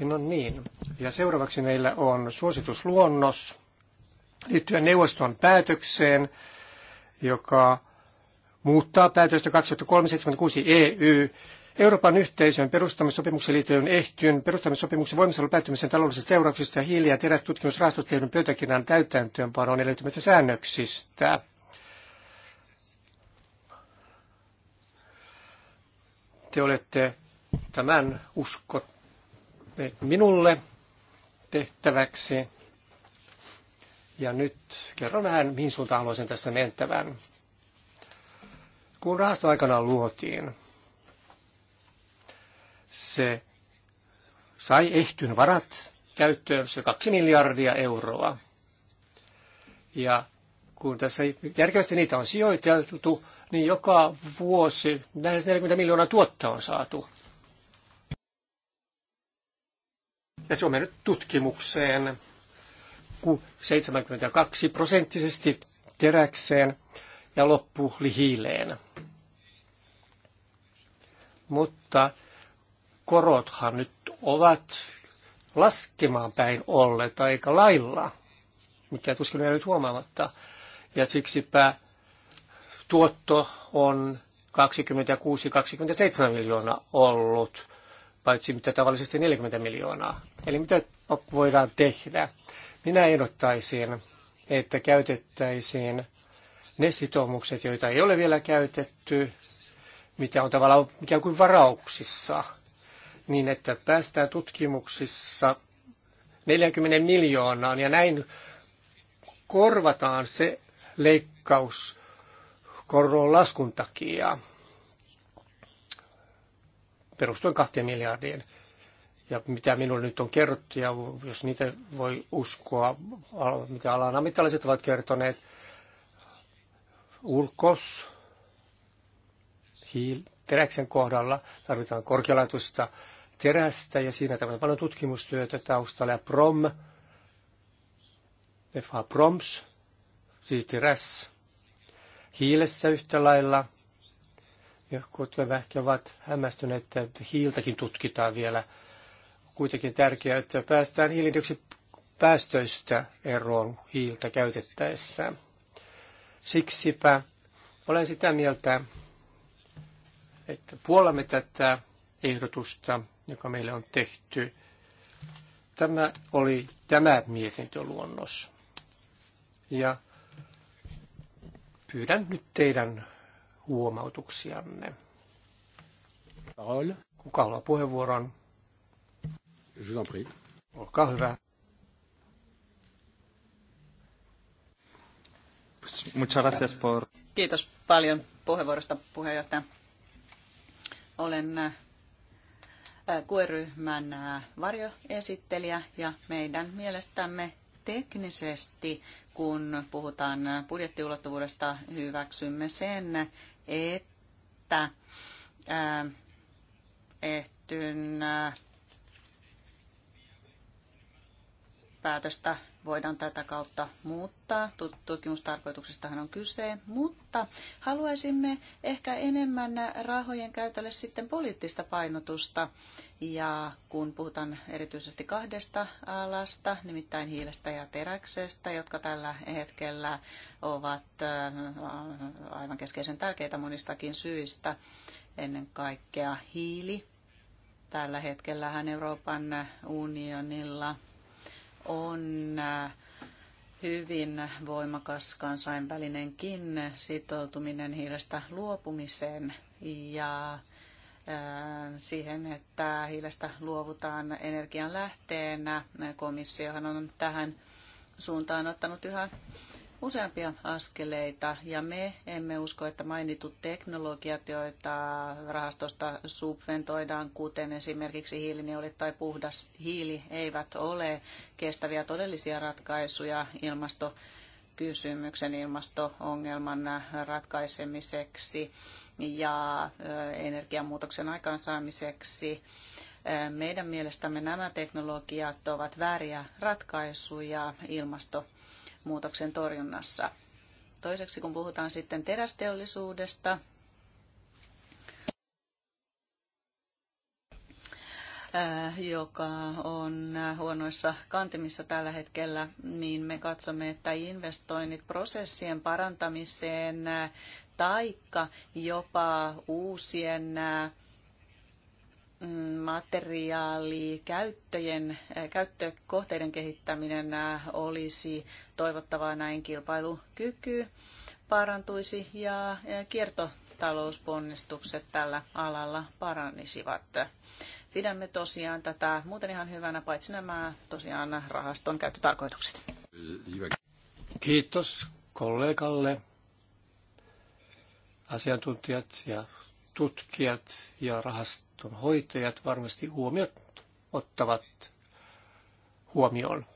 No niin, ja seuraavaksi meillä on suositusluonnos liittyen neuvoston päätökseen, joka muuttaa päätöstä 2376 EY Euroopan yhteisön perustamissopimuksen liittyen ehtyyn perustamissopimuksen voimassaolon päättymisen taloudellisista seurauksista ja hiili- ja terästutkimusrahastosta tehdyn pöytäkirjan täytäntöönpanoon edellyttämistä säännöksistä. Te olette tämän uskot minulle tehtäväksi. Ja nyt kerron vähän, mihin suuntaan haluaisin tässä mentävän. Kun rahasto aikanaan luotiin, se sai ehtyn varat käyttöön se kaksi miljardia euroa. Ja kun tässä järkevästi niitä on sijoiteltu, niin joka vuosi lähes 40 miljoonaa tuotta on saatu Ja se on mennyt tutkimukseen 72 prosenttisesti teräkseen ja loppu lihiileen. Mutta korothan nyt ovat laskemaan päin olleet aika lailla, mikä tuskin on nyt huomaamatta. Ja siksipä tuotto on 26-27 miljoonaa ollut paitsi mitä tavallisesti 40 miljoonaa. Eli mitä voidaan tehdä? Minä ehdottaisin, että käytettäisiin ne sitoumukset, joita ei ole vielä käytetty, mitä on tavallaan ikään kuin varauksissa, niin että päästään tutkimuksissa 40 miljoonaan ja näin korvataan se leikkaus koron laskun takia perustuen kahteen miljardiin. Ja mitä minulle nyt on kerrottu, ja jos niitä voi uskoa, mitä alan ammattilaiset ovat kertoneet, ulkos hiil, teräksen kohdalla tarvitaan korkealaitusta terästä ja siinä tarvitaan paljon tutkimustyötä taustalla. Ja PROM, FH PROMS, siis teräs, hiilessä yhtä lailla – Jotkut ehkä ovat hämmästyneet, että hiiltäkin tutkitaan vielä. Kuitenkin tärkeää, että päästään päästöistä eroon hiiltä käytettäessä. Siksipä olen sitä mieltä, että puolamme tätä ehdotusta, joka meille on tehty. Tämä oli tämä mietintöluonnos. Ja pyydän nyt teidän huomautuksianne. Parole. Kuka haluaa puheenvuoron? Olkaa hyvä. Muchas gracias por... Kiitos paljon puheenvuorosta puheenjohtaja. Olen QE-ryhmän äh, äh, varjoesittelijä ja meidän mielestämme teknisesti, kun puhutaan äh, budjettiulottuvuudesta, hyväksymme sen, että ää, äh, ehtyn ää, äh, päätöstä voidaan tätä kautta muuttaa. Tutkimustarkoituksestahan on kyse, mutta haluaisimme ehkä enemmän rahojen käytölle sitten poliittista painotusta. Ja kun puhutaan erityisesti kahdesta alasta, nimittäin hiilestä ja teräksestä, jotka tällä hetkellä ovat äh, aivan keskeisen tärkeitä monistakin syistä, ennen kaikkea hiili. Tällä hetkellähän Euroopan unionilla on äh, hyvin voimakas kansainvälinenkin sitoutuminen hiilestä luopumiseen ja äh, siihen, että hiilestä luovutaan energian lähteenä. Komissiohan on tähän suuntaan ottanut yhä useampia askeleita ja me emme usko, että mainitut teknologiat, joita rahastosta subventoidaan, kuten esimerkiksi hiilineulit tai puhdas hiili, eivät ole kestäviä todellisia ratkaisuja ilmastokysymyksen, ilmasto-ongelman ratkaisemiseksi ja energiamuutoksen aikaansaamiseksi. Meidän mielestämme nämä teknologiat ovat vääriä ratkaisuja ilmasto muutoksen torjunnassa. Toiseksi kun puhutaan sitten terästeollisuudesta, äh, joka on huonoissa kantimissa tällä hetkellä, niin me katsomme, että investoinnit prosessien parantamiseen äh, taikka jopa uusien äh, materiaalikäyttöjen, eh, käyttökohteiden kehittäminen eh, olisi toivottavaa näin kilpailukyky parantuisi ja eh, kiertotalousponnistukset tällä alalla paranisivat. Pidämme tosiaan tätä muuten ihan hyvänä, paitsi nämä tosiaan rahaston käyttötarkoitukset. Kiitos kollegalle, asiantuntijat ja tutkijat ja rahastonhoitajat varmasti huomiot ottavat huomioon.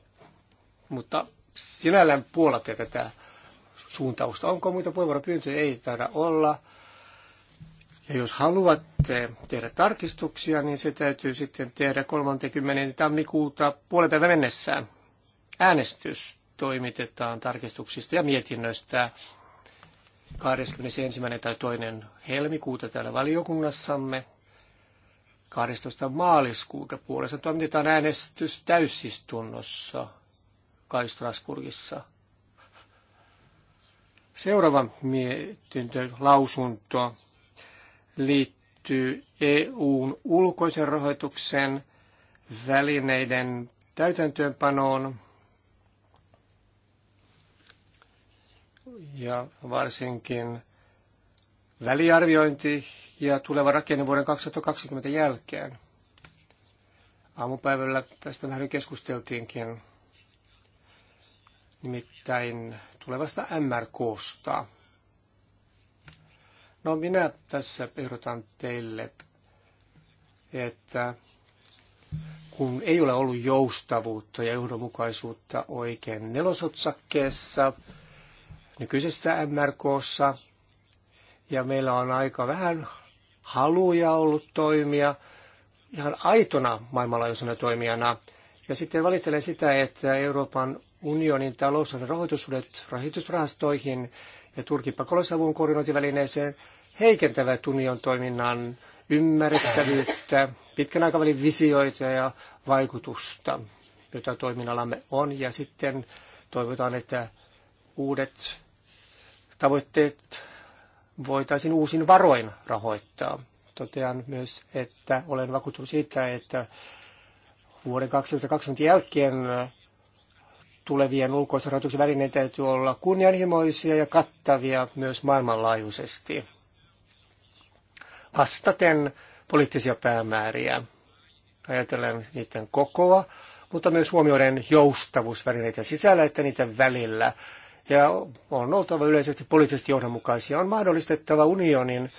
Mutta sinällään puolatte tätä suuntausta. Onko muita puheenvuoropyyntöjä? Ei taida olla. Ja jos haluatte tehdä tarkistuksia, niin se täytyy sitten tehdä 30. tammikuuta puolipäivän mennessä. Äänestys toimitetaan tarkistuksista ja mietinnöistä 21. tai 2. helmikuuta täällä valiokunnassamme. 12. maaliskuuta puolesta toimitetaan äänestys täysistunnossa Kai Strasburgissa. Seuraava mietintö, lausunto liittyy EUn ulkoisen rahoituksen välineiden täytäntöönpanoon ja varsinkin väliarviointi ja tuleva rakenne vuoden 2020 jälkeen. Aamupäivällä tästä vähän keskusteltiinkin, nimittäin tulevasta MRKsta. No minä tässä ehdotan teille, että kun ei ole ollut joustavuutta ja johdonmukaisuutta oikein nelosotsakkeessa, nykyisessä MRKssa. Ja meillä on aika vähän haluja ollut toimia ihan aitona maailmanlaajuisena toimijana. Ja sitten valittelen sitä, että Euroopan unionin talous- ja rahoitusuudet rahoitusrahastoihin ja Turkin pakolaisavun koordinointivälineeseen heikentävät union toiminnan ymmärrettävyyttä, pitkän aikavälin visioita ja vaikutusta, jota toiminnallamme on. Ja sitten toivotaan, että uudet tavoitteet voitaisiin uusin varoin rahoittaa. Totean myös, että olen vakuuttunut siitä, että vuoden 2020 jälkeen tulevien ulkoisten rahoituksen välineen täytyy olla kunnianhimoisia ja kattavia myös maailmanlaajuisesti vastaten poliittisia päämääriä. Ajatellen niiden kokoa, mutta myös huomioiden joustavuusvälineiden sisällä että niiden välillä ja on oltava yleisesti poliittisesti johdonmukaisia. On mahdollistettava unionin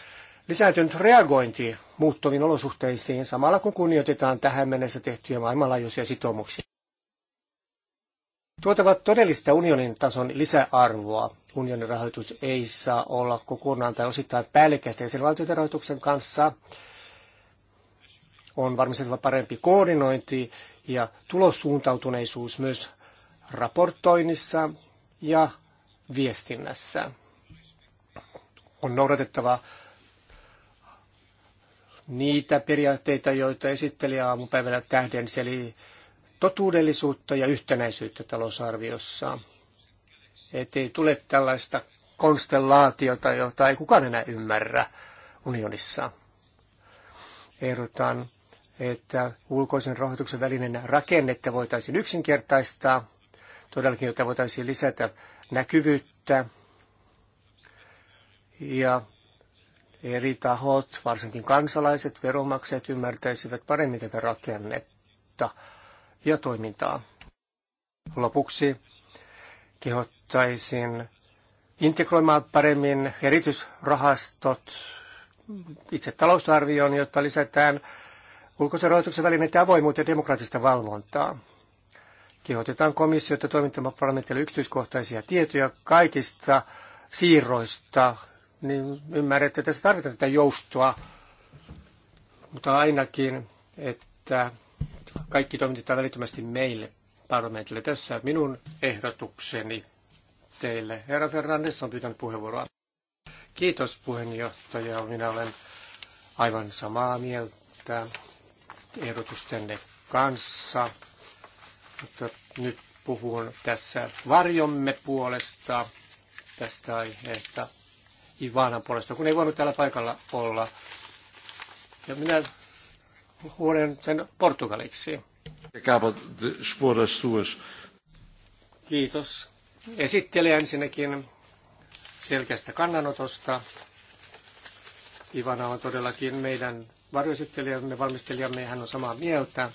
lisääntynyt reagointi muuttuviin olosuhteisiin samalla kun kunnioitetaan tähän mennessä tehtyjä maailmanlaajuisia sitoumuksia. Tuotavat todellista unionin tason lisäarvoa. Unionin rahoitus ei saa olla kokonaan tai osittain päällekkäisten valtioiden rahoituksen kanssa. On varmistettava parempi koordinointi ja tulossuuntautuneisuus myös raportoinnissa ja viestinnässä. On noudatettava niitä periaatteita, joita esittelijä aamupäivällä tähdensi, eli totuudellisuutta ja yhtenäisyyttä talousarviossa. Ettei tule tällaista konstellaatiota, jota ei kukaan enää ymmärrä unionissa. Ehdotan, että ulkoisen rahoituksen välinen rakennetta voitaisiin yksinkertaistaa todellakin, jota voitaisiin lisätä näkyvyyttä ja eri tahot, varsinkin kansalaiset, veronmaksajat ymmärtäisivät paremmin tätä rakennetta ja toimintaa. Lopuksi kehottaisin integroimaan paremmin erityisrahastot itse talousarvioon, jotta lisätään ulkoisen rahoituksen välineiden avoimuutta ja demokraattista valvontaa. Kehotetaan komissiota toimittamaan parlamentille yksityiskohtaisia tietoja kaikista siirroista, niin ymmärrätte, että tässä tarvitaan tätä joustoa, mutta ainakin, että kaikki toimitetaan välittömästi meille parlamentille. Tässä minun ehdotukseni teille. Herra Fernandes on pyytänyt puheenvuoroa. Kiitos puheenjohtaja. Minä olen aivan samaa mieltä ehdotustenne kanssa mutta nyt puhun tässä varjomme puolesta tästä aiheesta Ivanan puolesta, kun ei voinut täällä paikalla olla. Ja minä huolen sen portugaliksi. Kiitos. Esittelen ensinnäkin selkeästä kannanotosta. Ivana on todellakin meidän varjoesittelijämme, valmistelijamme, hän on samaa mieltä.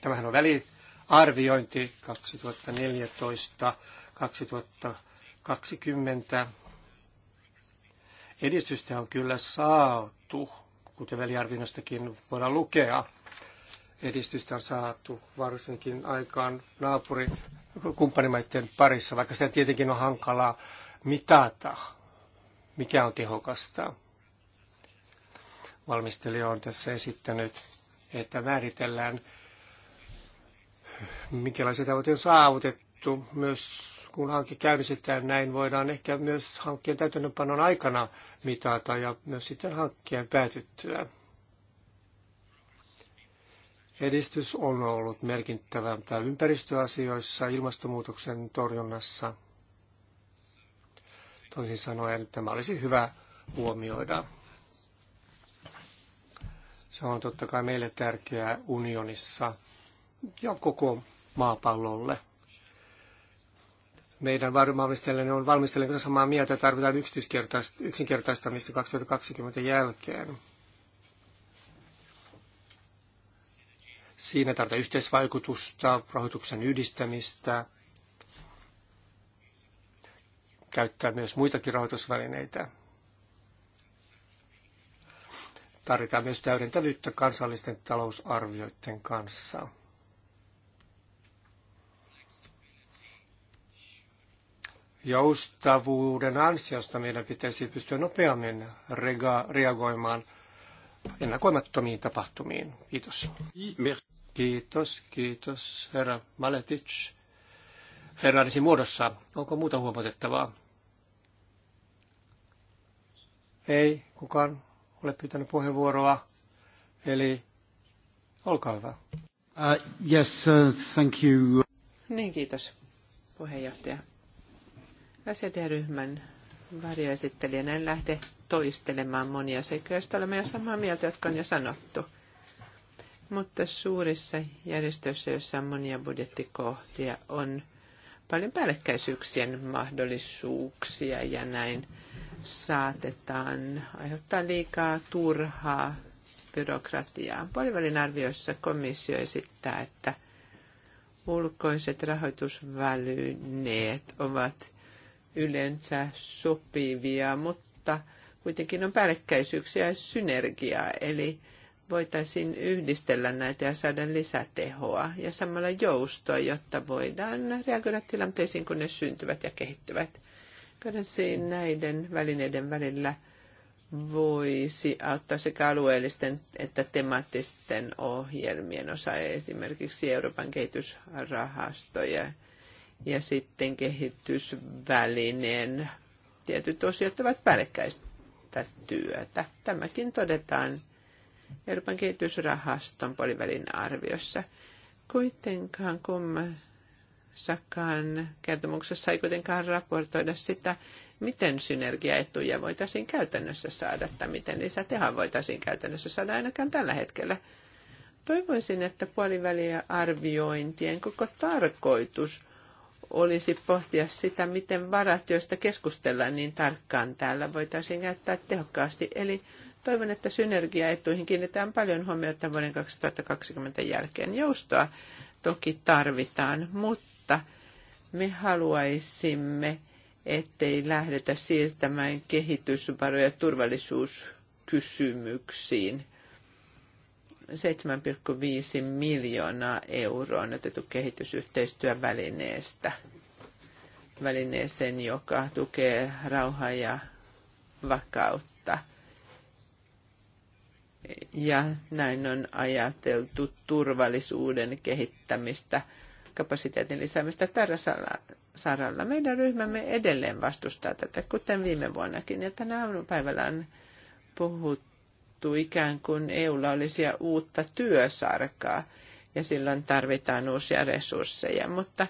Tämähän on väli arviointi 2014-2020. Edistystä on kyllä saatu, kuten väliarvioinnistakin voidaan lukea. Edistystä on saatu varsinkin aikaan naapuri kumppanimaiden parissa, vaikka sitä tietenkin on hankalaa mitata, mikä on tehokasta. Valmistelija on tässä esittänyt, että määritellään minkälaisia tavoitteita on saavutettu. Myös kun hanke käynnistetään näin, voidaan ehkä myös hankkeen täytäntöönpanon aikana mitata ja myös sitten hankkeen päätyttyä. Edistys on ollut merkittävää ympäristöasioissa, ilmastonmuutoksen torjunnassa. Toisin sanoen tämä olisi hyvä huomioida. Se on totta kai meille tärkeää unionissa ja koko maapallolle. Meidän varmaanvalmistelijamme on valmistelijan samaa mieltä, että tarvitaan yksinkertaistamista 2020 jälkeen. Siinä tarvitaan yhteisvaikutusta, rahoituksen yhdistämistä, käyttää myös muitakin rahoitusvälineitä. Tarvitaan myös täydentävyyttä kansallisten talousarvioiden kanssa. joustavuuden ansiosta meidän pitäisi pystyä nopeammin reagoimaan ennakoimattomiin tapahtumiin. Kiitos. Kiitos, kiitos, herra Maletic. Ferrarisin muodossa. Onko muuta huomautettavaa? Ei kukaan ole pyytänyt puheenvuoroa, eli olkaa hyvä. Uh, yes, uh, thank you. Niin, kiitos, puheenjohtaja. SED-ryhmän varjoesittelijänä en lähde toistelemaan monia seikkoja, joista olemme jo samaa mieltä, jotka on jo sanottu. Mutta suurissa järjestöissä, joissa on monia budjettikohtia, on paljon päällekkäisyyksien mahdollisuuksia ja näin saatetaan aiheuttaa liikaa turhaa byrokratiaa. Puolivälin arvioissa komissio esittää, että ulkoiset rahoitusvälineet ovat yleensä sopivia, mutta kuitenkin on päällekkäisyyksiä ja synergiaa, eli voitaisiin yhdistellä näitä ja saada lisätehoa ja samalla joustoa, jotta voidaan reagoida tilanteisiin, kun ne syntyvät ja kehittyvät. Karenssiin näiden välineiden välillä voisi auttaa sekä alueellisten että temaattisten ohjelmien osa, esimerkiksi Euroopan kehitysrahastoja ja sitten kehitysvälineen tietyt osiot ovat päällekkäistä työtä. Tämäkin todetaan Euroopan kehitysrahaston puolivälin arviossa. Kuitenkaan kummassakaan kertomuksessa ei kuitenkaan raportoida sitä, miten synergiaetuja voitaisiin käytännössä saada tai miten lisätehoa voitaisiin käytännössä saada ainakaan tällä hetkellä. Toivoisin, että puoliväliä arviointien koko tarkoitus olisi pohtia sitä, miten varat, joista keskustellaan niin tarkkaan täällä, voitaisiin käyttää tehokkaasti. Eli toivon, että synergiaetuihin kiinnitetään paljon huomiota vuoden 2020 jälkeen. Joustoa toki tarvitaan, mutta me haluaisimme, ettei lähdetä siirtämään kehitysvaroja turvallisuuskysymyksiin – 7,5 miljoonaa euroa on otettu kehitysyhteistyövälineestä välineeseen, joka tukee rauhaa ja vakautta. Ja näin on ajateltu turvallisuuden kehittämistä, kapasiteetin lisäämistä tällä saralla. Meidän ryhmämme edelleen vastustaa tätä, kuten viime vuonnakin. Ja tänä päivänä on puhuttu muuttuu ikään kuin EUlla olisi uutta työsarkaa ja silloin tarvitaan uusia resursseja, mutta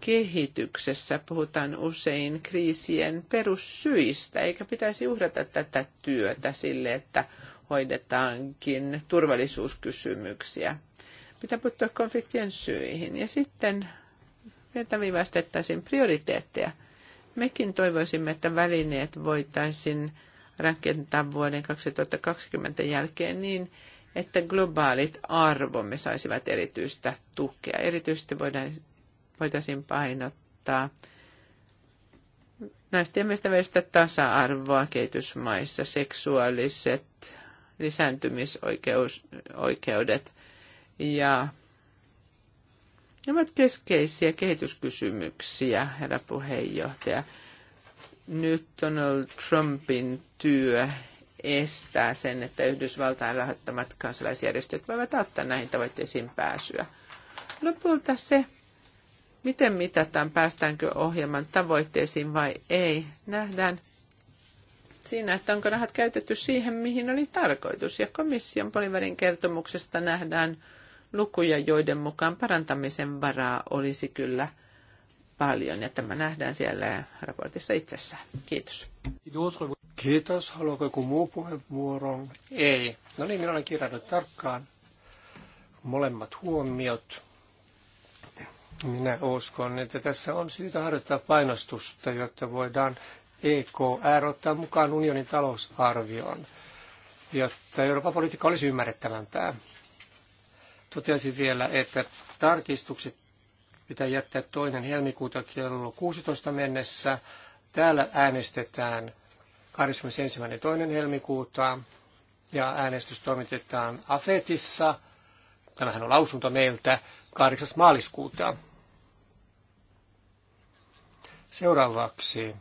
kehityksessä puhutaan usein kriisien perussyistä, eikä pitäisi uhrata tätä työtä sille, että hoidetaankin turvallisuuskysymyksiä. Pitää puuttua konfliktien syihin ja sitten viivastettaisiin prioriteetteja. Mekin toivoisimme, että välineet voitaisiin rakentaa vuoden 2020 jälkeen niin, että globaalit arvomme saisivat erityistä tukea. Erityisesti voidaan, voitaisiin painottaa naisten ja välistä tasa-arvoa kehitysmaissa, seksuaaliset lisääntymisoikeudet ja nämä ovat keskeisiä kehityskysymyksiä, herra puheenjohtaja nyt Donald Trumpin työ estää sen, että Yhdysvaltain rahoittamat kansalaisjärjestöt voivat auttaa näihin tavoitteisiin pääsyä. Lopulta se, miten mitataan, päästäänkö ohjelman tavoitteisiin vai ei, nähdään siinä, että onko rahat käytetty siihen, mihin oli tarkoitus. Ja komission polivärin kertomuksesta nähdään lukuja, joiden mukaan parantamisen varaa olisi kyllä – paljon ja tämä nähdään siellä raportissa itsessään. Kiitos. Kiitos. Haluatko joku muu puheenvuoro? Ei. No niin, minä olen kirjannut tarkkaan molemmat huomiot. Minä uskon, että tässä on syytä harjoittaa painostusta, jotta voidaan EKR ottaa mukaan unionin talousarvioon, jotta Euroopan politiikka olisi ymmärrettävämpää. Toteaisin vielä, että tarkistukset pitää jättää toinen helmikuuta kello 16 mennessä. Täällä äänestetään 21. toinen helmikuuta ja äänestys toimitetaan AFETissa. Tämähän on lausunto meiltä 8. maaliskuuta. Seuraavaksi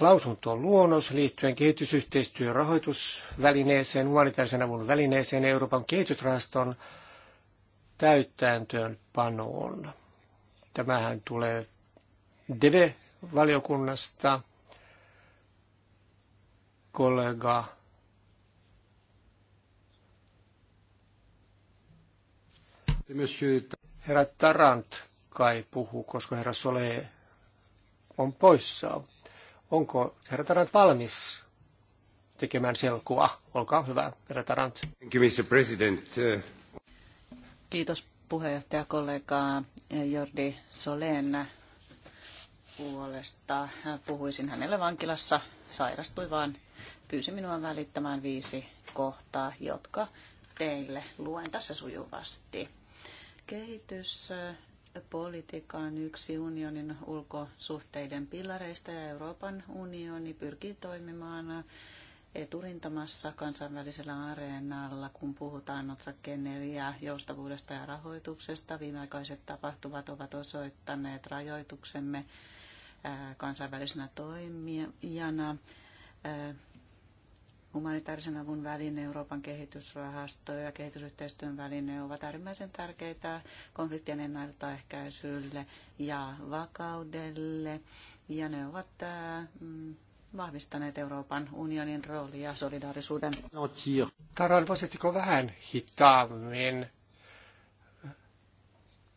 lausunto on luonnos liittyen kehitysyhteistyön rahoitusvälineeseen, humanitaarisen avun välineeseen Euroopan kehitysrahaston täyttääntöönpanoon. Tämähän tulee DEVE-valiokunnasta. Kollega Herra Tarant kai puhuu, koska herra Sole on poissa. Onko herra Tarant valmis tekemään selkoa? Olkaa hyvä, herra Tarant. Thank you, Mr. President. Uh... Kiitos puheenjohtajakollegaa Jordi Solen puolesta. Puhuisin hänelle vankilassa, sairastui vaan, pyysi minua välittämään viisi kohtaa, jotka teille luen tässä sujuvasti. Kehitys politiikka on yksi unionin ulkosuhteiden pilareista ja Euroopan unioni pyrkii toimimaan eturintamassa kansainvälisellä areenalla, kun puhutaan otsakkeen neljä joustavuudesta ja rahoituksesta. Viimeaikaiset tapahtuvat ovat osoittaneet rajoituksemme kansainvälisenä toimijana. Humanitaarisen avun väline, Euroopan kehitysrahasto ja kehitysyhteistyön väline ovat äärimmäisen tärkeitä konfliktien ennaltaehkäisylle ja vakaudelle. Ja ne ovat mm, vahvistaneet Euroopan unionin roolia solidaarisuuden. Taran, voisitteko vähän hitaammin?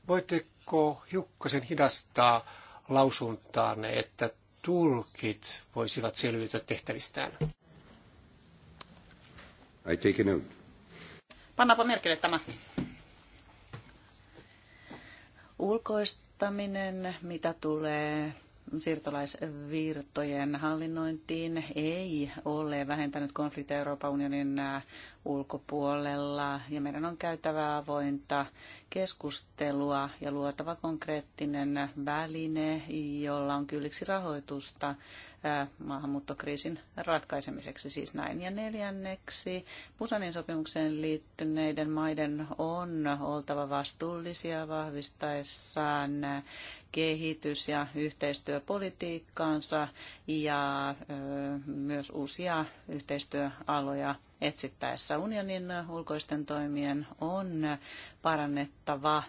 Voitteko hiukkasen hidastaa lausuntaanne, että tulkit voisivat selviytyä tehtävistään? I take a note. Pannaanpa merkille tämä. Ulkoistaminen, mitä tulee siirtolaisvirtojen hallinnointiin ei ole vähentänyt konflikteja Euroopan unionin äh, ulkopuolella ja meidän on käytävä avointa keskustelua ja luotava konkreettinen väline, jolla on kylliksi rahoitusta maahanmuuttokriisin ratkaisemiseksi siis näin. Ja neljänneksi, Pusanin sopimukseen liittyneiden maiden on oltava vastuullisia vahvistaessaan kehitys- ja yhteistyöpolitiikkaansa ja myös uusia yhteistyöaloja etsittäessä unionin ulkoisten toimien on parannettava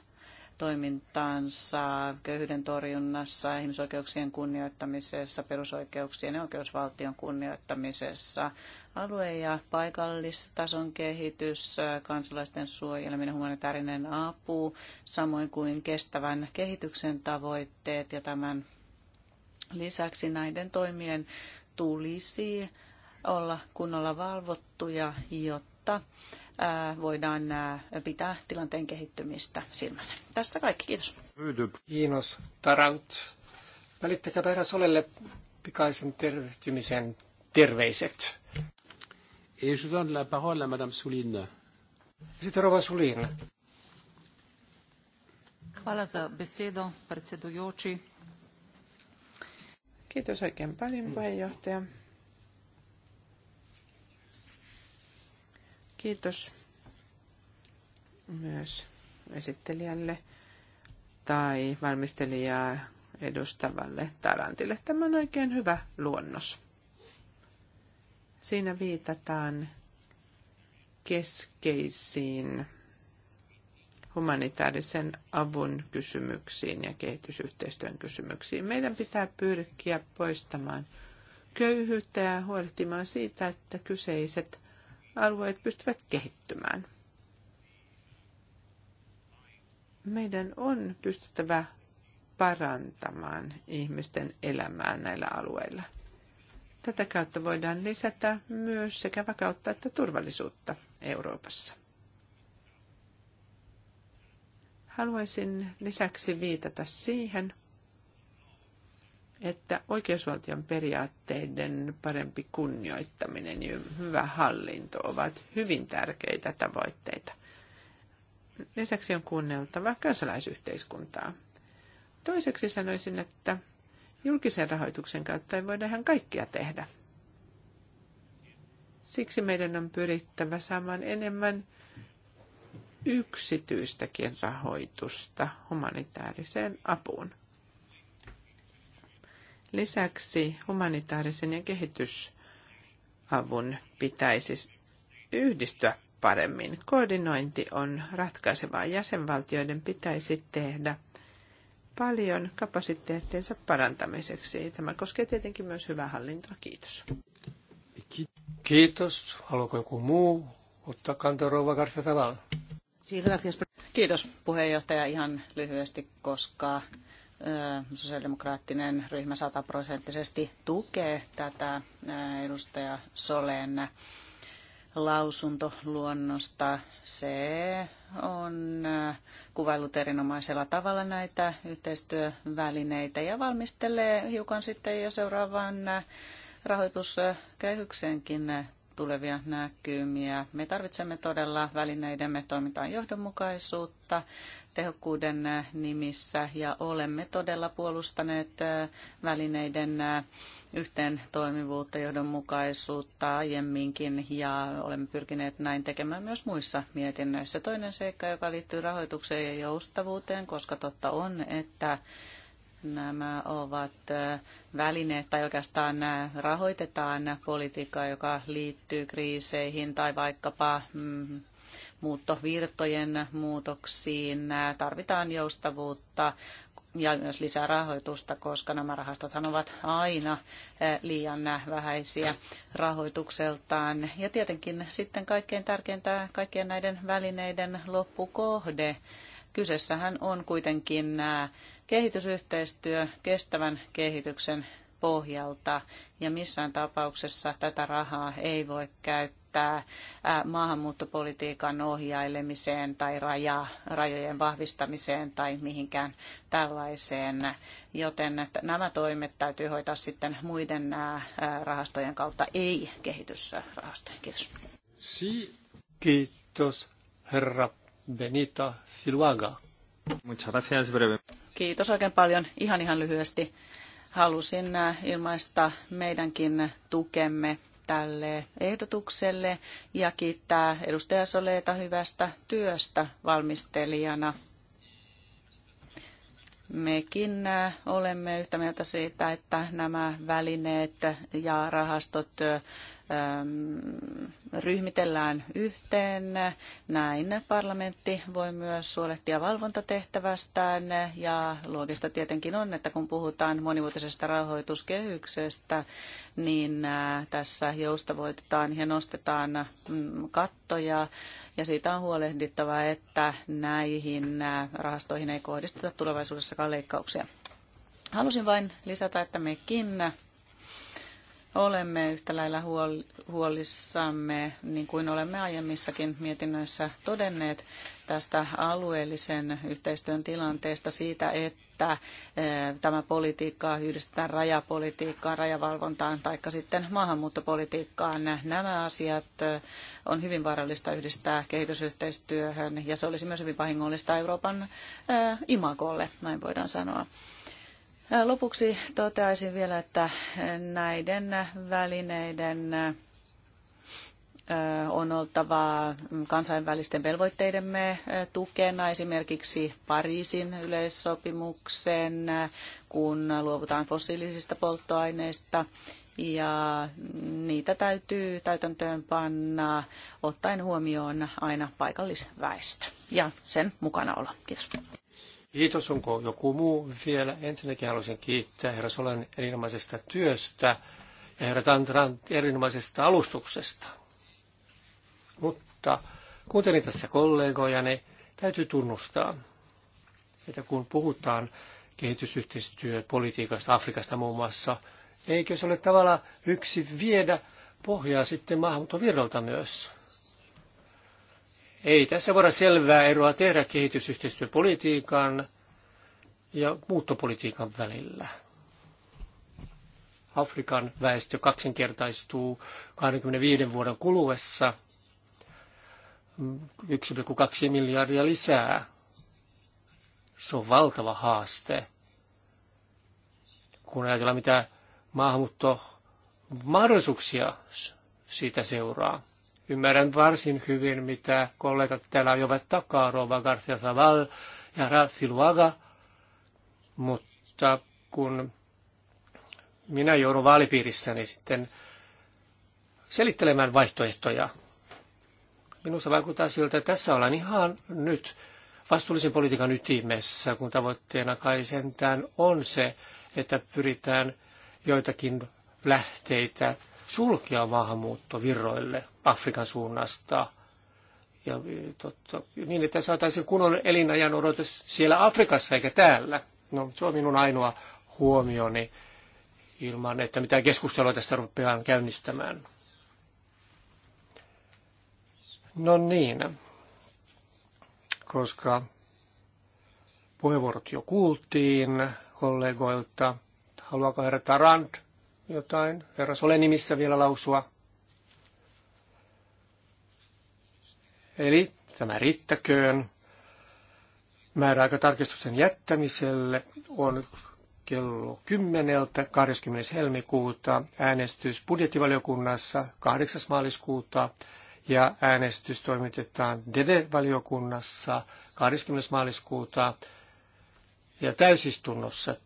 toimintaansa köyhyyden torjunnassa, ihmisoikeuksien kunnioittamisessa, perusoikeuksien ja oikeusvaltion kunnioittamisessa, alue- ja paikallistason kehitys, kansalaisten suojeleminen, humanitaarinen apu, samoin kuin kestävän kehityksen tavoitteet ja tämän lisäksi näiden toimien tulisi olla kunnolla valvottuja, jotta jotta voidaan pitää tilanteen kehittymistä silmällä. Tässä kaikki, kiitos. Kiitos, Tarant. Välittäkää herra Solelle pikaisen tervehtymisen terveiset. Et je donne la parole à Madame Souline. Sitten Rova Souline. Hvala za besedo, predsedujoči. Kiitos oikein paljon, mm. puheenjohtaja. Mm. Kiitos myös esittelijälle tai valmistelijaa edustavalle Tarantille. Tämä on oikein hyvä luonnos. Siinä viitataan keskeisiin humanitaarisen avun kysymyksiin ja kehitysyhteistyön kysymyksiin. Meidän pitää pyrkiä poistamaan köyhyyttä ja huolehtimaan siitä, että kyseiset alueet pystyvät kehittymään. Meidän on pystyttävä parantamaan ihmisten elämää näillä alueilla. Tätä kautta voidaan lisätä myös sekä vakautta että turvallisuutta Euroopassa. Haluaisin lisäksi viitata siihen, että oikeusvaltion periaatteiden parempi kunnioittaminen ja hyvä hallinto ovat hyvin tärkeitä tavoitteita. Lisäksi on kuunneltava kansalaisyhteiskuntaa. Toiseksi sanoisin, että julkisen rahoituksen kautta ei voida ihan kaikkia tehdä. Siksi meidän on pyrittävä saamaan enemmän yksityistäkin rahoitusta humanitaariseen apuun. Lisäksi humanitaarisen ja kehitysavun pitäisi yhdistyä paremmin. Koordinointi on ratkaisevaa. Jäsenvaltioiden pitäisi tehdä paljon kapasiteettinsa parantamiseksi. Tämä koskee tietenkin myös hyvää hallintoa. Kiitos. Kiitos. Haluatko joku muu ottaa kantaa rouva Kiitos puheenjohtaja ihan lyhyesti, koska sosiaalidemokraattinen ryhmä sataprosenttisesti tukee tätä edustaja Solen lausuntoluonnosta. Se on kuvailut erinomaisella tavalla näitä yhteistyövälineitä ja valmistelee hiukan sitten jo seuraavan rahoituskehykseenkin tulevia näkymiä. Me tarvitsemme todella välineidemme toimintaan johdonmukaisuutta tehokkuuden nimissä ja olemme todella puolustaneet äh, välineiden äh, yhteen toimivuutta, johdonmukaisuutta aiemminkin ja olemme pyrkineet näin tekemään myös muissa mietinnöissä. Toinen seikka, joka liittyy rahoitukseen ja joustavuuteen, koska totta on, että nämä ovat välineet tai oikeastaan rahoitetaan politiikkaa, joka liittyy kriiseihin tai vaikkapa mm, muuttovirtojen muutoksiin. Tarvitaan joustavuutta ja myös lisää rahoitusta, koska nämä rahastothan ovat aina liian vähäisiä rahoitukseltaan. Ja tietenkin sitten kaikkein tärkeintä kaikkien näiden välineiden loppukohde. Kyseessähän on kuitenkin kehitysyhteistyö kestävän kehityksen pohjalta ja missään tapauksessa tätä rahaa ei voi käyttää maahanmuuttopolitiikan ohjailemiseen tai raja, rajojen vahvistamiseen tai mihinkään tällaiseen, joten nämä toimet täytyy hoitaa sitten muiden rahastojen kautta, ei kehitysrahastojen. Kiitos. Si. Kiitos, herra Benita Siluaga. Kiitos oikein paljon. Ihan ihan lyhyesti halusin äh, ilmaista meidänkin tukemme tälle ehdotukselle ja kiittää edustaja Soleeta hyvästä työstä valmistelijana. Mekin äh, olemme yhtä mieltä siitä, että nämä välineet ja rahastot äh, ryhmitellään yhteen. Näin parlamentti voi myös suolehtia valvontatehtävästään ja loogista tietenkin on, että kun puhutaan monivuotisesta rahoituskehyksestä, niin tässä joustavoitetaan ja nostetaan mm, kattoja ja siitä on huolehdittava, että näihin rahastoihin ei kohdisteta tulevaisuudessakaan leikkauksia. Halusin vain lisätä, että mekin olemme yhtä lailla huolissamme, niin kuin olemme aiemmissakin mietinnöissä todenneet, tästä alueellisen yhteistyön tilanteesta siitä, että eh, tämä politiikka yhdistetään rajapolitiikkaan, rajavalvontaan tai sitten maahanmuuttopolitiikkaan. Nämä asiat eh, on hyvin vaarallista yhdistää kehitysyhteistyöhön ja se olisi myös hyvin vahingollista Euroopan eh, imagolle, näin voidaan sanoa. Lopuksi toteaisin vielä, että näiden välineiden on oltava kansainvälisten velvoitteidemme tukena esimerkiksi Pariisin yleissopimuksen, kun luovutaan fossiilisista polttoaineista ja niitä täytyy täytäntöön panna ottaen huomioon aina paikallisväestö ja sen mukanaolo. Kiitos. Kiitos, onko joku muu vielä? Ensinnäkin haluaisin kiittää herra Solan erinomaisesta työstä ja herra Tantran erinomaisesta alustuksesta. Mutta kuuntelin tässä kollegoja, ne täytyy tunnustaa, että kun puhutaan kehitysyhteistyöpolitiikasta Afrikasta muun muassa, eikö se ole tavallaan yksi viedä pohjaa sitten maahanmuuttovirralta myös? Ei tässä voida selvää eroa tehdä kehitysyhteistyöpolitiikan ja muuttopolitiikan välillä. Afrikan väestö kaksinkertaistuu 25 vuoden kuluessa 1,2 miljardia lisää. Se on valtava haaste. Kun ajatellaan, mitä maahanmuutto mahdollisuuksia siitä seuraa. Ymmärrän varsin hyvin, mitä kollegat täällä ajovat takaa, Rova Garcia Zaval ja Luaga, mutta kun minä joudun vaalipiirissäni niin sitten selittelemään vaihtoehtoja, minusta vaikuttaa siltä, että tässä ollaan ihan nyt vastuullisen politiikan ytimessä, kun tavoitteena kai sentään on se, että pyritään joitakin lähteitä sulkea virroille Afrikan suunnasta. Ja e, totta, niin, että saataisiin kunnon elinajan odotus siellä Afrikassa eikä täällä. No, se on minun ainoa huomioni ilman, että mitään keskustelua tästä rupeaan käynnistämään. No niin, koska puheenvuorot jo kuultiin kollegoilta. Haluaako herra Tarant jotain herra Solen nimissä vielä lausua? Eli tämä riittäköön. Määräaika tarkistuksen jättämiselle on kello 10. 20. helmikuuta, äänestys budjettivaliokunnassa 8. maaliskuuta ja äänestys toimitetaan DEVE-valiokunnassa 20. maaliskuuta ja täysistunnossa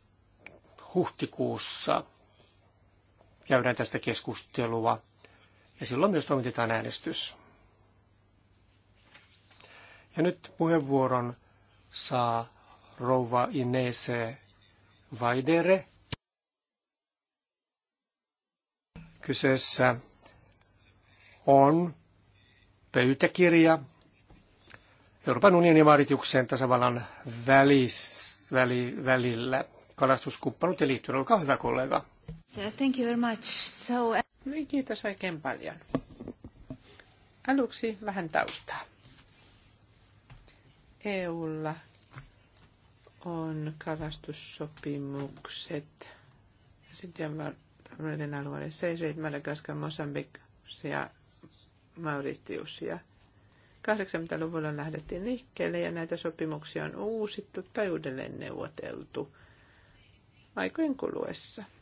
huhtikuussa käydään tästä keskustelua ja silloin myös toimitetaan äänestys. Ja nyt puheenvuoron saa rouva Inese Vaidere. Kyseessä on pöytäkirja Euroopan unionin ja tasavallan välis, väli, välillä ja liittyen. Olkaa hyvä kollega. Thank you very much. So... Uh, niin, kiitos oikein paljon. Aluksi vähän taustaa. EUlla on kalastussopimukset sitten Tamreden alueelle Seychelles, Madagaskar, Mosambik ja Mauritius. Ja 80-luvulla lähdettiin liikkeelle ja näitä sopimuksia on uusittu tai uudelleen neuvoteltu aikojen kuluessa –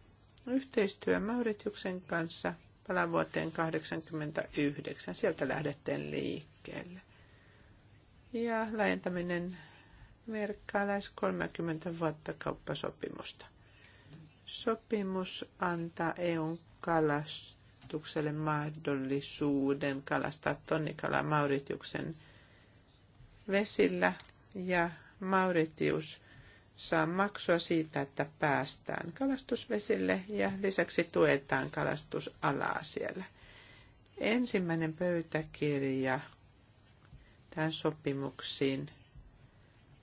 Yhteistyö Mauritiuksen kanssa palaan vuoteen 1989. Sieltä lähdettiin liikkeelle. Ja laajentaminen merkkaa lähes 30 vuotta kauppasopimusta. Sopimus antaa EUn kalastukselle mahdollisuuden kalastaa tonnikalaa Mauritiuksen vesillä ja Mauritius saa maksua siitä, että päästään kalastusvesille ja lisäksi tuetaan kalastusalaa siellä. Ensimmäinen pöytäkirja tämän sopimuksiin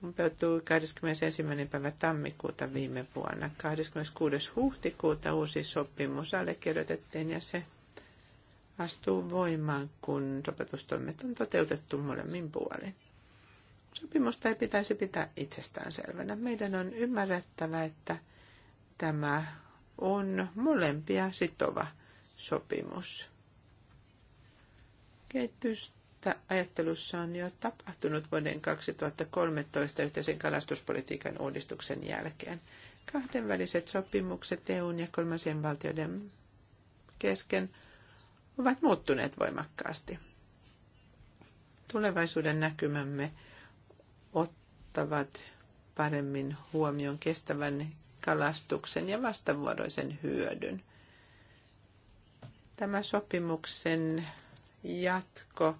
umpeutui 21. päivä tammikuuta viime vuonna. 26. huhtikuuta uusi sopimus allekirjoitettiin ja se astuu voimaan, kun sopetustoimet on toteutettu molemmin puolin. Sopimusta ei pitäisi pitää itsestäänselvänä. Meidän on ymmärrettävä, että tämä on molempia sitova sopimus. Kehitystä ajattelussa on jo tapahtunut vuoden 2013 yhteisen kalastuspolitiikan uudistuksen jälkeen. Kahdenväliset sopimukset EUn ja kolmansien valtioiden kesken ovat muuttuneet voimakkaasti. Tulevaisuuden näkymämme ottavat paremmin huomioon kestävän kalastuksen ja vastavuoroisen hyödyn. Tämä sopimuksen jatko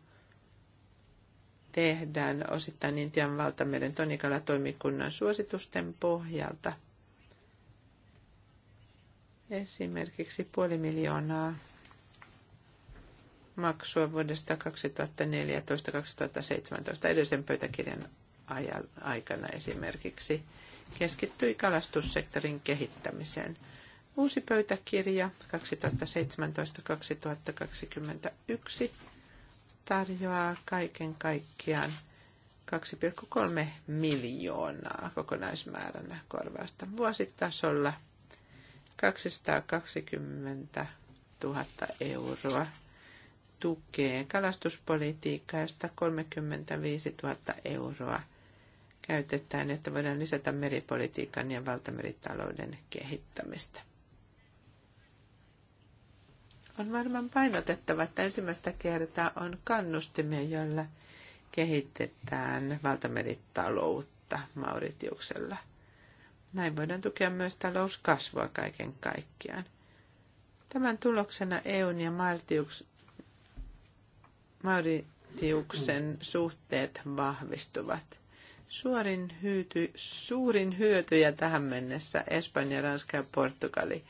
tehdään osittain Intian valtameren tonikalatoimikunnan suositusten pohjalta. Esimerkiksi puoli miljoonaa maksua vuodesta 2014-2017 edellisen pöytäkirjan aikana esimerkiksi keskittyi kalastussektorin kehittämiseen. Uusi pöytäkirja 2017-2021 tarjoaa kaiken kaikkiaan 2,3 miljoonaa kokonaismääränä korvausta vuositasolla 220 000 euroa tukee kalastuspolitiikkaa ja 135 000 euroa – käytetään, että voidaan lisätä meripolitiikan ja valtameritalouden kehittämistä. On varmaan painotettava, että ensimmäistä kertaa on kannustimia, joilla kehitetään valtameritaloutta Mauritiuksella. Näin voidaan tukea myös talouskasvua kaiken kaikkiaan. Tämän tuloksena EUn ja Mauritius, Mauritiuksen suhteet vahvistuvat – Suorin hyyty, suurin hyötyjä tähän mennessä Espanja, Ranska ja Portugali.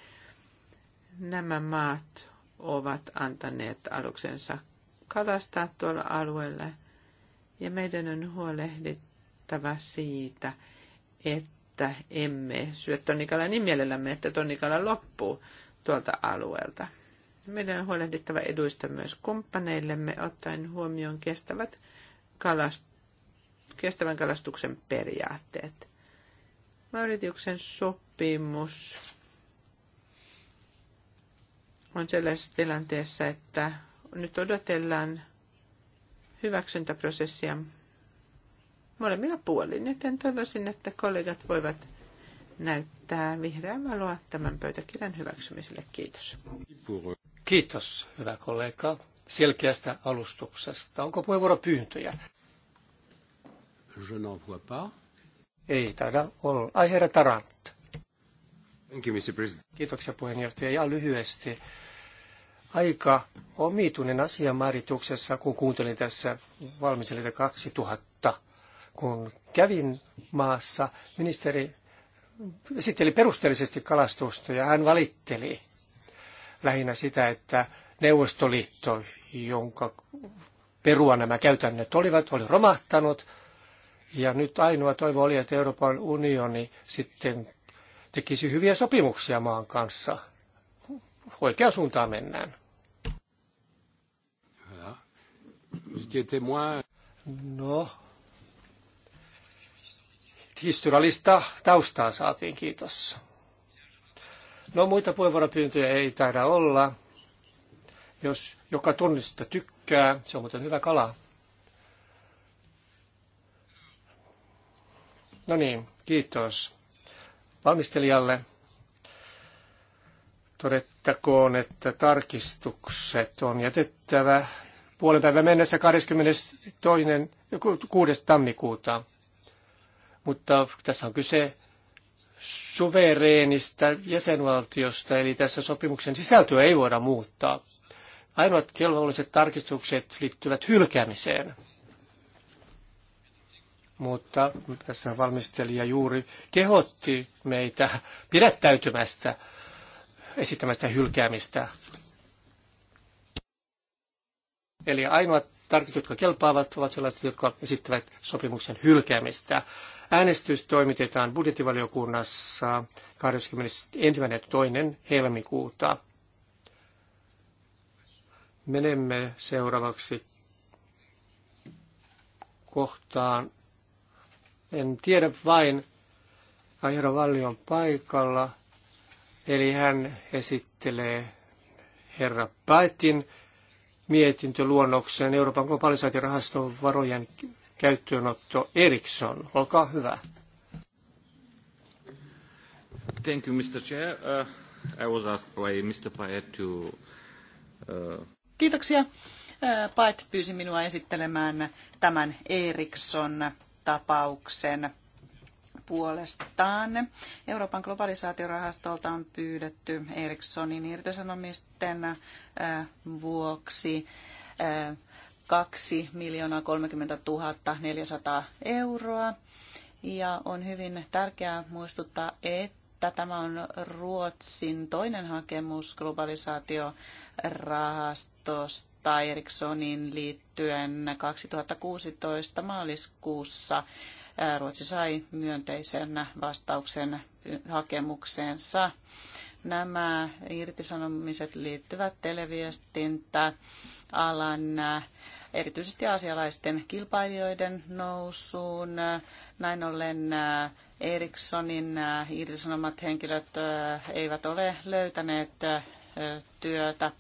Nämä maat ovat antaneet aluksensa kalastaa tuolla alueella ja meidän on huolehdittava siitä, että emme syö tonnikala niin mielellämme, että tonnikala loppuu tuolta alueelta. Meidän on huolehdittava eduista myös kumppaneillemme ottaen huomioon kestävät kalastukset kestävän kalastuksen periaatteet. Mauritiuksen sopimus on sellaisessa tilanteessa, että nyt odotellaan hyväksyntäprosessia molemmilla puolin, joten toivoisin, että kollegat voivat näyttää vihreää valoa tämän pöytäkirjan hyväksymiselle. Kiitos. Kiitos, hyvä kollega, selkeästä alustuksesta. Onko puheenvuoropyyntöjä? Je n'en vois pas. Ei taida olla. Ai herra Tarant. Thank you, Mr. President. Kiitoksia puheenjohtaja. Ja lyhyesti. Aika omituinen asia määrityksessä, kun kuuntelin tässä valmiselijoita 2000. Kun kävin maassa, ministeri esitteli perusteellisesti kalastusta ja hän valitteli lähinnä sitä, että Neuvostoliitto, jonka perua nämä käytännöt olivat, oli romahtanut – ja nyt ainoa toivo oli, että Euroopan unioni sitten tekisi hyviä sopimuksia maan kanssa. Oikeaan suuntaan mennään. No, historiallista taustaa saatiin, kiitos. No muita puheenvuoropyyntöjä ei taida olla. Jos joka tunnista tykkää, se on muuten hyvä kala. No niin, kiitos valmistelijalle. Todettakoon, että tarkistukset on jätettävä puolen päivän mennessä 26. tammikuuta. Mutta tässä on kyse suvereenista jäsenvaltiosta, eli tässä sopimuksen sisältöä ei voida muuttaa. Ainoat kelvolliset tarkistukset liittyvät hylkäämiseen mutta tässä valmistelija juuri kehotti meitä pidättäytymästä esittämästä hylkäämistä. Eli ainoat tarkit, jotka kelpaavat, ovat sellaiset, jotka esittävät sopimuksen hylkäämistä. Äänestys toimitetaan budjettivaliokunnassa 21.2. helmikuuta. Menemme seuraavaksi kohtaan en tiedä vain, herra Valli on paikalla, eli hän esittelee herra Paetin mietintöluonnoksen Euroopan globalisaatiorahaston varojen käyttöönotto Eriksson. Olkaa hyvä. Thank you, Mr. Chair. Uh, I was asked by Mr. Paet to... Uh... Kiitoksia. Uh, Paet pyysi minua esittelemään tämän Eriksson tapauksen puolestaan. Euroopan globalisaatiorahastolta on pyydetty Ericssonin irtisanomisten äh, vuoksi 2 äh, miljoonaa 30 400 euroa. Ja on hyvin tärkeää muistuttaa, että tämä on Ruotsin toinen hakemus globalisaatiorahastosta ehdottaa Erikssonin liittyen 2016 maaliskuussa. Ruotsi sai myönteisen vastauksen hakemukseensa. Nämä irtisanomiset liittyvät televiestintäalan erityisesti asialaisten kilpailijoiden nousuun. Näin ollen Ericssonin irtisanomat henkilöt eivät ole löytäneet työtä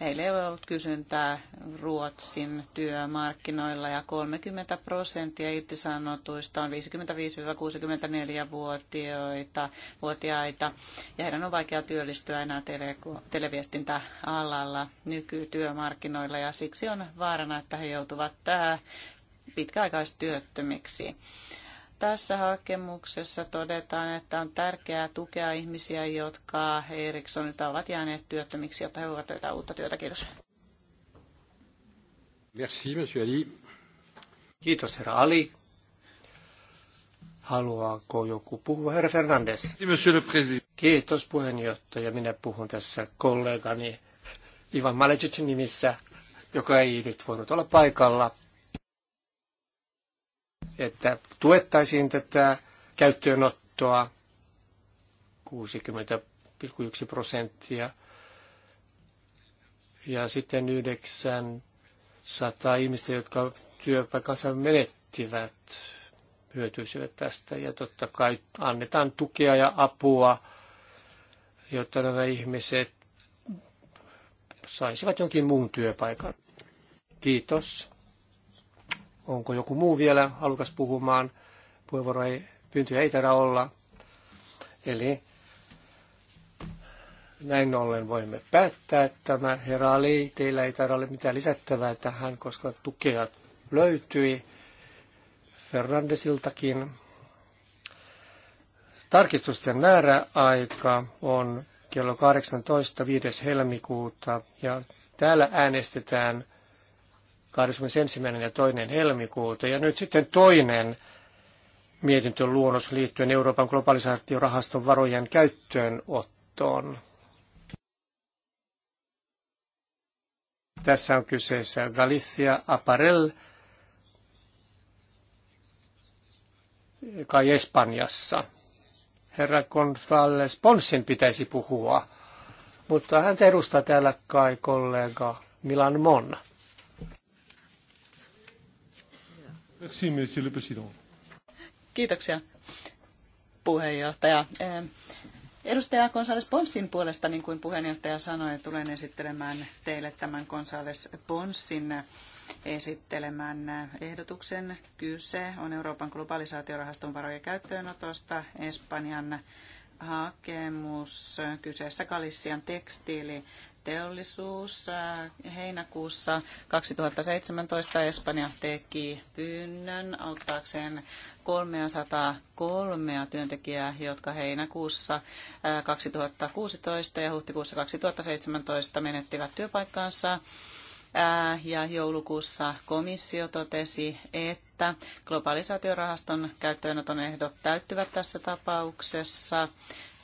Heillä ei ole ollut kysyntää Ruotsin työmarkkinoilla ja 30 prosenttia irtisanotuista on 55-64-vuotiaita vuotiaita, ja heidän on vaikea työllistyä enää tele- televiestintäalalla nykytyömarkkinoilla ja siksi on vaarana, että he joutuvat äh, pitkäaikaistyöttömiksi. Tässä hakemuksessa todetaan, että on tärkeää tukea ihmisiä, jotka Erikssonilta ovat jääneet työttömiksi, jotta he voivat löytää uutta työtä. Kiitos. Merci, monsieur Ali. Kiitos, herra Ali. Haluaako joku puhua? Herra Fernandes. Kiitos puheenjohtaja. Minä puhun tässä kollegani Ivan Malecicin nimissä, joka ei nyt voinut olla paikalla että tuettaisiin tätä käyttöönottoa 60,1 prosenttia. Ja sitten 900 ihmistä, jotka työpaikansa menettivät, hyötyisivät tästä. Ja totta kai annetaan tukea ja apua, jotta nämä ihmiset saisivat jonkin muun työpaikan. Kiitos. Onko joku muu vielä halukas puhumaan? Puheenvuoro ei, pyyntöjä ei taida olla. Eli näin ollen voimme päättää tämä. Herra Ali, teillä ei taida ole mitään lisättävää tähän, koska tukea löytyi Fernandesiltakin. Tarkistusten määräaika on kello 18.5. helmikuuta ja täällä äänestetään 21. ja 2. helmikuuta. Ja nyt sitten toinen mietintön luonnos liittyen Euroopan globalisaatiorahaston varojen käyttöönottoon. Tässä on kyseessä Galicia Aparel, kai Espanjassa. Herra González Ponsin pitäisi puhua, mutta hän edustaa täällä kai kollega Milan Monna. Kiitoksia, puheenjohtaja. Eh, edustaja Gonzales Ponsin puolesta, niin kuin puheenjohtaja sanoi, tulen esittelemään teille tämän Gonzales Ponsin esittelemän ehdotuksen. Kyse on Euroopan globalisaatiorahaston varojen käyttöönotosta Espanjan hakemus kyseessä Galician tekstiili teollisuus. Äh, heinäkuussa 2017 Espanja teki pyynnön auttaakseen 303 työntekijää, jotka heinäkuussa 2016 äh, ja huhtikuussa 2017 menettivät työpaikkaansa. Äh, ja joulukuussa komissio totesi, että globalisaatiorahaston käyttöönoton ehdot täyttyvät tässä tapauksessa.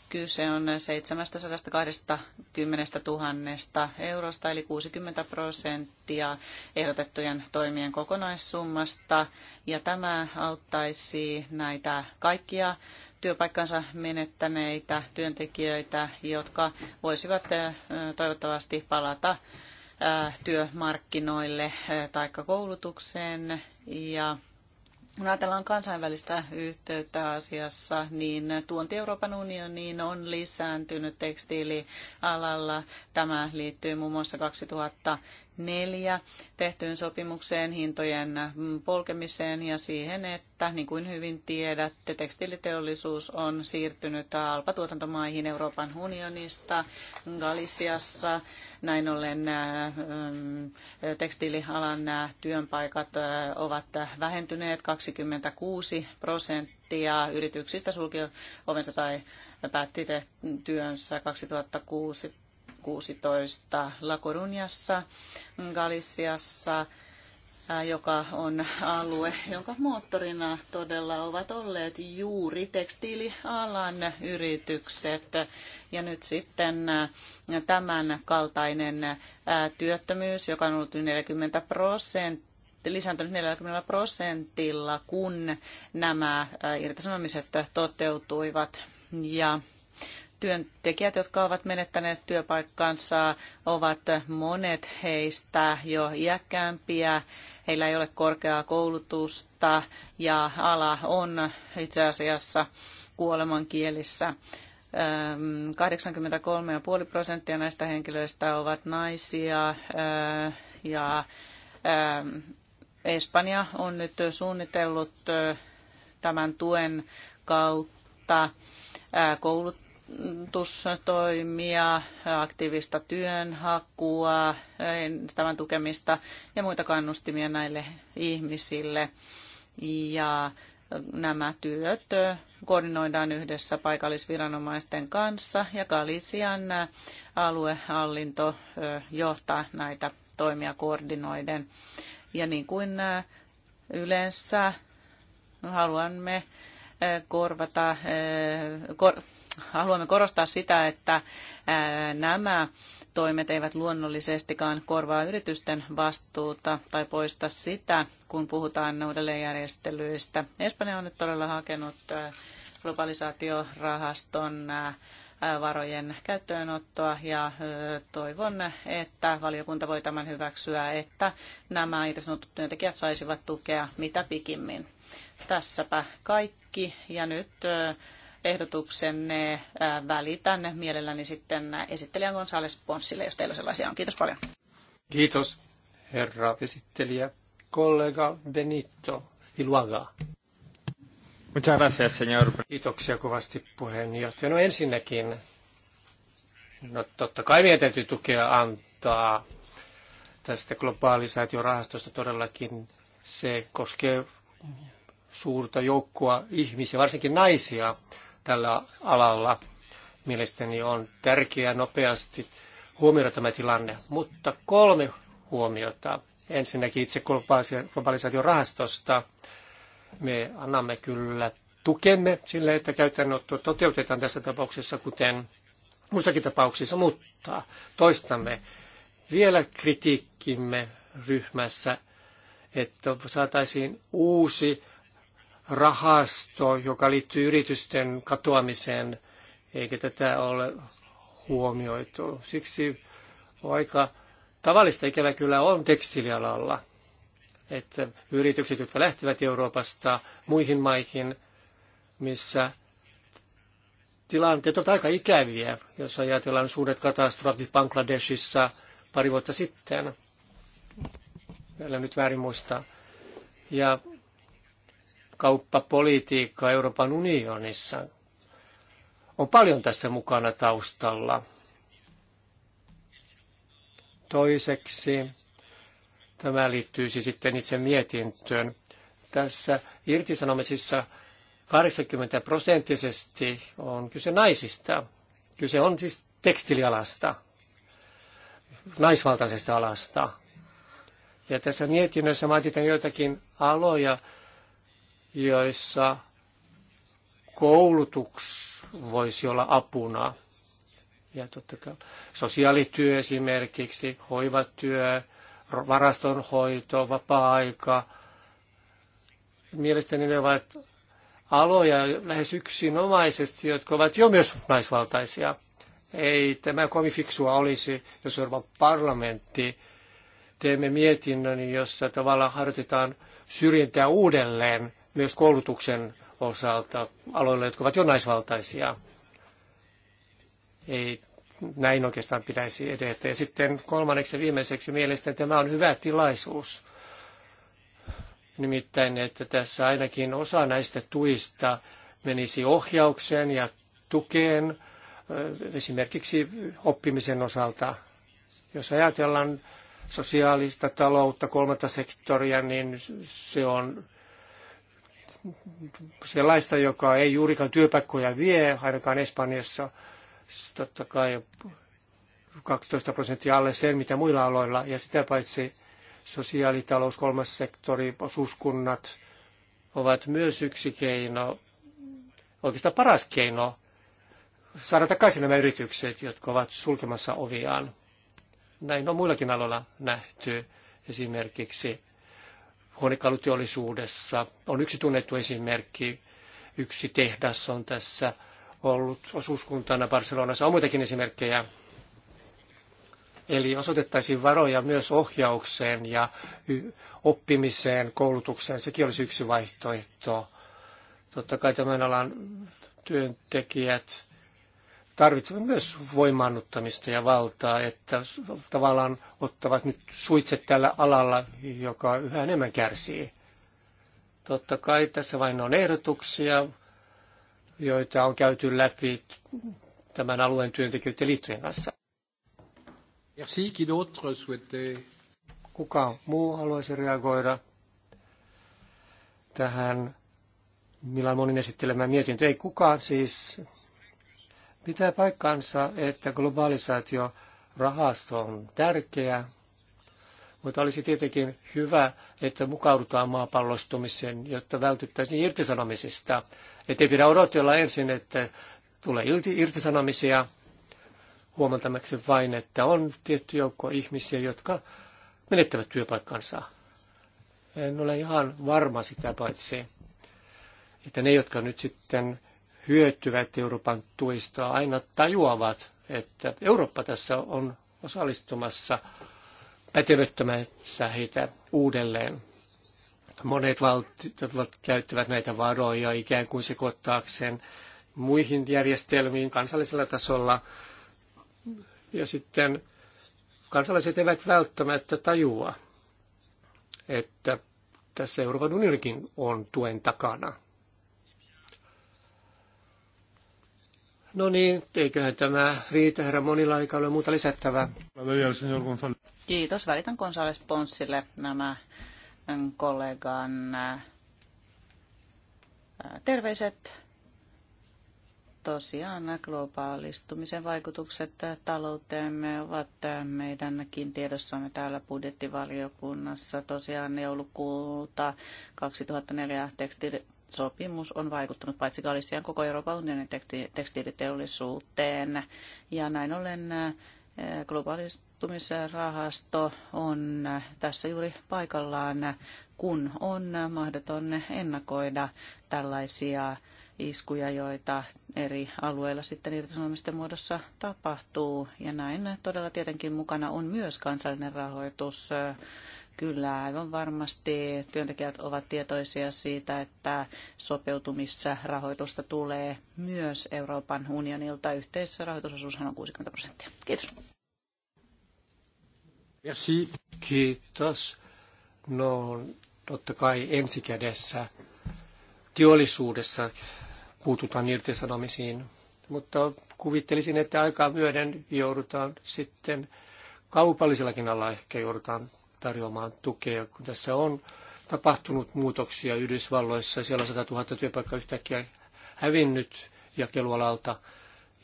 Kyse on 720 000 eurosta eli 60 prosenttia ehdotettujen toimien kokonaissummasta. Ja tämä auttaisi näitä kaikkia työpaikkansa menettäneitä työntekijöitä, jotka voisivat toivottavasti palata työmarkkinoille tai koulutukseen ja kun ajatellaan kansainvälistä yhteyttä asiassa, niin tuonti Euroopan unioniin on lisääntynyt tekstiilialalla. Tämä liittyy muun muassa 2000 4 tehtyyn sopimukseen, hintojen polkemiseen ja siihen, että niin kuin hyvin tiedätte, tekstiiliteollisuus on siirtynyt alpatuotantomaihin Euroopan unionista, Galisiassa. Näin ollen ähm, tekstiilialan työpaikat äh, ovat vähentyneet 26 prosenttia yrityksistä sulki ovensa tai päätti työnsä 2016 2016 Lakorunjassa, Galiciassa, joka on alue, jonka moottorina todella ovat olleet juuri tekstiilialan yritykset. Ja nyt sitten tämän kaltainen työttömyys, joka on ollut 40 prosenttia, lisääntynyt 40 prosentilla, kun nämä irtisanomiset toteutuivat. Ja työntekijät, jotka ovat menettäneet työpaikkansa, ovat monet heistä jo iäkkäämpiä. Heillä ei ole korkeaa koulutusta ja ala on itse asiassa kuolemankielissä. 83,5 prosenttia näistä henkilöistä ovat naisia ja Espanja on nyt suunnitellut tämän tuen kautta koulut koulutustoimia, aktiivista työnhakua, tämän tukemista ja muita kannustimia näille ihmisille. Ja nämä työt koordinoidaan yhdessä paikallisviranomaisten kanssa ja Kalisian aluehallinto johtaa näitä toimia koordinoiden. Ja niin kuin yleensä haluamme korvata, kor, haluamme korostaa sitä, että nämä toimet eivät luonnollisestikaan korvaa yritysten vastuuta tai poista sitä, kun puhutaan uudelleenjärjestelyistä. Espanja on nyt todella hakenut globalisaatiorahaston varojen käyttöönottoa ja toivon, että valiokunta voi tämän hyväksyä, että nämä irtisanotut työntekijät saisivat tukea mitä pikimmin. Tässäpä kaikki ja nyt ehdotuksenne välitän mielelläni sitten esittelijän Gonzales Ponssille, jos teillä sellaisia on. Kiitos paljon. Kiitos, herra esittelijä, kollega Benito Filuaga. Muchas gracias, señor. Kiitoksia kovasti puheenjohtaja. No ensinnäkin, no totta kai meidän täytyy tukea antaa tästä globaalisaatiorahastosta todellakin. Se koskee suurta joukkoa ihmisiä, varsinkin naisia, tällä alalla. Mielestäni on tärkeää nopeasti huomioida tämä tilanne, mutta kolme huomiota. Ensinnäkin itse globalisaation rahastosta. Me annamme kyllä tukemme sille, että käytännöt toteutetaan tässä tapauksessa, kuten muissakin tapauksissa, mutta toistamme vielä kritiikkimme ryhmässä, että saataisiin uusi rahasto, joka liittyy yritysten katoamiseen, eikä tätä ole huomioitu. Siksi aika tavallista ikävä kyllä on tekstiilialalla, että yritykset, jotka lähtevät Euroopasta muihin maihin, missä tilanteet ovat aika ikäviä, jos ajatellaan suuret katastrofit Bangladesissa pari vuotta sitten. Meillä nyt väärin muistaa. Ja kauppapolitiikkaa Euroopan unionissa. On paljon tässä mukana taustalla. Toiseksi, tämä liittyy siis sitten itse mietintöön. Tässä irtisanomisissa 80 prosenttisesti on kyse naisista. Kyse on siis tekstilialasta, naisvaltaisesta alasta. Ja tässä mietinnössä mainitaan joitakin aloja, joissa koulutus voisi olla apuna. Ja totta kai sosiaalityö esimerkiksi, hoivatyö, varastonhoito, vapaa-aika. Mielestäni ne ovat aloja lähes yksinomaisesti, jotka ovat jo myös naisvaltaisia. Ei tämä kovin fiksua olisi, jos Euroopan parlamentti teemme mietinnön, jossa tavallaan harjoitetaan syrjintää uudelleen myös koulutuksen osalta aloilla, jotka ovat jo naisvaltaisia. Ei näin oikeastaan pitäisi edetä. Ja sitten kolmanneksi ja viimeiseksi mielestäni tämä on hyvä tilaisuus. Nimittäin, että tässä ainakin osa näistä tuista menisi ohjaukseen ja tukeen esimerkiksi oppimisen osalta. Jos ajatellaan sosiaalista taloutta, kolmatta sektoria, niin se on sellaista, joka ei juurikaan työpaikkoja vie, ainakaan Espanjassa. Siis totta kai 12 prosenttia alle sen, mitä muilla aloilla. Ja sitä paitsi sosiaalitalous, kolmas sektori, osuuskunnat ovat myös yksi keino, oikeastaan paras keino saada takaisin nämä yritykset, jotka ovat sulkemassa oviaan. Näin on muillakin aloilla nähty esimerkiksi huonekaluteollisuudessa on yksi tunnettu esimerkki. Yksi tehdas on tässä ollut osuuskuntana Barcelonassa. On muitakin esimerkkejä. Eli osoitettaisiin varoja myös ohjaukseen ja oppimiseen, koulutukseen. Sekin olisi yksi vaihtoehto. Totta kai tämän alan työntekijät tarvitsevat myös voimaannuttamista ja valtaa, että tavallaan ottavat nyt suitset tällä alalla, joka yhä enemmän kärsii. Totta kai tässä vain on ehdotuksia, joita on käyty läpi tämän alueen työntekijöiden liittojen kanssa. Merci, qui d'autre souhaitait? Kuka muu haluaisi reagoida tähän Milan Monin esittelemään mietintöön? Ei kukaan siis. Pitää paikkansa, että globalisaatio rahasto on tärkeä, mutta olisi tietenkin hyvä, että mukaudutaan maapallostumiseen, jotta vältyttäisiin irtisanomisista. Että ei pidä odotella ensin, että tulee irtisanomisia, huomantamaksi vain, että on tietty joukko ihmisiä, jotka menettävät työpaikkansa. En ole ihan varma sitä paitsi, että ne, jotka nyt sitten hyötyvät Euroopan tuista aina tajuavat, että Eurooppa tässä on osallistumassa pätevöttämässä heitä uudelleen. Monet valtiot käyttävät näitä varoja ikään kuin sekoittaakseen muihin järjestelmiin kansallisella tasolla. Ja sitten kansalaiset eivät välttämättä tajua, että tässä Euroopan unionikin on tuen takana. No niin, eiköhän tämä riitä, herra monilla eikä ole muuta lisättävää. Kiitos, välitän Gonzales Ponssille nämä ähm, kollegan äh, terveiset. Tosiaan globaalistumisen vaikutukset talouteemme ovat äh, meidänkin tiedossamme täällä budjettivaliokunnassa. Tosiaan joulukuulta 2004 teksti sopimus on vaikuttanut paitsi Galician koko Euroopan unionin tekstiiliteollisuuteen. Ja näin ollen globaalistumisrahasto on tässä juuri paikallaan, kun on mahdoton ennakoida tällaisia iskuja, joita eri alueilla sitten irtisanomisten muodossa tapahtuu. Ja näin todella tietenkin mukana on myös kansallinen rahoitus Kyllä, aivan varmasti työntekijät ovat tietoisia siitä, että sopeutumissa rahoitusta tulee myös Euroopan unionilta. rahoitusosuushan on 60 prosenttia. Kiitos. Merci. Kiitos. No, totta kai kädessä teollisuudessa puututaan irtisanomisiin, mutta kuvittelisin, että aikaa myöden joudutaan sitten kaupallisellakin alla ehkä joudutaan tarjoamaan tukea. Kun tässä on tapahtunut muutoksia Yhdysvalloissa, siellä on 100 000 työpaikkaa yhtäkkiä hävinnyt jakelualalta.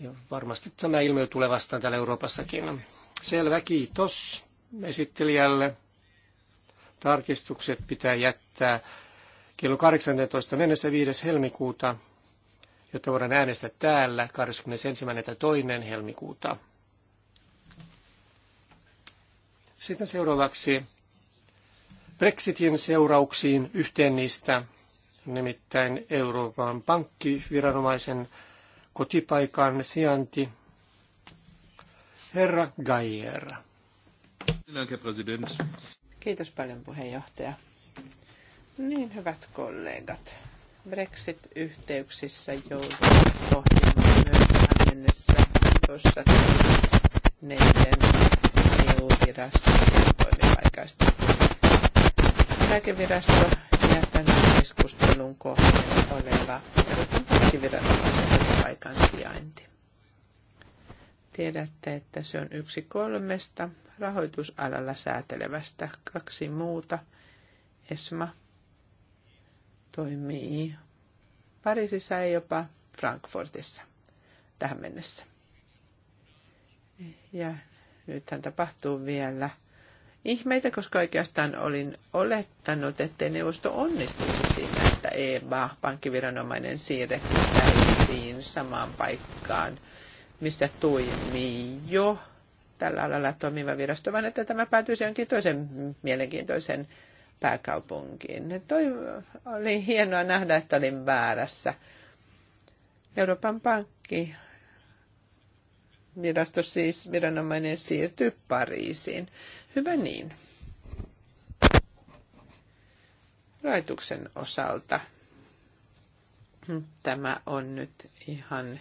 Ja varmasti tämä ilmiö tulee vastaan täällä Euroopassakin. Selvä, kiitos esittelijälle. Tarkistukset pitää jättää kello 18 mennessä 5. helmikuuta, jotta voidaan äänestää täällä 21.2. helmikuuta. Sitten seuraavaksi Brexitin seurauksiin yhteen niistä, nimittäin Euroopan pankkiviranomaisen kotipaikan sijainti, herra Geier. Kiitos paljon puheenjohtaja. Niin, hyvät kollegat. Brexit-yhteyksissä joudun pohtimaan myös mennessä tuossa neljän lääkevirasto toimipaikasta. Lääkevirasto ja tämän keskustelun kohteena oleva Euroopan pankkiviranomaisen toimipaikan sijainti. Tiedätte, että se on yksi kolmesta rahoitusalalla säätelevästä. Kaksi muuta. ESMA toimii Pariisissa ja jopa Frankfurtissa tähän mennessä. Ja Nythän tapahtuu vielä ihmeitä, koska oikeastaan olin olettanut, ettei neuvosto onnistuisi siinä, että EBA, pankkiviranomainen, siirrettäisiin samaan paikkaan, missä toimii jo tällä alalla toimiva virasto, vaan että tämä päätyisi jonkin toisen mielenkiintoisen pääkaupunkiin. Toi oli hienoa nähdä, että olin väärässä. Euroopan pankki virasto siis viranomainen siirtyy Pariisiin. Hyvä niin. Raituksen osalta tämä on nyt ihan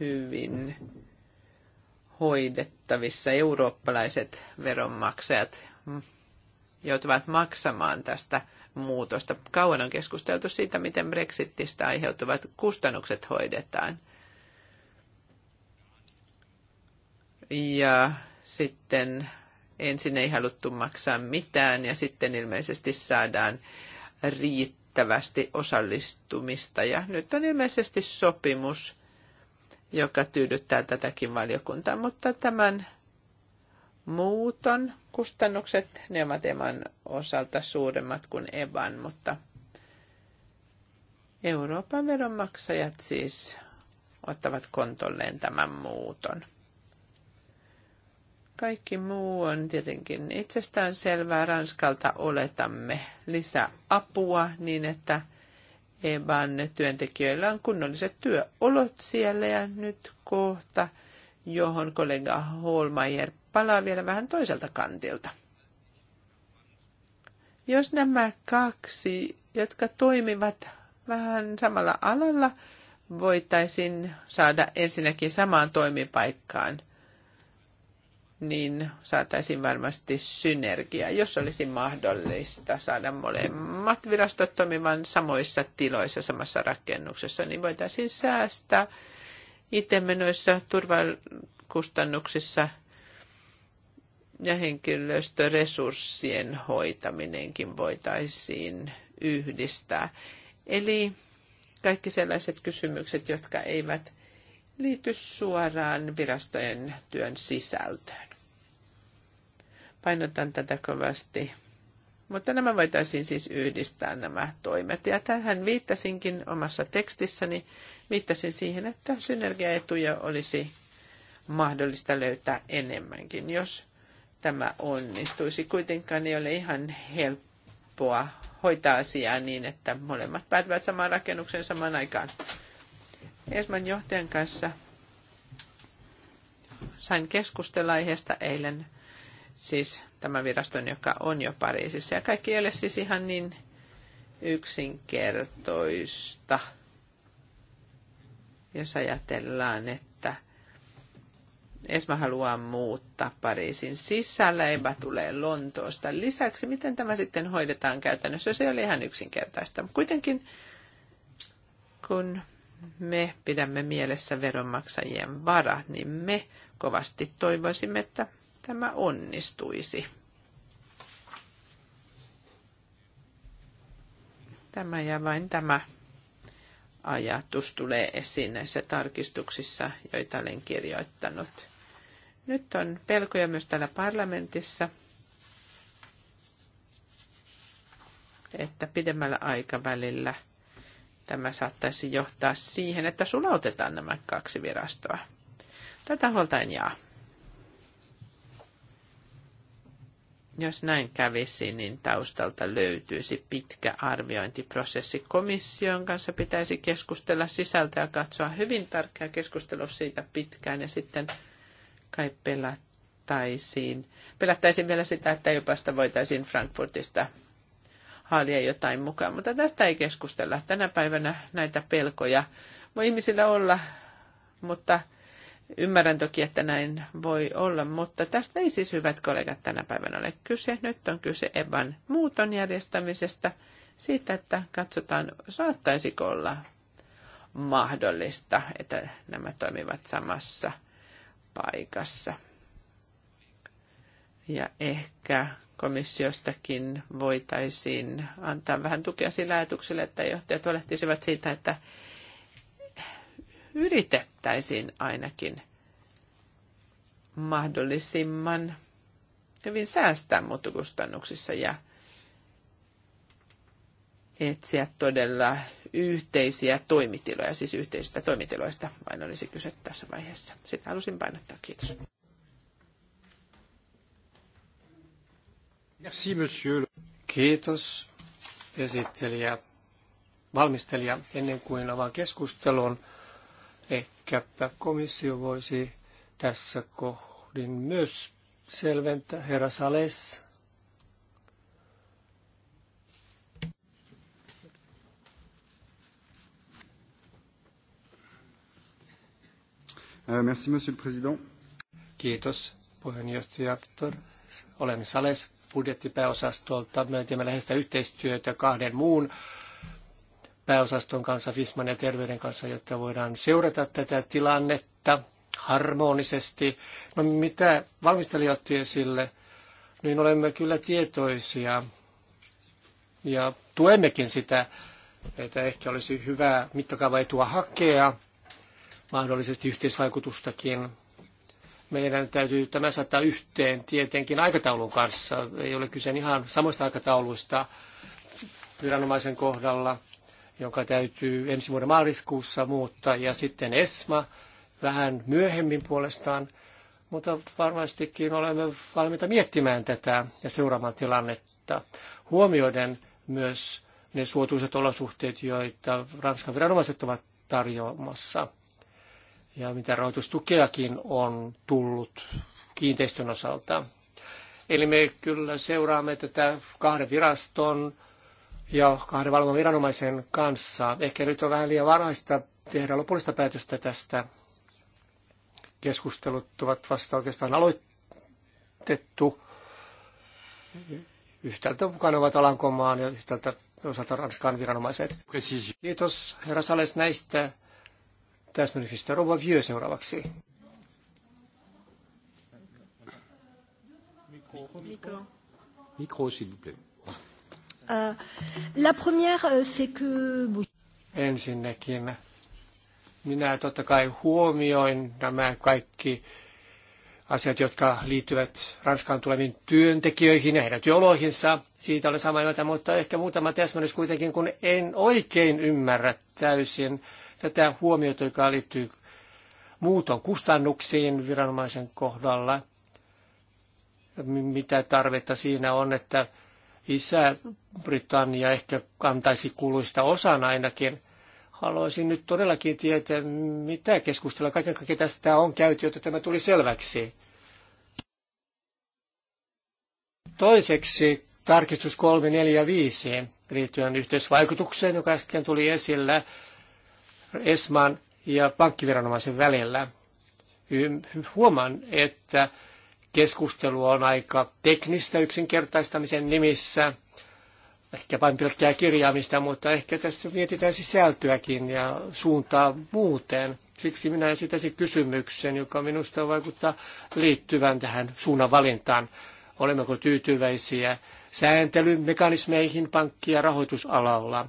hyvin hoidettavissa. Eurooppalaiset veronmaksajat joutuvat maksamaan tästä muutosta. Kauan on keskusteltu siitä, miten Brexitistä aiheutuvat kustannukset hoidetaan. Ja sitten ensin ei haluttu maksaa mitään ja sitten ilmeisesti saadaan riittävästi osallistumista. Ja nyt on ilmeisesti sopimus, joka tyydyttää tätäkin valiokuntaa, mutta tämän muuton kustannukset, ne ovat Eman osalta suuremmat kuin Evan, mutta Euroopan veronmaksajat siis ottavat kontolleen tämän muuton. Kaikki muu on tietenkin itsestään selvää. Ranskalta oletamme lisäapua niin, että Eban työntekijöillä on kunnolliset työolot siellä ja nyt kohta – johon kollega Holmeier palaa vielä vähän toiselta kantilta. Jos nämä kaksi, jotka toimivat vähän samalla alalla, voitaisiin saada ensinnäkin samaan toimipaikkaan, niin saataisiin varmasti synergia, jos olisi mahdollista saada molemmat virastot toimimaan samoissa tiloissa, samassa rakennuksessa, niin voitaisiin säästää – IT-menoissa, turvakustannuksissa ja henkilöstöresurssien hoitaminenkin voitaisiin yhdistää. Eli kaikki sellaiset kysymykset, jotka eivät liity suoraan virastojen työn sisältöön. Painotan tätä kovasti mutta nämä voitaisiin siis yhdistää nämä toimet. Ja tähän viittasinkin omassa tekstissäni, viittasin siihen, että synergiaetuja olisi mahdollista löytää enemmänkin, jos tämä onnistuisi. Kuitenkaan ei niin ole ihan helppoa hoitaa asiaa niin, että molemmat päätyvät samaan rakennukseen samaan aikaan. Esman johtajan kanssa sain keskustella aiheesta eilen, siis tämän viraston, joka on jo Pariisissa. Ja kaikki ei ole siis ihan niin yksinkertoista, jos ajatellaan, että Esma haluaa muuttaa Pariisin sisällä, Eba tulee Lontoosta. Lisäksi, miten tämä sitten hoidetaan käytännössä, se oli ihan yksinkertaista. Kuitenkin, kun me pidämme mielessä veronmaksajien vara, niin me kovasti toivoisimme, että tämä onnistuisi. Tämä ja vain tämä ajatus tulee esiin näissä tarkistuksissa, joita olen kirjoittanut. Nyt on pelkoja myös täällä parlamentissa, että pidemmällä aikavälillä tämä saattaisi johtaa siihen, että sulautetaan nämä kaksi virastoa. Tätä huolta en jaa. Jos näin kävisi, niin taustalta löytyisi pitkä arviointiprosessi. Komission kanssa pitäisi keskustella ja katsoa hyvin tarkkaa keskustelua siitä pitkään ja sitten kai pelattaisiin. Pelättäisiin vielä sitä, että jopa sitä voitaisiin Frankfurtista haalia jotain mukaan, mutta tästä ei keskustella. Tänä päivänä näitä pelkoja voi ihmisillä olla, mutta Ymmärrän toki, että näin voi olla, mutta tästä ei siis hyvät kollegat tänä päivänä ole kyse. Nyt on kyse Evan muuton järjestämisestä, siitä, että katsotaan, saattaisiko olla mahdollista, että nämä toimivat samassa paikassa. Ja ehkä komissiostakin voitaisiin antaa vähän tukea sillä ajatuksella, että johtajat huolehtisivat siitä, että yritettäisiin ainakin mahdollisimman hyvin säästää muuttokustannuksissa ja etsiä todella yhteisiä toimitiloja, siis yhteisistä toimitiloista vain olisi kyse tässä vaiheessa. Sitä halusin painottaa. Kiitos. Merci, monsieur. Kiitos esittelijä, valmistelija. Ennen kuin avaan keskustelun, Ehkäpä komissio voisi tässä kohdin myös selventää. Herra Sales. Euh, merci, monsieur le président. Kiitos, puheenjohtaja Victor. Olen Sales budjettipääosastolta. Me teemme läheistä yhteistyötä kahden muun pääosaston kanssa, Fisman ja terveyden kanssa, jotta voidaan seurata tätä tilannetta harmonisesti. No mitä valmistelija otti esille, niin olemme kyllä tietoisia ja tuemmekin sitä, että ehkä olisi hyvää mittakaavaitua hakea, mahdollisesti yhteisvaikutustakin. Meidän täytyy tämä saattaa yhteen tietenkin aikataulun kanssa. Ei ole kyse ihan samoista aikatauluista viranomaisen kohdalla joka täytyy ensi vuoden maaliskuussa muuttaa, ja sitten ESMA vähän myöhemmin puolestaan, mutta varmastikin olemme valmiita miettimään tätä ja seuraamaan tilannetta, huomioiden myös ne suotuiset olosuhteet, joita Ranskan viranomaiset ovat tarjoamassa, ja mitä rahoitustukeakin on tullut kiinteistön osalta. Eli me kyllä seuraamme tätä kahden viraston ja kahden valvovan viranomaisen kanssa. Ehkä nyt on vähän liian varhaista tehdä lopullista päätöstä tästä. Keskustelut ovat vasta oikeastaan aloitettu. Yhtäältä mukana ovat Alankomaan ja yhtäältä osalta Ranskan viranomaiset. Kiitos herra Sales näistä täsmennyksistä. Rova Vieux seuraavaksi. Mikro. Mikro, s'il vous plaît. Euh, la première, euh, c'est que... Ensinnäkin minä totta kai huomioin nämä kaikki asiat, jotka liittyvät Ranskaan tuleviin työntekijöihin ja heidän työoloihinsa. Siitä olen samaa mieltä, mutta ehkä muutama täsmennys kuitenkin, kun en oikein ymmärrä täysin tätä huomiota, joka liittyy muuton kustannuksiin viranomaisen kohdalla. Mitä tarvetta siinä on, että Isä-Britannia ehkä kantaisi kuluista osan ainakin. Haluaisin nyt todellakin tietää, mitä keskustella kaiken kaikkiaan tästä on käyty, jotta tämä tuli selväksi. Toiseksi tarkistus 345 liittyen yhteisvaikutukseen, joka äsken tuli esillä ESMAn ja pankkiviranomaisen välillä. Huomaan, että keskustelu on aika teknistä yksinkertaistamisen nimissä. Ehkä vain pelkkää kirjaamista, mutta ehkä tässä mietitään sisältöäkin ja suuntaa muuten. Siksi minä esitäisin kysymyksen, joka minusta vaikuttaa liittyvän tähän suunnanvalintaan. Olemmeko tyytyväisiä sääntelymekanismeihin pankki- ja rahoitusalalla?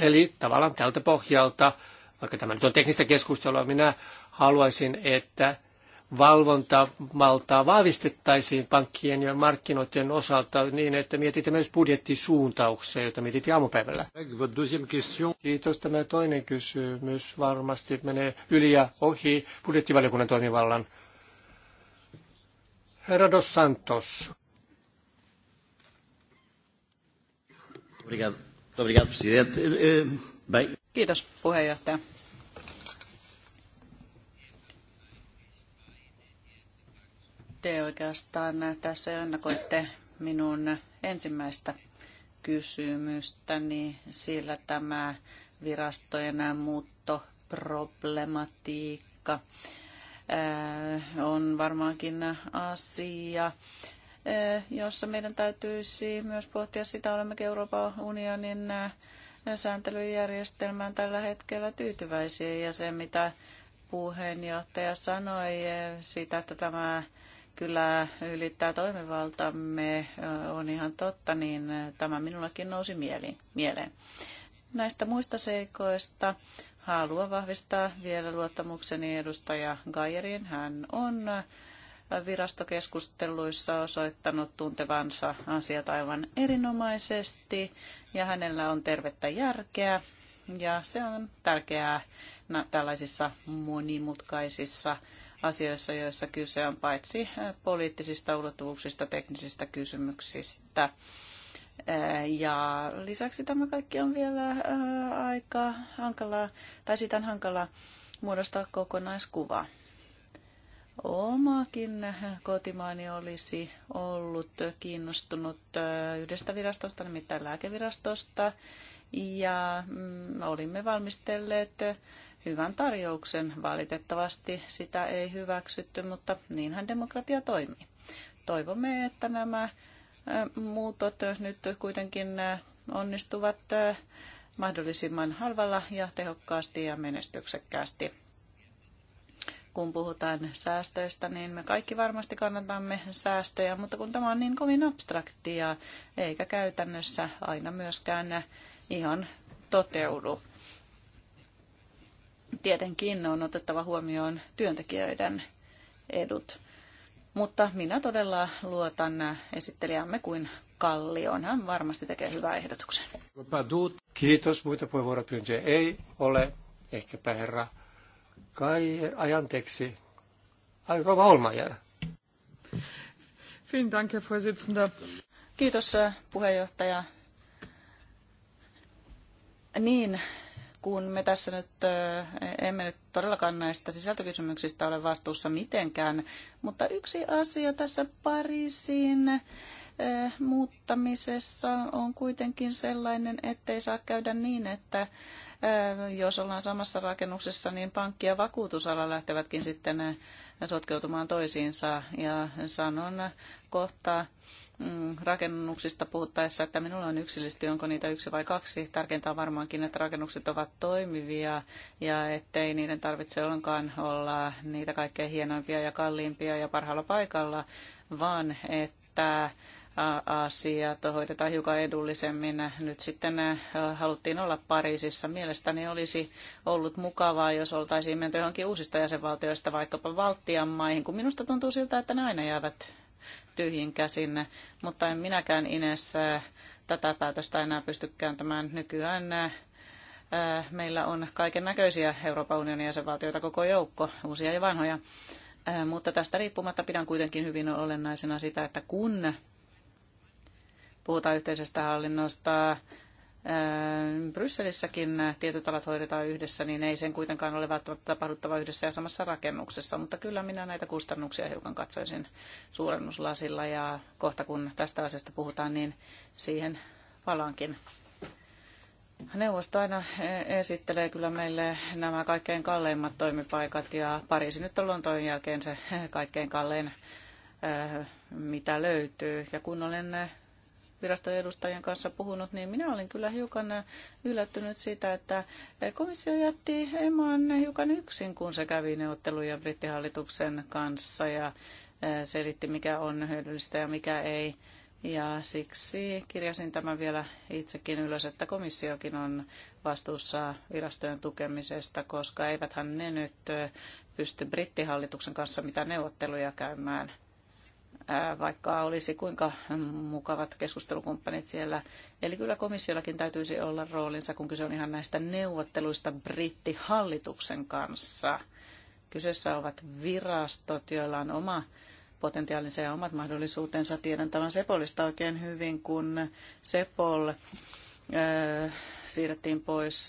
Eli tavallaan tältä pohjalta, vaikka tämä nyt on teknistä keskustelua, minä haluaisin, että valvontavaltaa vahvistettaisiin pankkien ja markkinoiden osalta niin, että mietitään myös budjettisuuntauksia, joita mietittiin aamupäivällä. Kiitos. Tämä toinen kysymys varmasti menee yli ja ohi budjettivaliokunnan toimivallan. Herra Dos Santos. Eh, eh, Kiitos puheenjohtaja. te oikeastaan tässä ennakoitte minun ensimmäistä kysymystäni, sillä tämä virastojen muuttoproblematiikka on varmaankin asia, jossa meidän täytyisi myös pohtia sitä, olemmeko Euroopan unionin sääntelyjärjestelmään tällä hetkellä tyytyväisiä. Ja se, mitä puheenjohtaja sanoi, sitä, että tämä kyllä ylittää toimivaltamme, on ihan totta, niin tämä minullakin nousi mieleen. Näistä muista seikoista haluan vahvistaa vielä luottamukseni edustaja Gajerin. Hän on virastokeskusteluissa osoittanut tuntevansa asiat aivan erinomaisesti ja hänellä on tervettä järkeä ja se on tärkeää tällaisissa monimutkaisissa asioissa, joissa kyse on paitsi poliittisista ulottuvuuksista, teknisistä kysymyksistä. Ja lisäksi tämä kaikki on vielä aika hankalaa, tai sitä on hankalaa muodostaa kokonaiskuva. Omakin kotimaani olisi ollut kiinnostunut yhdestä virastosta, nimittäin lääkevirastosta, ja mm, olimme valmistelleet hyvän tarjouksen. Valitettavasti sitä ei hyväksytty, mutta niinhän demokratia toimii. Toivomme, että nämä äh, muutot nyt kuitenkin äh, onnistuvat äh, mahdollisimman halvalla ja tehokkaasti ja menestyksekkäästi. Kun puhutaan säästöistä, niin me kaikki varmasti kannatamme säästöjä, mutta kun tämä on niin kovin abstraktia, eikä käytännössä aina myöskään ihan toteudu tietenkin on otettava huomioon työntekijöiden edut. Mutta minä todella luotan esittelijämme kuin Kallion. Hän varmasti tekee hyvää ehdotuksen. Kiitos. Muita puheenvuoropyyntöjä ei ole. Ehkäpä herra Kai ajanteeksi. Ai, Rova Holmajer. Kiitos äh, puheenjohtaja. Niin, kun me tässä nyt eh, emme nyt todellakaan näistä sisältökysymyksistä ole vastuussa mitenkään, mutta yksi asia tässä Pariisin eh, muuttamisessa on kuitenkin sellainen, ettei saa käydä niin, että eh, jos ollaan samassa rakennuksessa, niin pankki- ja vakuutusala lähtevätkin sitten sotkeutumaan toisiinsa. Ja sanon kohta mm, rakennuksista puhuttaessa, että minulla on yksilöllisesti, onko niitä yksi vai kaksi. Tärkeintä on varmaankin, että rakennukset ovat toimivia ja ettei niiden tarvitse ollenkaan olla niitä kaikkein hienoimpia ja kalliimpia ja parhaalla paikalla, vaan että asiat hoidetaan hiukan edullisemmin. Nyt sitten äh, haluttiin olla Pariisissa. Mielestäni olisi ollut mukavaa, jos oltaisiin menty johonkin uusista jäsenvaltioista, vaikkapa Valtian maihin, kun minusta tuntuu siltä, että ne aina jäävät tyhjin käsin. Mutta en minäkään Ines äh, tätä päätöstä enää pysty kääntämään nykyään. Äh, meillä on kaiken näköisiä Euroopan unionin jäsenvaltioita koko joukko, uusia ja vanhoja. Mutta tästä riippumatta pidän kuitenkin hyvin olennaisena sitä, että kun puhutaan yhteisestä hallinnosta, Brysselissäkin tietyt alat hoidetaan yhdessä, niin ei sen kuitenkaan ole välttämättä tapahduttava yhdessä ja samassa rakennuksessa, mutta kyllä minä näitä kustannuksia hiukan katsoisin suurennuslasilla ja kohta kun tästä asiasta puhutaan, niin siihen palaankin. Neuvosto aina e- esittelee kyllä meille nämä kaikkein kalleimmat toimipaikat ja Pariisi nyt on toin jälkeen se kaikkein kallein, mitä löytyy. Ja kun olen viraston edustajien kanssa puhunut, niin minä olin kyllä hiukan yllättynyt siitä, että komissio jätti Eman hiukan yksin, kun se kävi neuvotteluja brittihallituksen kanssa ja eh, selitti, mikä on hyödyllistä ja mikä ei. Ja siksi kirjasin tämän vielä itsekin ylös, että komissiokin on vastuussa virastojen tukemisesta, koska eiväthän ne nyt pysty brittihallituksen kanssa mitä neuvotteluja käymään – vaikka olisi kuinka mukavat keskustelukumppanit siellä. Eli kyllä komissiollakin täytyisi olla roolinsa, kun kyse on ihan näistä neuvotteluista brittihallituksen kanssa. Kyseessä ovat virastot, joilla on oma potentiaalinsa ja omat mahdollisuutensa. Tiedän tämän Sepolista oikein hyvin, kun Sepol siirrettiin pois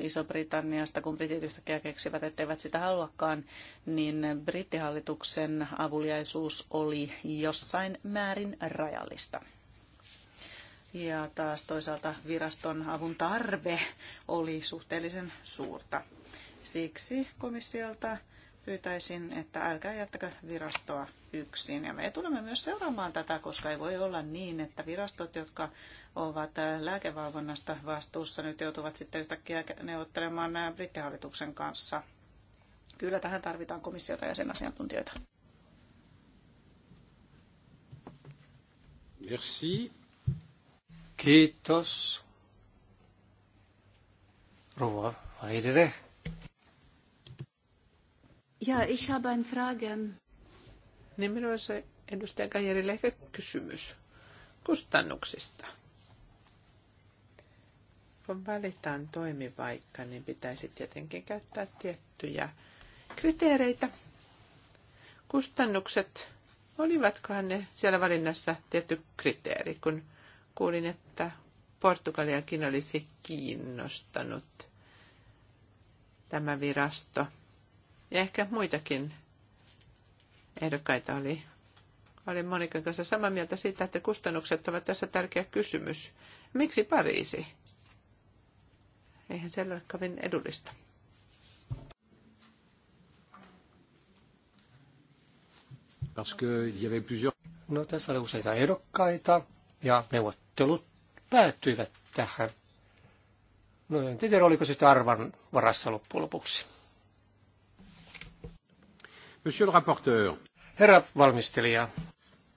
Iso-Britanniasta, kun britit yhtäkkiä keksivät, etteivät sitä haluakaan, niin brittihallituksen avuliaisuus oli jossain määrin rajallista. Ja taas toisaalta viraston avun tarve oli suhteellisen suurta. Siksi komissiolta pyytäisin, että älkää jättäkö virastoa yksin. Ja me tulemme myös seuraamaan tätä, koska ei voi olla niin, että virastot, jotka ovat äh, lääkevalvonnasta vastuussa, nyt joutuvat sitten yhtäkkiä neuvottelemaan äh, brittihallituksen kanssa. Kyllä tähän tarvitaan komissiota ja sen asiantuntijoita. Merci. Kiitos. Rouva Aidere. Ja, ich habe eine Frage. Niin, se edustaja Kajerille ehkä kysymys kustannuksista. Kun valitaan toimipaikka, niin pitäisi tietenkin käyttää tiettyjä kriteereitä. Kustannukset, olivatkohan ne siellä valinnassa tietty kriteeri, kun kuulin, että Portugaliakin olisi kiinnostanut tämä virasto – ja ehkä muitakin ehdokkaita oli. Olin Monikan kanssa samaa mieltä siitä, että kustannukset ovat tässä tärkeä kysymys. Miksi Pariisi? Eihän siellä ole kovin edullista. No tässä oli useita ehdokkaita ja neuvottelut päättyivät tähän. No en tiedä, oliko se sitten arvan varassa loppujen lopuksi. Monsieur le rapporteur. Herra valmistelija.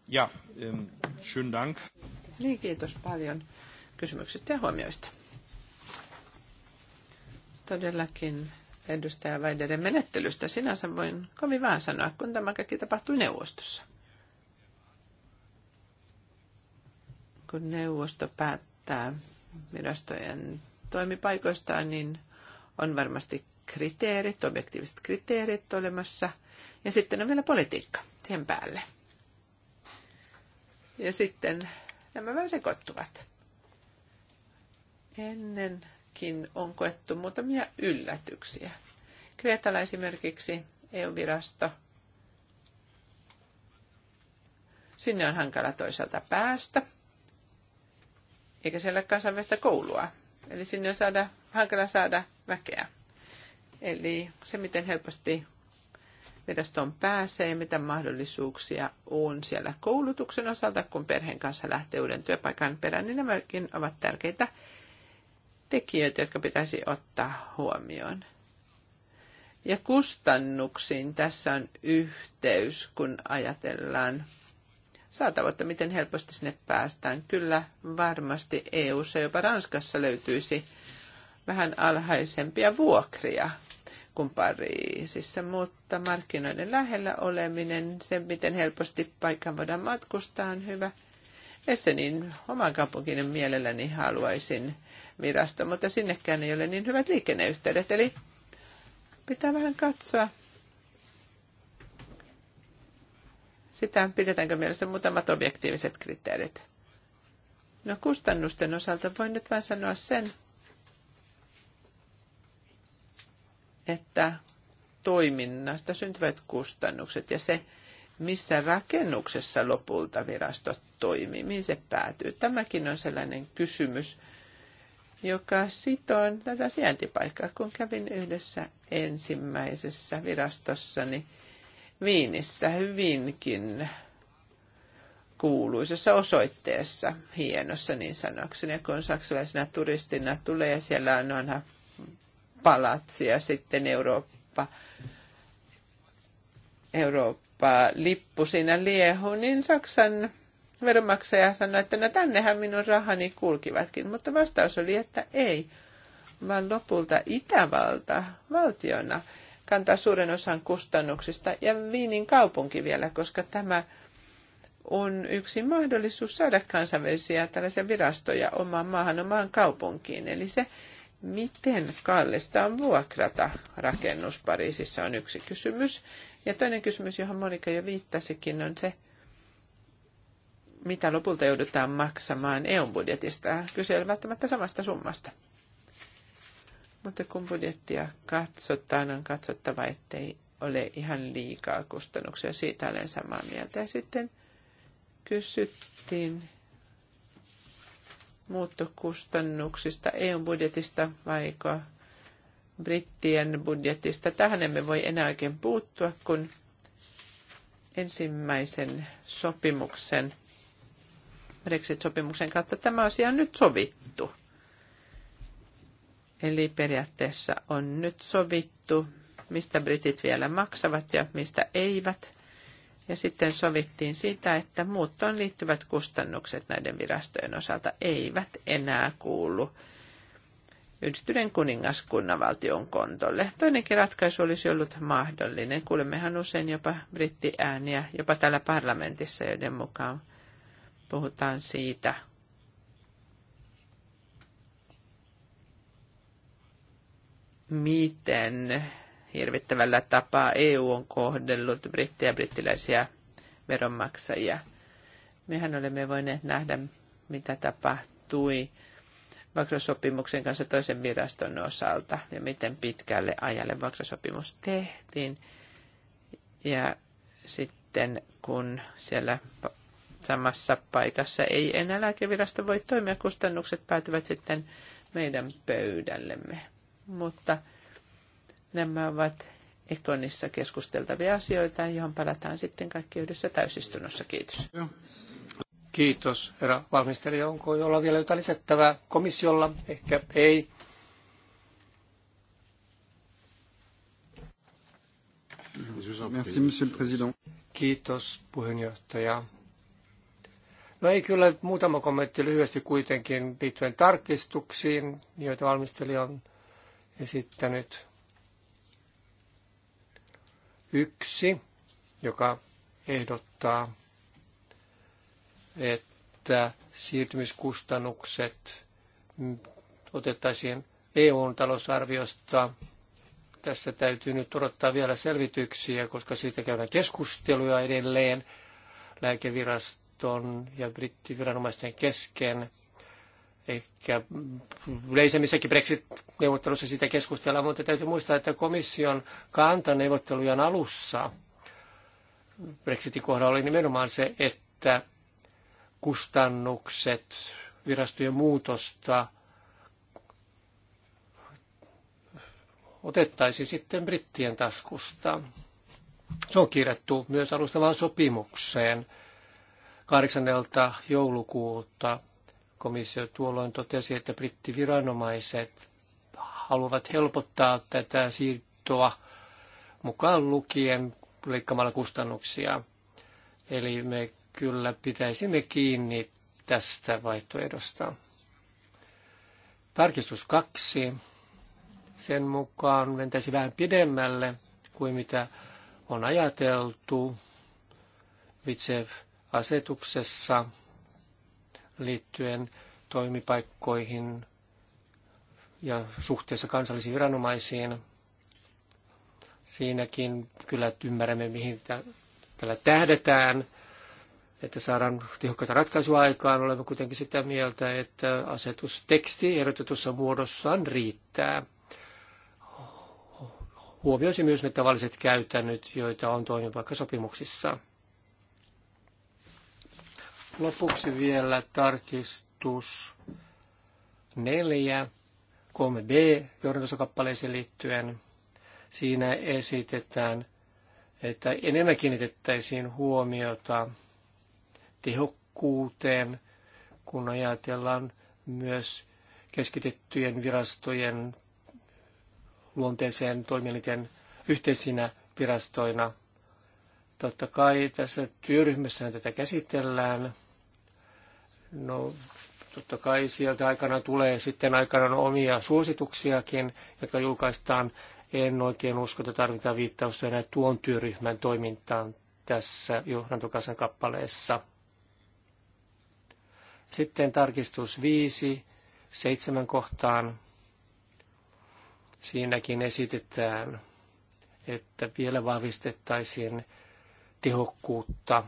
Ja, ähm, schön dank. Niin, kiitos paljon kysymyksistä ja huomioista. Todellakin edustaja Väideren menettelystä sinänsä voin kovin vähän sanoa, kun tämä kaikki tapahtui neuvostossa. Kun neuvosto päättää virastojen toimipaikoistaan, niin on varmasti kriteerit, objektiiviset kriteerit olemassa – ja sitten on vielä politiikka sen päälle. Ja sitten nämä vähän sekoittuvat. Ennenkin on koettu muutamia yllätyksiä. Kreetalla esimerkiksi EU-virasto. Sinne on hankala toisaalta päästä, eikä siellä ole kansainvälistä koulua. Eli sinne on saada, hankala saada väkeä. Eli se, miten helposti virastoon pääsee, mitä mahdollisuuksia on siellä koulutuksen osalta, kun perheen kanssa lähtee uuden työpaikan perään, niin nämäkin ovat tärkeitä tekijöitä, jotka pitäisi ottaa huomioon. Ja kustannuksiin tässä on yhteys, kun ajatellaan saatavuutta, miten helposti sinne päästään. Kyllä varmasti EU-ssa, jopa Ranskassa löytyisi vähän alhaisempia vuokria kuin Pariisissa, mutta markkinoiden lähellä oleminen, sen miten helposti paikkaan voidaan matkustaa on hyvä. Essenin oman kaupunkini mielelläni haluaisin virasto, mutta sinnekään ei ole niin hyvät liikenneyhteydet, eli pitää vähän katsoa. Sitä pidetäänkö mielessä muutamat objektiiviset kriteerit. No kustannusten osalta voin nyt vain sanoa sen, että toiminnasta syntyvät kustannukset ja se, missä rakennuksessa lopulta virasto toimii, mihin se päätyy. Tämäkin on sellainen kysymys, joka sitoo tätä sijaintipaikkaa. Kun kävin yhdessä ensimmäisessä virastossani Viinissä hyvinkin kuuluisessa osoitteessa, hienossa niin sanokseni, kun saksalaisena turistina tulee, siellä on aina palatsi ja sitten Eurooppa, Eurooppa-lippu siinä liehu, niin Saksan veronmaksaja sanoi, että no tännehän minun rahani kulkivatkin, mutta vastaus oli, että ei, vaan lopulta Itävalta valtiona kantaa suuren osan kustannuksista ja Viinin kaupunki vielä, koska tämä on yksi mahdollisuus saada kansainvälisiä tällaisia virastoja omaan maahan, omaan kaupunkiin. Eli se miten kallista on vuokrata rakennus Pariisissa on yksi kysymys. Ja toinen kysymys, johon Monika jo viittasikin, on se, mitä lopulta joudutaan maksamaan EU-budjetista. Kyse ei ole välttämättä samasta summasta. Mutta kun budjettia katsotaan, on katsottava, ettei ole ihan liikaa kustannuksia. Siitä olen samaa mieltä. Ja sitten kysyttiin muuttokustannuksista eu budjetista vai brittien budjetista. Tähän emme voi enää oikein puuttua, kun ensimmäisen sopimuksen, Brexit-sopimuksen kautta tämä asia on nyt sovittu. Eli periaatteessa on nyt sovittu, mistä britit vielä maksavat ja mistä eivät. Ja sitten sovittiin sitä, että muuttoon liittyvät kustannukset näiden virastojen osalta eivät enää kuulu yhdistyneen kuningaskunnan valtion kontolle. Toinenkin ratkaisu olisi ollut mahdollinen. Kuulemmehan usein jopa brittiääniä, jopa täällä parlamentissa, joiden mukaan puhutaan siitä, miten hirvittävällä tapaa EU on kohdellut brittiä ja brittiläisiä veronmaksajia. Mehän olemme voineet nähdä, mitä tapahtui vakrosopimuksen kanssa toisen viraston osalta ja miten pitkälle ajalle vakrosopimus tehtiin. Ja sitten kun siellä samassa paikassa ei enää lääkevirasto voi toimia, kustannukset päätyvät sitten meidän pöydällemme. Mutta Nämä ovat Ekonissa keskusteltavia asioita, johon palataan sitten kaikki yhdessä täysistunnossa. Kiitos. Kiitos, herra valmistelija. Onko jolla vielä jotain lisättävää komissiolla? Ehkä ei. Kiitos, puheenjohtaja. No ei kyllä muutama kommentti lyhyesti kuitenkin liittyen tarkistuksiin, joita valmistelija on esittänyt yksi, joka ehdottaa, että siirtymiskustannukset otettaisiin eu talousarviosta. Tässä täytyy nyt odottaa vielä selvityksiä, koska siitä käydään keskusteluja edelleen lääkeviraston ja brittiviranomaisten kesken. Ehkä yleisemmissäkin Brexit-neuvottelussa sitä keskustellaan, mutta täytyy muistaa, että komission kanta neuvottelujen alussa Brexitin kohdalla oli nimenomaan se, että kustannukset virastojen muutosta otettaisiin sitten brittien taskusta. Se on kirjattu myös alustavaan sopimukseen 8. joulukuuta Komissio tuolloin totesi, että brittiviranomaiset haluavat helpottaa tätä siirtoa mukaan lukien leikkaamalla kustannuksia. Eli me kyllä pitäisimme kiinni tästä vaihtoehdosta. Tarkistus kaksi. Sen mukaan mentäisi vähän pidemmälle kuin mitä on ajateltu Vitsev-asetuksessa liittyen toimipaikkoihin ja suhteessa kansallisiin viranomaisiin. Siinäkin kyllä ymmärrämme, mihin tällä tähdetään, että saadaan tehokkaita ratkaisuja aikaan. Olemme kuitenkin sitä mieltä, että asetusteksti ehdotetussa muodossaan riittää. Huomioisi myös ne tavalliset käytännöt, joita on toimipaikkasopimuksissa sopimuksissa. Lopuksi vielä tarkistus 4, 3b johdantosokappaleeseen liittyen. Siinä esitetään, että enemmän kiinnitettäisiin huomiota tehokkuuteen, kun ajatellaan myös keskitettyjen virastojen luonteeseen toimielinten yhteisinä virastoina. Totta kai tässä työryhmässä tätä käsitellään No, totta kai sieltä aikana tulee sitten aikanaan omia suosituksiakin, jotka julkaistaan. En oikein usko, että tarvitaan viittausta enää tuon työryhmän toimintaan tässä johdantokasan kappaleessa. Sitten tarkistus 5, seitsemän kohtaan. Siinäkin esitetään, että vielä vahvistettaisiin tehokkuutta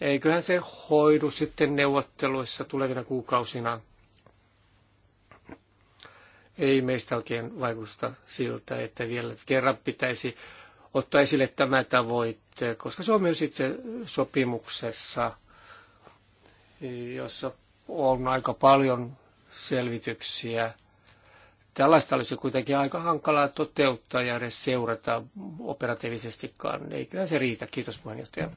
eiköhän se hoidu sitten neuvotteluissa tulevina kuukausina. Ei meistä oikein vaikusta siltä, että vielä kerran pitäisi ottaa esille tämä tavoite, koska se on myös itse sopimuksessa, jossa on aika paljon selvityksiä. Tällaista olisi kuitenkin aika hankalaa toteuttaa ja edes seurata operatiivisestikaan. Eiköhän se riitä. Kiitos puheenjohtaja.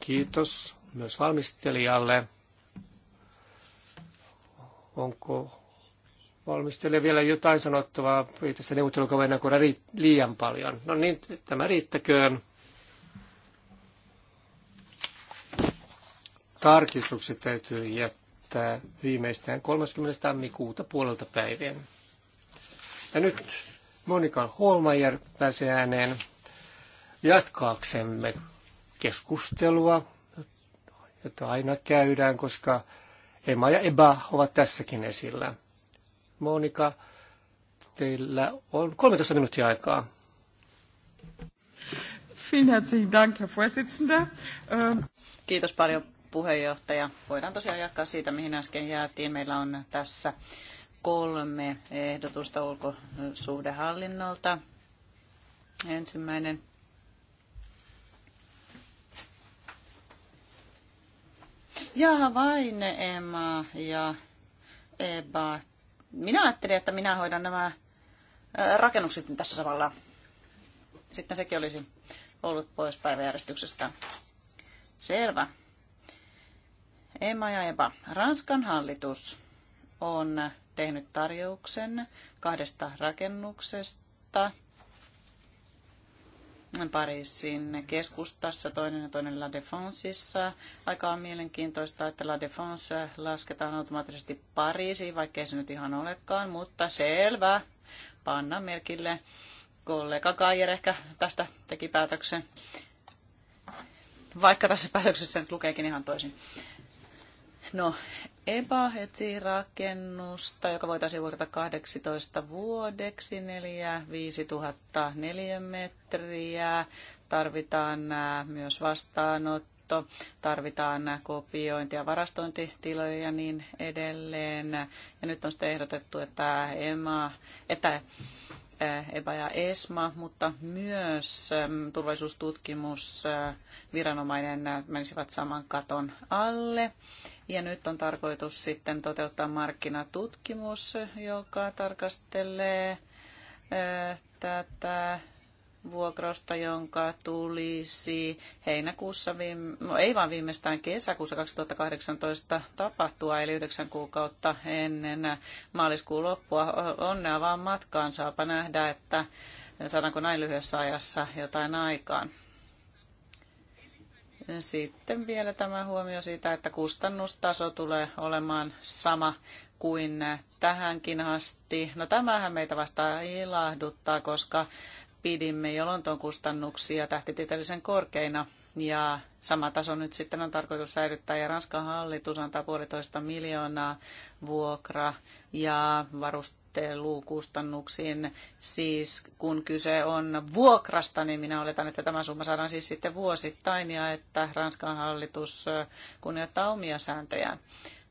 Kiitos myös valmistelijalle. Onko valmistelija vielä jotain sanottavaa? Ei tässä neuvottelukavana liian paljon. No niin, tämä riittäköön. tarkistukset täytyy jättää viimeistään 30. tammikuuta puolelta päivien. Ja nyt Monika Holmajer pääsee ääneen jatkaaksemme keskustelua, jota aina käydään, koska Emma ja Eba ovat tässäkin esillä. Monika, teillä on 13 minuuttia aikaa. Vielen herzlichen Dank, Herr Vorsitzender. Ähm, Kiitos paljon puheenjohtaja. Voidaan tosiaan jatkaa siitä, mihin äsken jäätiin. Meillä on tässä kolme ehdotusta ulkosuhdehallinnolta. Ensimmäinen Ja vain, Emma ja Eba. Minä ajattelin, että minä hoidan nämä rakennukset tässä samalla. Sitten sekin olisi ollut pois päiväjärjestyksestä. Selvä. Emma ja Eba. Ranskan hallitus on tehnyt tarjouksen kahdesta rakennuksesta – Pariisin keskustassa, toinen ja toinen La Défenseissa. Aika on mielenkiintoista, että La Défense lasketaan automaattisesti Pariisiin, vaikkei se nyt ihan olekaan, mutta selvä. Panna merkille. Kollega Kajer ehkä tästä teki päätöksen. Vaikka tässä päätöksessä nyt lukeekin ihan toisin. No, EBA heti rakennusta, joka voitaisiin vuokrata 18 vuodeksi, 4 5000 neliömetriä. Tarvitaan myös vastaanotto, tarvitaan kopiointi- ja varastointitiloja ja niin edelleen. Ja nyt on sitten ehdotettu, että EMA, että EBA ja ESMA, mutta myös turvallisuustutkimusviranomainen menisivät saman katon alle. Ja nyt on tarkoitus sitten toteuttaa markkinatutkimus, joka tarkastelee tätä vuokrausta, jonka tulisi heinäkuussa, viime, no ei vaan viimeistään kesäkuussa 2018 tapahtua, eli yhdeksän kuukautta ennen maaliskuun loppua. Onnea vaan matkaan, saapa nähdä, että saadaanko näin lyhyessä ajassa jotain aikaan. Sitten vielä tämä huomio siitä, että kustannustaso tulee olemaan sama kuin tähänkin asti. No tämähän meitä vasta ilahduttaa, koska pidimme jo Lontoon kustannuksia tähtitieteellisen korkeina. Ja sama taso nyt sitten on tarkoitus säilyttää ja Ranskan hallitus antaa puolitoista miljoonaa vuokra ja varustelukustannuksiin. Siis kun kyse on vuokrasta, niin minä oletan, että tämä summa saadaan siis sitten vuosittain ja että Ranskan hallitus kunnioittaa omia sääntöjään.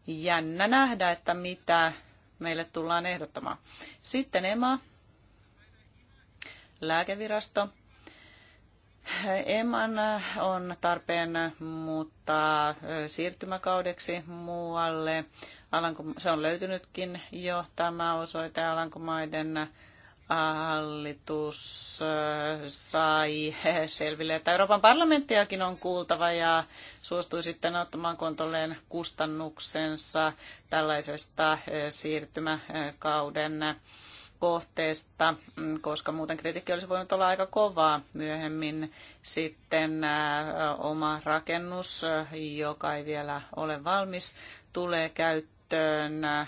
Jännä nähdä, että mitä meille tullaan ehdottamaan. Sitten Emma lääkevirasto. Eman on tarpeen muuttaa siirtymäkaudeksi muualle. Alanko, se on löytynytkin jo tämä osoite Alankomaiden hallitus sai selville, että Euroopan parlamenttiakin on kuultava ja suostui sitten ottamaan kontolleen kustannuksensa tällaisesta siirtymäkauden kohteesta, mm, koska muuten kritiikki olisi voinut olla aika kovaa. Myöhemmin sitten äh, oma rakennus, äh, joka ei vielä ole valmis, tulee käyttöön äh,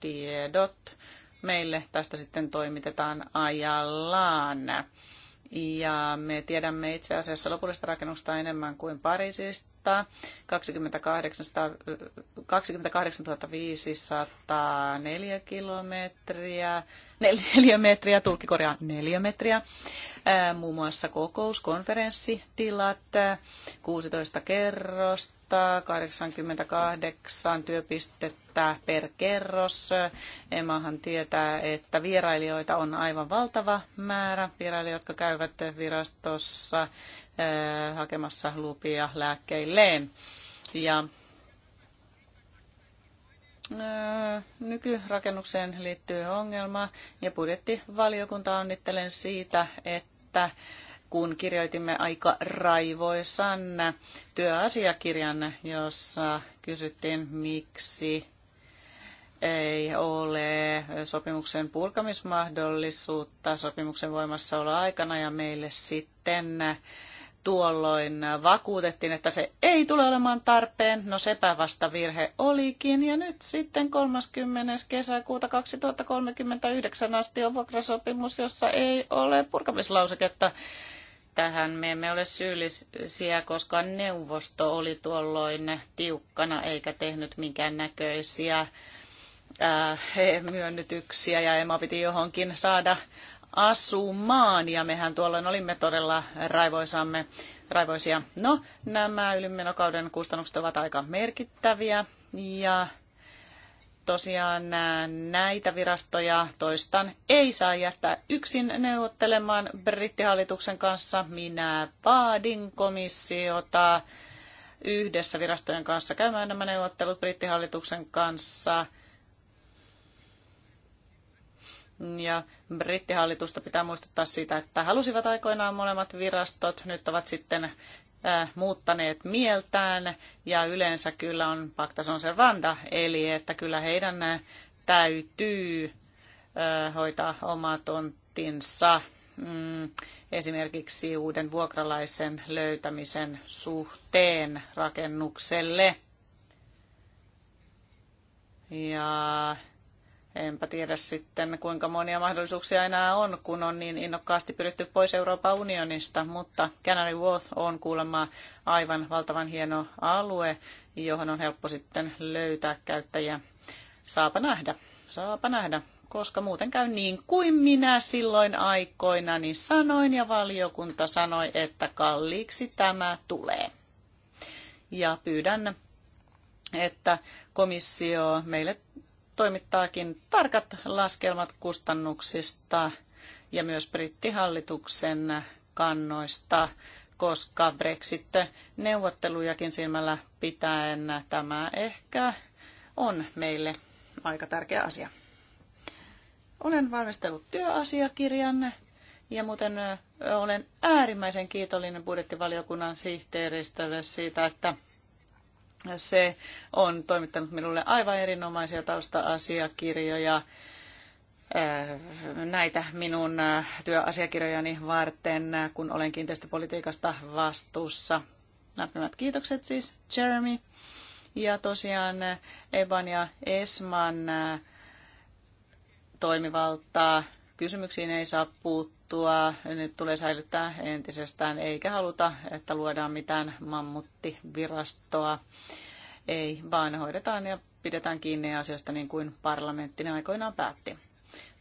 tiedot. Meille tästä sitten toimitetaan ajallaan. Ja me tiedämme itse asiassa lopullisesta rakennusta enemmän kuin Pariisista. 28, 28 504 kilometriä, neliömetriä, tulkikorjaa neliömetriä. Muun muassa kokous, konferenssitilat, 16 kerrosta 188 työpistettä per kerros. Emahan tietää, että vierailijoita on aivan valtava määrä. Vierailijat, jotka käyvät virastossa äh, hakemassa lupia lääkkeilleen. Ja äh, nykyrakennukseen liittyy ongelma ja budjettivaliokunta onnittelen siitä, että kun kirjoitimme aika raivoisan työasiakirjan, jossa kysyttiin, miksi ei ole sopimuksen purkamismahdollisuutta sopimuksen aikana ja meille sitten tuolloin vakuutettiin, että se ei tule olemaan tarpeen. No sepä vasta virhe olikin. Ja nyt sitten 30. kesäkuuta 2039 asti on vuokrasopimus, jossa ei ole purkamislauseketta tähän. Me emme ole syyllisiä, koska neuvosto oli tuolloin tiukkana eikä tehnyt minkään näköisiä äh, myönnytyksiä ja Emma piti johonkin saada asumaan ja mehän tuolloin olimme todella raivoisamme, raivoisia. No, nämä ylimenokauden kustannukset ovat aika merkittäviä ja tosiaan näitä virastoja, toistan, ei saa jättää yksin neuvottelemaan brittihallituksen kanssa. Minä vaadin komissiota yhdessä virastojen kanssa käymään nämä neuvottelut brittihallituksen kanssa. Ja brittihallitusta pitää muistuttaa siitä, että halusivat aikoinaan molemmat virastot, nyt ovat sitten Äh, muuttaneet mieltään ja yleensä kyllä on pakta on se vanda, eli että kyllä heidän äh, täytyy äh, hoitaa oma tonttinsa mm, esimerkiksi uuden vuokralaisen löytämisen suhteen rakennukselle. Ja Enpä tiedä sitten, kuinka monia mahdollisuuksia enää on, kun on niin innokkaasti pyritty pois Euroopan unionista, mutta Canary Wharf on kuulemma aivan valtavan hieno alue, johon on helppo sitten löytää käyttäjiä. Saapa nähdä, saapa nähdä, koska muuten käy niin kuin minä silloin aikoina niin sanoin ja valiokunta sanoi, että kalliiksi tämä tulee. Ja pyydän, että komissio meille toimittaakin tarkat laskelmat kustannuksista ja myös brittihallituksen kannoista, koska Brexit-neuvottelujakin silmällä pitäen tämä ehkä on meille aika tärkeä asia. Olen valmistellut työasiakirjan ja muuten olen äärimmäisen kiitollinen budjettivaliokunnan sihteeristölle siitä, että se on toimittanut minulle aivan erinomaisia tausta-asiakirjoja äh, näitä minun äh, työasiakirjojani varten, äh, kun olen kiinteistöpolitiikasta vastuussa. Lämpimät kiitokset siis Jeremy. Ja tosiaan Evan ja Esman toimivaltaa kysymyksiin ei saa puuttua etua nyt tulee säilyttää entisestään, eikä haluta, että luodaan mitään mammuttivirastoa. Ei, vaan hoidetaan ja pidetään kiinni asiasta niin kuin parlamentti aikoinaan päätti.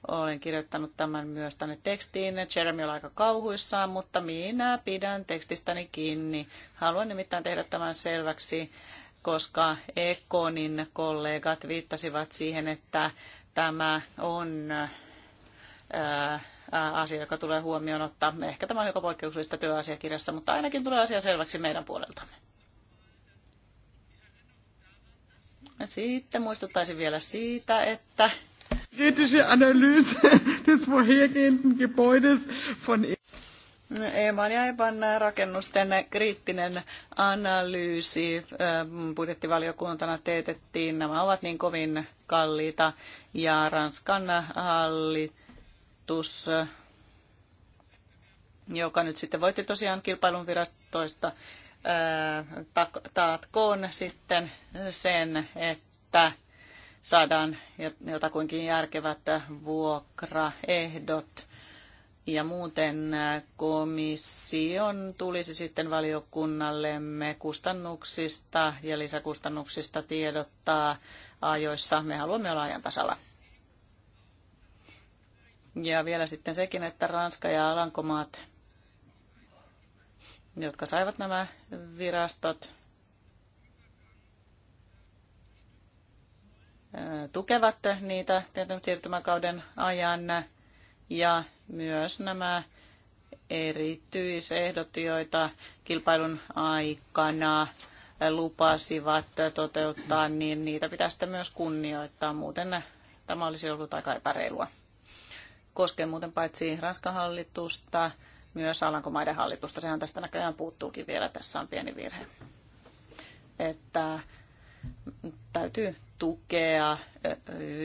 Olen kirjoittanut tämän myös tänne tekstiin. Jeremy on aika kauhuissaan, mutta minä pidän tekstistäni kiinni. Haluan nimittäin tehdä tämän selväksi, koska Ekonin kollegat viittasivat siihen, että tämä on ää, asia, joka tulee huomioon ottaa. Ehkä tämä on joko poikkeuksellista työasiakirjassa, mutta ainakin tulee asia selväksi meidän puoleltamme. Sitten muistuttaisin vielä siitä, että kritische Analyse des vorhergehenden Gebäudes von e- Eman ja Eban rakennusten kriittinen analyysi budjettivaliokuntana teetettiin. Nämä ovat niin kovin kalliita ja Ranskan hallit ehdotus, joka nyt sitten voitti tosiaan kilpailun virastoista, taatkoon sitten sen, että saadaan jotakuinkin järkevät vuokraehdot. Ja muuten komission tulisi sitten valiokunnallemme kustannuksista ja lisäkustannuksista tiedottaa ajoissa. Me haluamme olla ajan tasalla. Ja vielä sitten sekin, että Ranska ja Alankomaat, jotka saivat nämä virastot, tukevat niitä tietyn siirtymäkauden ajan ja myös nämä erityisehdot, joita kilpailun aikana lupasivat toteuttaa, niin niitä pitäisi myös kunnioittaa. Muuten tämä olisi ollut aika epäreilua koskee muuten paitsi Ranskan hallitusta, myös Alankomaiden hallitusta. Sehän tästä näköjään puuttuukin vielä. Tässä on pieni virhe. Että täytyy tukea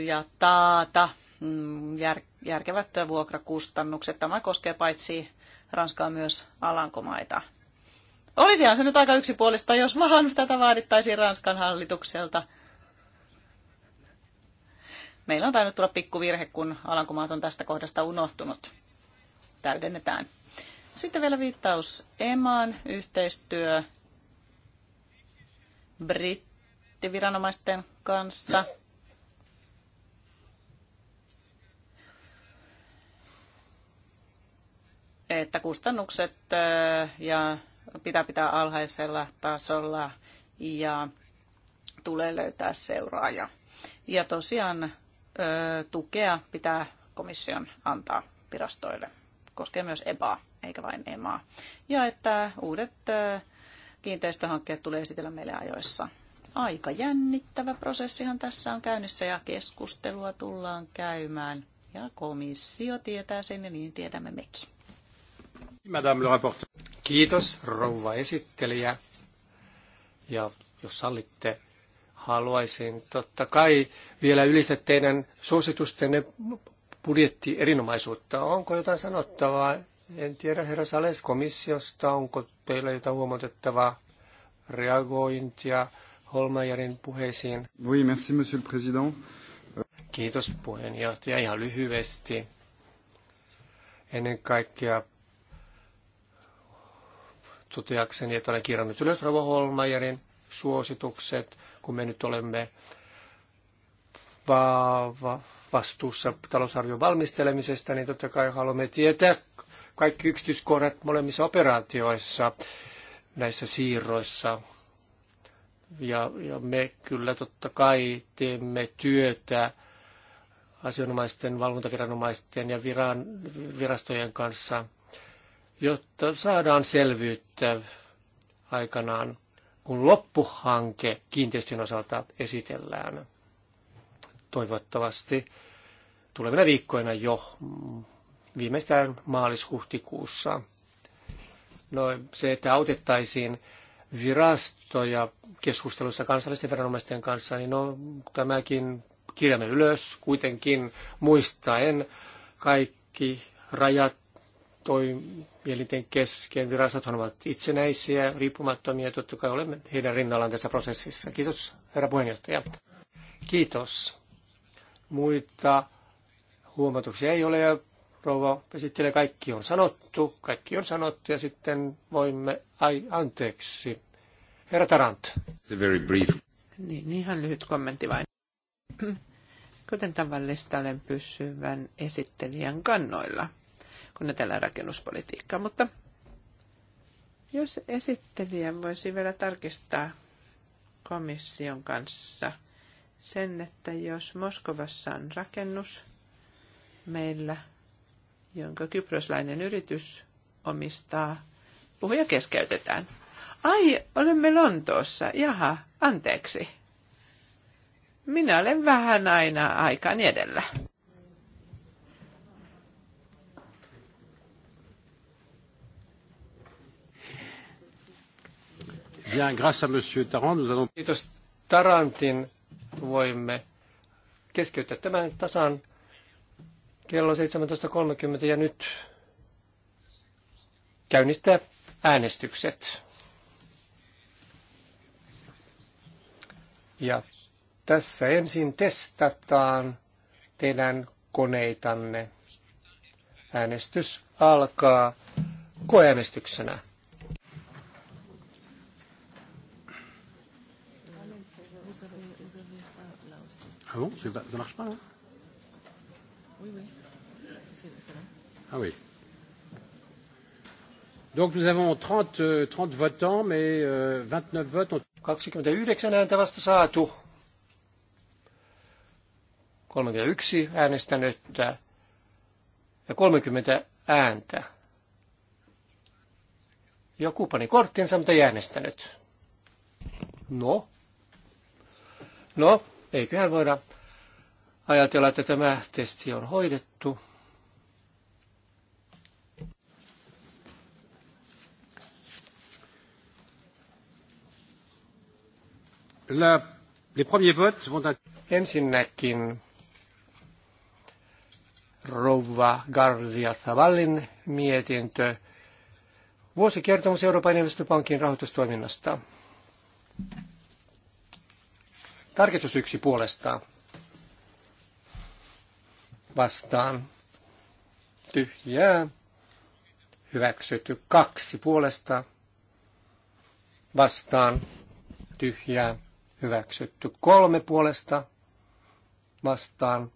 ja taata mm, järkevät vuokrakustannukset. Tämä koskee paitsi Ranskaa myös Alankomaita. Olisihan se nyt aika yksipuolista, jos vaan tätä vaadittaisiin Ranskan hallitukselta. Meillä on tainnut tulla pikkuvirhe, kun Alankomaat on tästä kohdasta unohtunut. Täydennetään. Sitten vielä viittaus EMAan yhteistyö brittiviranomaisten kanssa. Että kustannukset ja pitää pitää alhaisella tasolla ja tulee löytää seuraaja. Ja tosiaan tukea pitää komission antaa virastoille. Koskee myös EBAa, eikä vain EMAa. Ja että uudet kiinteistöhankkeet tulee esitellä meille ajoissa. Aika jännittävä prosessihan tässä on käynnissä ja keskustelua tullaan käymään. Ja komissio tietää sen ja niin tiedämme mekin. Madame le rapporteur. Kiitos rouva esittelijä. Ja jos sallitte, haluaisin totta kai vielä ylistä teidän suositustenne budjetti erinomaisuutta. Onko jotain sanottavaa? En tiedä, herra Sales, komissiosta, onko teillä jotain huomautettavaa reagointia Holmajarin puheisiin? Oui, merci, monsieur le président. Kiitos puheenjohtaja. Ihan lyhyesti. Ennen kaikkea toteakseni, että olen kirjannut ylös Rovo Holmajarin suositukset – kun me nyt olemme va- vastuussa talousarvion valmistelemisesta, niin totta kai haluamme tietää kaikki yksityiskohdat molemmissa operaatioissa näissä siirroissa. Ja, ja me kyllä totta kai teemme työtä asianomaisten valvontaviranomaisten ja viran, virastojen kanssa, jotta saadaan selvyyttä aikanaan kun loppuhanke kiinteistön osalta esitellään. Toivottavasti tulevina viikkoina jo viimeistään maalis-huhtikuussa. No, se, että autettaisiin virastoja keskustelussa kansallisten viranomaisten kanssa, niin no, tämäkin kirjamme ylös kuitenkin muistaen kaikki rajat toimielinten kesken. Virastothan ovat itsenäisiä, riippumattomia. Totta kai olemme heidän rinnallaan tässä prosessissa. Kiitos, herra puheenjohtaja. Kiitos. Muita huomautuksia ei ole rouva esittelee kaikki on sanottu. Kaikki on sanottu ja sitten voimme, ai anteeksi, herra Tarant. It's very brief. Niin, niin, ihan lyhyt kommentti vain. Kuten tavallista olen pysyvän esittelijän kannoilla kun ajatellaan rakennuspolitiikkaa. Mutta jos esittelijä voisi vielä tarkistaa komission kanssa sen, että jos Moskovassa on rakennus meillä, jonka kyproslainen yritys omistaa, puhuja keskeytetään. Ai, olemme Lontoossa. Jaha, anteeksi. Minä olen vähän aina aikani edellä. Bien, grâce à Monsieur Tarant, nous allons... Kiitos Tarantin. Voimme keskeyttää tämän tasan kello 17.30 ja nyt käynnistää äänestykset. Ja tässä ensin testataan teidän koneitanne. Äänestys alkaa koeäänestyksenä. Ah bon Ça marche pas là Oui, oui. Ah oui. Donc nous avons 30, 30 euh, votants, mais euh, 29 votes ont. 29 saatu. 31 äänestänyttä ja 30 ääntä. Joku pani korttinsa, mutta ei äänestänyt. No. No, Eiköhän voida ajatella, että tämä testi on hoidettu. La, les premiers votes vont... Ensinnäkin rouva Garlia Zavallin mietintö. Vuosikertomus Euroopan investointipankin rahoitustoiminnasta. Tarkistus yksi puolestaan. Vastaan. Tyhjää. Hyväksytty. Kaksi puolesta. Vastaan. Tyhjää. Hyväksytty. Kolme puolesta. Vastaan.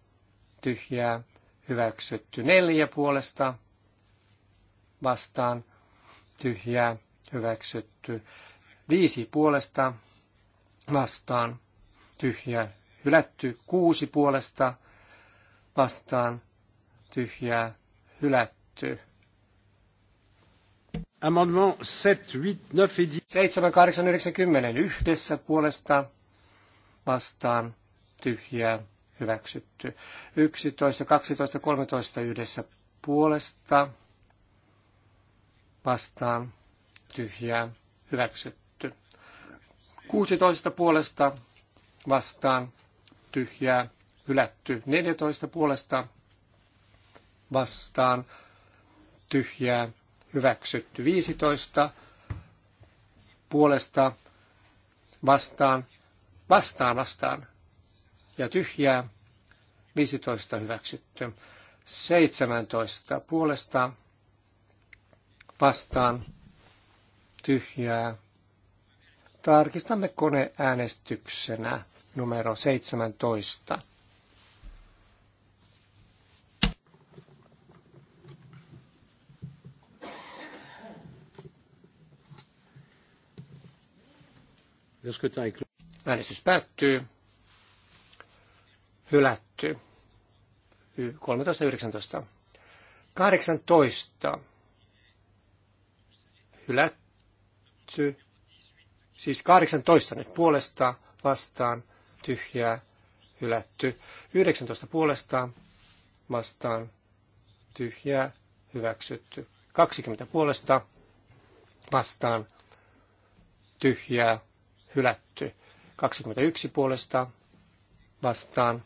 Tyhjää. Hyväksytty. Neljä puolesta. Vastaan. Tyhjää. Hyväksytty. Viisi puolesta. Vastaan tyhjää hylätty. Kuusi puolesta vastaan tyhjää hylätty. Amendement 7, 8, 9 7, 8, 9, 10 yhdessä puolesta vastaan tyhjää hyväksytty. 11, 12, 13 yhdessä puolesta vastaan tyhjää hyväksytty. 16 puolesta vastaan tyhjää hylätty. 14 puolesta vastaan tyhjää hyväksytty. 15 puolesta vastaan vastaan vastaan ja tyhjää 15 hyväksytty. 17 puolesta vastaan tyhjää Tarkistamme koneäänestyksenä numero 17. Äänestys päättyy. Hylätty. 13.19. 18. Hylätty. Siis 18 nyt puolesta vastaan tyhjää hylätty. 19 puolesta vastaan tyhjää hyväksytty. 20 puolesta vastaan tyhjää hylätty. 21 puolesta vastaan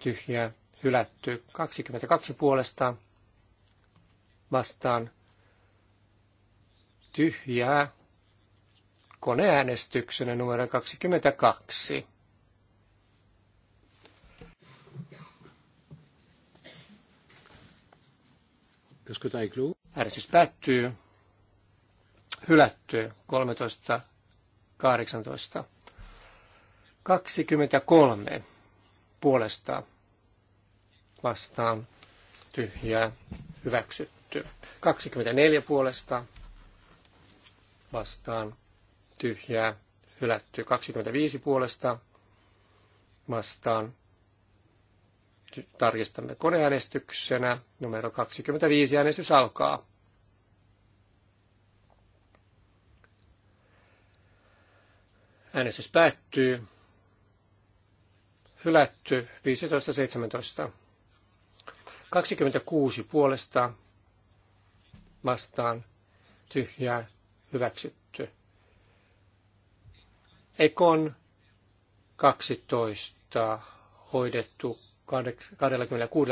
tyhjää hylätty. 22 puolesta vastaan tyhjää koneäänestyksenä numero 22. Äänestys päättyy. Hylätty 13 18. 23 puolesta vastaan tyhjää hyväksytty. 24 puolesta vastaan tyhjää, hylätty. 25 puolesta vastaan tarkistamme koneäänestyksenä. Numero 25 äänestys alkaa. Äänestys päättyy. Hylätty 15.17. 26 puolesta vastaan tyhjää hyväksytty. Ekon 12 hoidettu 26,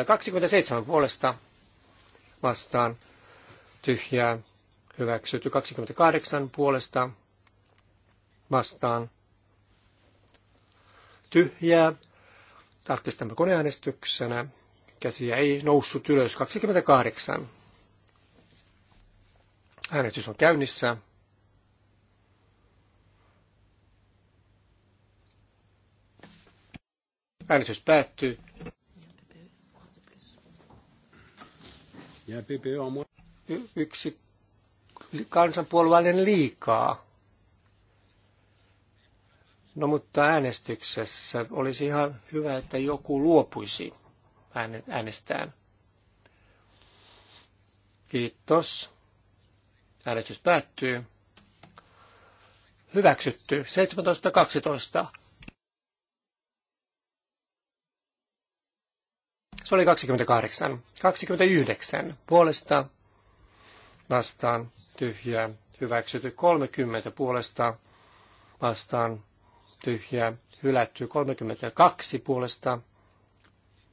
27 puolesta vastaan tyhjää hyväksytty 28 puolesta vastaan tyhjää. Tarkistamme koneäänestyksenä. Käsiä ei noussut ylös 28. Äänestys on käynnissä. Äänestys päättyy. yksi kansanpuolueellinen liikaa. No mutta äänestyksessä olisi ihan hyvä, että joku luopuisi äänestään. Kiitos. Äänestys päättyy. Hyväksytty. 17.12. Se oli 28. 29 puolesta vastaan tyhjää hyväksytty. 30 puolesta vastaan tyhjää hylätty. 32 puolesta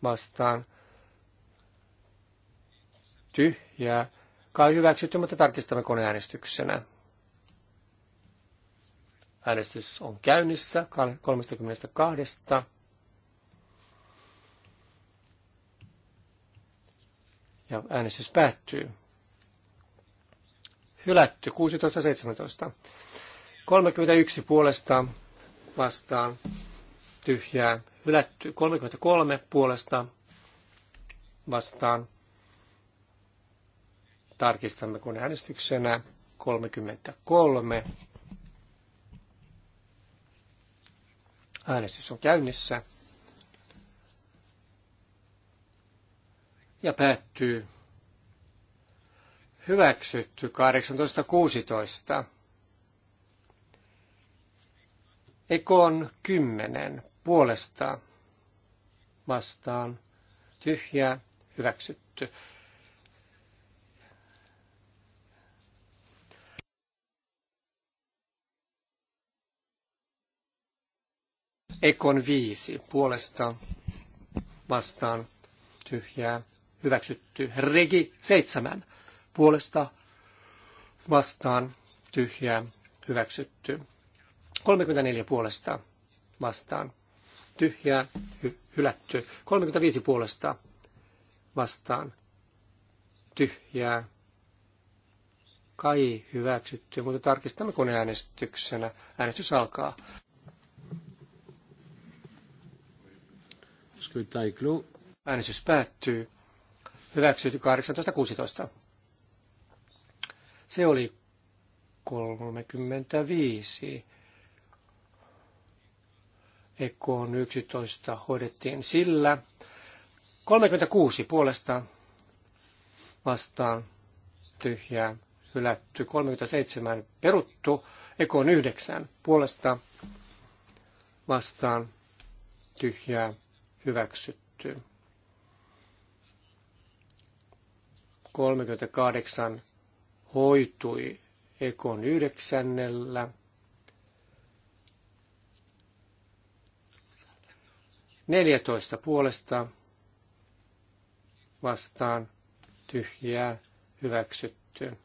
vastaan tyhjää. Kai hyväksytty, mutta tarkistamme koneäänestyksenä. Äänestys on käynnissä 32. Ja äänestys päättyy. Hylätty 16.17. 31 puolesta vastaan tyhjää. Hylätty 33 puolesta vastaan. Tarkistamme kun äänestyksenä 33. Äänestys on käynnissä. ja päättyy. Hyväksytty 18.16. Ekon 10 puolesta vastaan tyhjä hyväksytty. Ekon viisi puolesta vastaan tyhjää hyväksytty. Regi seitsemän puolesta vastaan tyhjää hyväksytty. 34 puolesta vastaan tyhjää hylätty. 35 puolesta vastaan tyhjää kai hyväksytty, mutta tarkistamme koneäänestyksenä. Äänestys alkaa. Äänestys päättyy hyväksytty 18.16. Se oli 35. Ekon 11 hoidettiin sillä. 36 puolesta vastaan tyhjää hylätty. 37 peruttu. Ekon 9 puolesta vastaan tyhjää hyväksytty. 38 hoitui Ekon yhdeksännellä. Neljätoista puolesta vastaan tyhjää hyväksytty.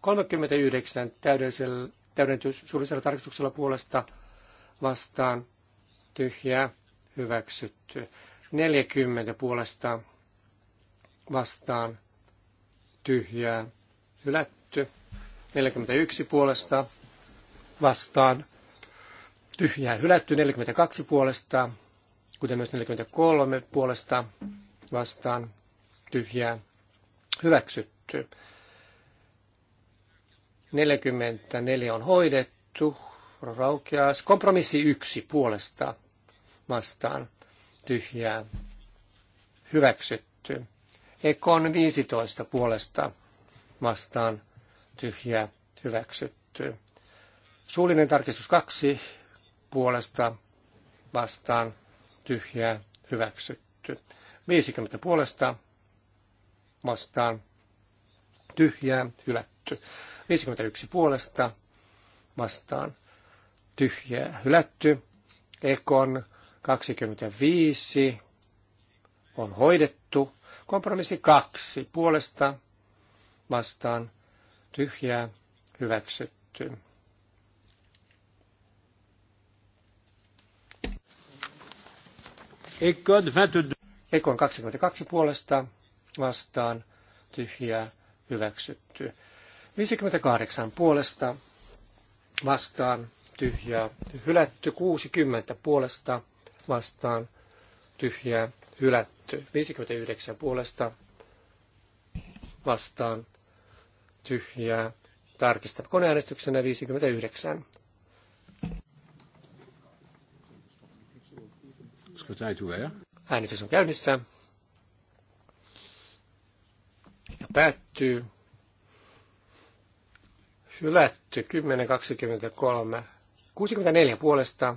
39 täydentys suullisella tarkistuksella puolesta vastaan tyhjää hyväksytty. 40 puolesta vastaan tyhjää hylätty. 41 puolesta vastaan tyhjää hylätty. 42 puolesta, kuten myös 43 puolesta vastaan tyhjää hyväksytty. 44 on hoidettu, raukeas. Kompromissi yksi puolesta vastaan tyhjää hyväksytty. Ekon 15 puolesta vastaan tyhjää hyväksytty. Suullinen tarkistus 2 puolesta vastaan tyhjää hyväksytty. 50 puolesta vastaan tyhjää hylätty. 51 puolesta vastaan tyhjää hylätty. Ekon 25 on hoidettu Kompromissi kaksi puolesta vastaan tyhjää hyväksytty. Ekon 22 puolesta vastaan tyhjää hyväksytty. 58 puolesta vastaan tyhjää hylätty. 60 puolesta vastaan tyhjää hylätty hylätty. 59 puolesta vastaan tyhjää. Tarkista koneäänestyksenä 59. Äänestys on käynnissä. Ja päättyy. Hylätty 10.23. 64 puolesta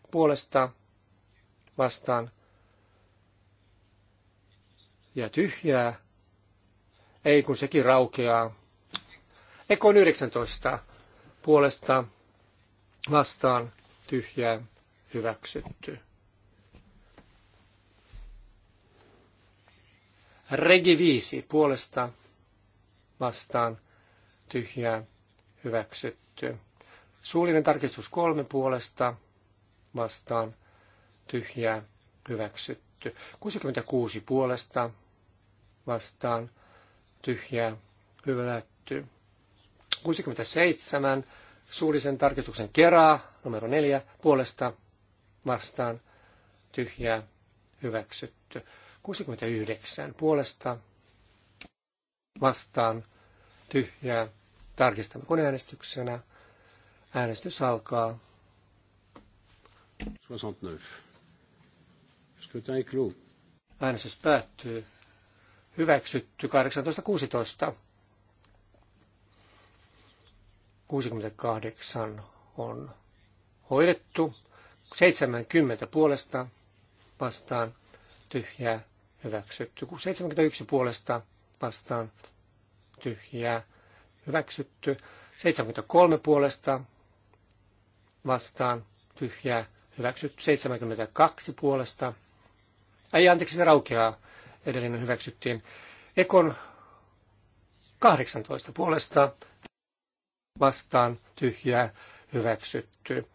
puolesta vastaan ja tyhjää. Ei kun sekin raukeaa. Ekon 19 puolesta vastaan tyhjää hyväksytty. Regi 5 puolesta vastaan tyhjää hyväksytty. Suullinen tarkistus kolme puolesta vastaan tyhjää hyväksytty. 66 puolesta vastaan tyhjää hylätty. 67 suullisen tarkoituksen keraa numero 4 puolesta vastaan tyhjää hyväksytty. 69 puolesta vastaan tyhjää tarkistamme koneäänestyksenä. Äänestys alkaa. 69. Äänestys päättyy. Hyväksytty 18.16. 68 on hoidettu. 70 puolesta vastaan tyhjää hyväksytty. 71 puolesta vastaan tyhjää hyväksytty. 73 puolesta vastaan tyhjää hyväksytty 72 puolesta. Ei, anteeksi, se raukeaa. Edellinen hyväksyttiin. Ekon 18 puolesta vastaan tyhjää hyväksytty.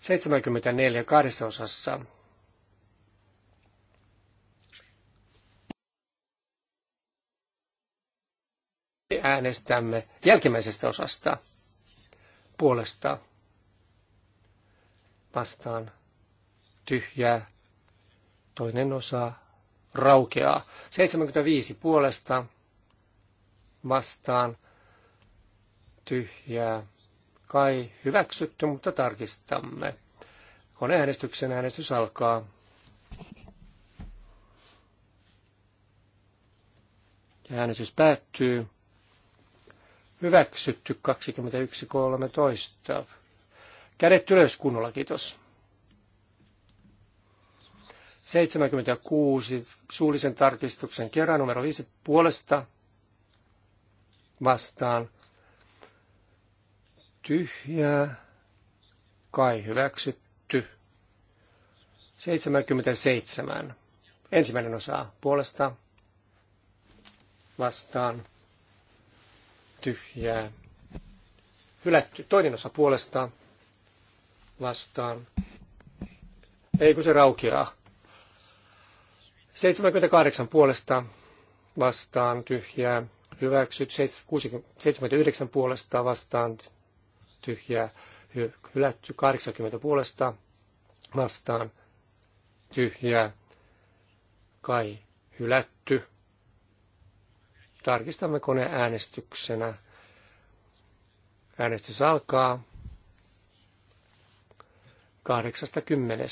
74 kahdessa osassa. Äänestämme jälkimmäisestä osasta puolesta vastaan tyhjää, toinen osa raukeaa. 75 puolesta vastaan tyhjää, kai hyväksytty, mutta tarkistamme. Koneäänestyksen äänestys alkaa. Ja äänestys päättyy. Hyväksytty 21.13. Kädet ylös kunnolla, kiitos. 76 suullisen tarkistuksen kerran numero 5 puolesta vastaan. Tyhjää, kai hyväksytty. 77. Ensimmäinen osa puolesta vastaan. Tyhjää. Hylätty. Toinen osa puolesta vastaan. Ei kun se raukeaa. 78 puolesta vastaan tyhjää, hyväksyt 79 puolesta vastaan tyhjää, hylätty 80 puolesta vastaan tyhjää, kai hylätty. Tarkistamme kone äänestyksenä. Äänestys alkaa 80.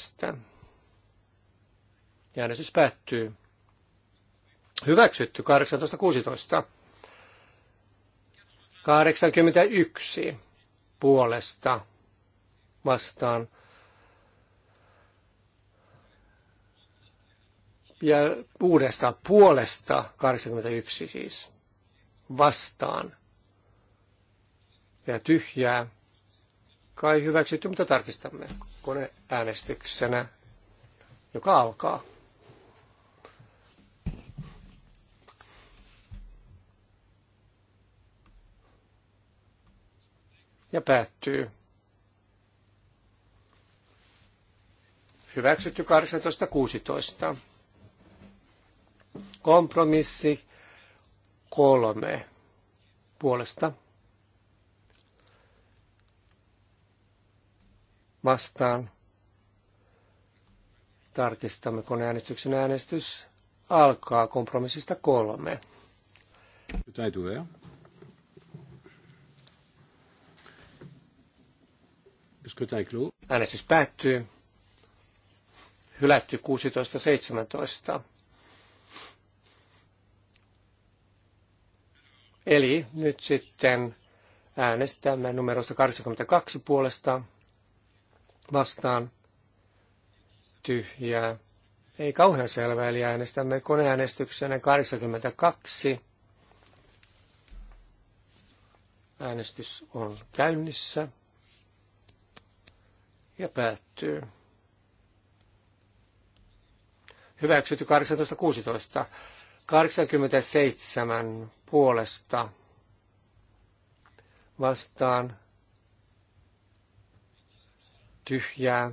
Ja äänestys päättyy. Hyväksytty 1816. 81 puolesta vastaan. Ja uudesta puolesta 81 siis vastaan. Ja tyhjää kai hyväksytty, mutta tarkistamme koneäänestyksenä, joka alkaa. ja päättyy. Hyväksytty 18.16. Kompromissi kolme puolesta vastaan. Tarkistamme koneäänestyksen äänestys alkaa kompromissista kolme. Täytyy Äänestys päättyy. Hylätty 16.17. Eli nyt sitten äänestämme numerosta 82 puolesta vastaan tyhjää. Ei kauhean selvä, eli äänestämme koneäänestyksenä 82. Äänestys on käynnissä ja päättyy. Hyväksytty 1816. 87 puolesta vastaan tyhjää.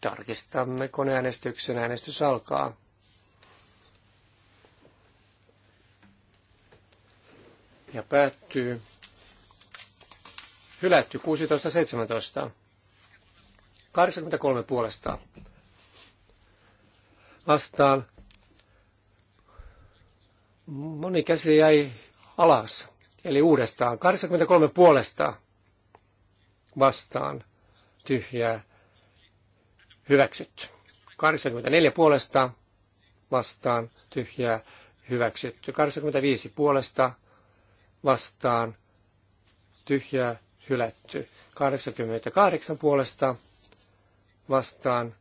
Tarkistamme koneäänestyksen. Äänestys alkaa. Ja päättyy. Hylätty 16.17. 83 puolesta vastaan. Moni käsi jäi alas, eli uudestaan. 83 puolesta vastaan tyhjää hyväksytty. 84 puolesta vastaan tyhjää hyväksytty. 85 puolesta vastaan tyhjää hylätty. 88 puolesta vastaan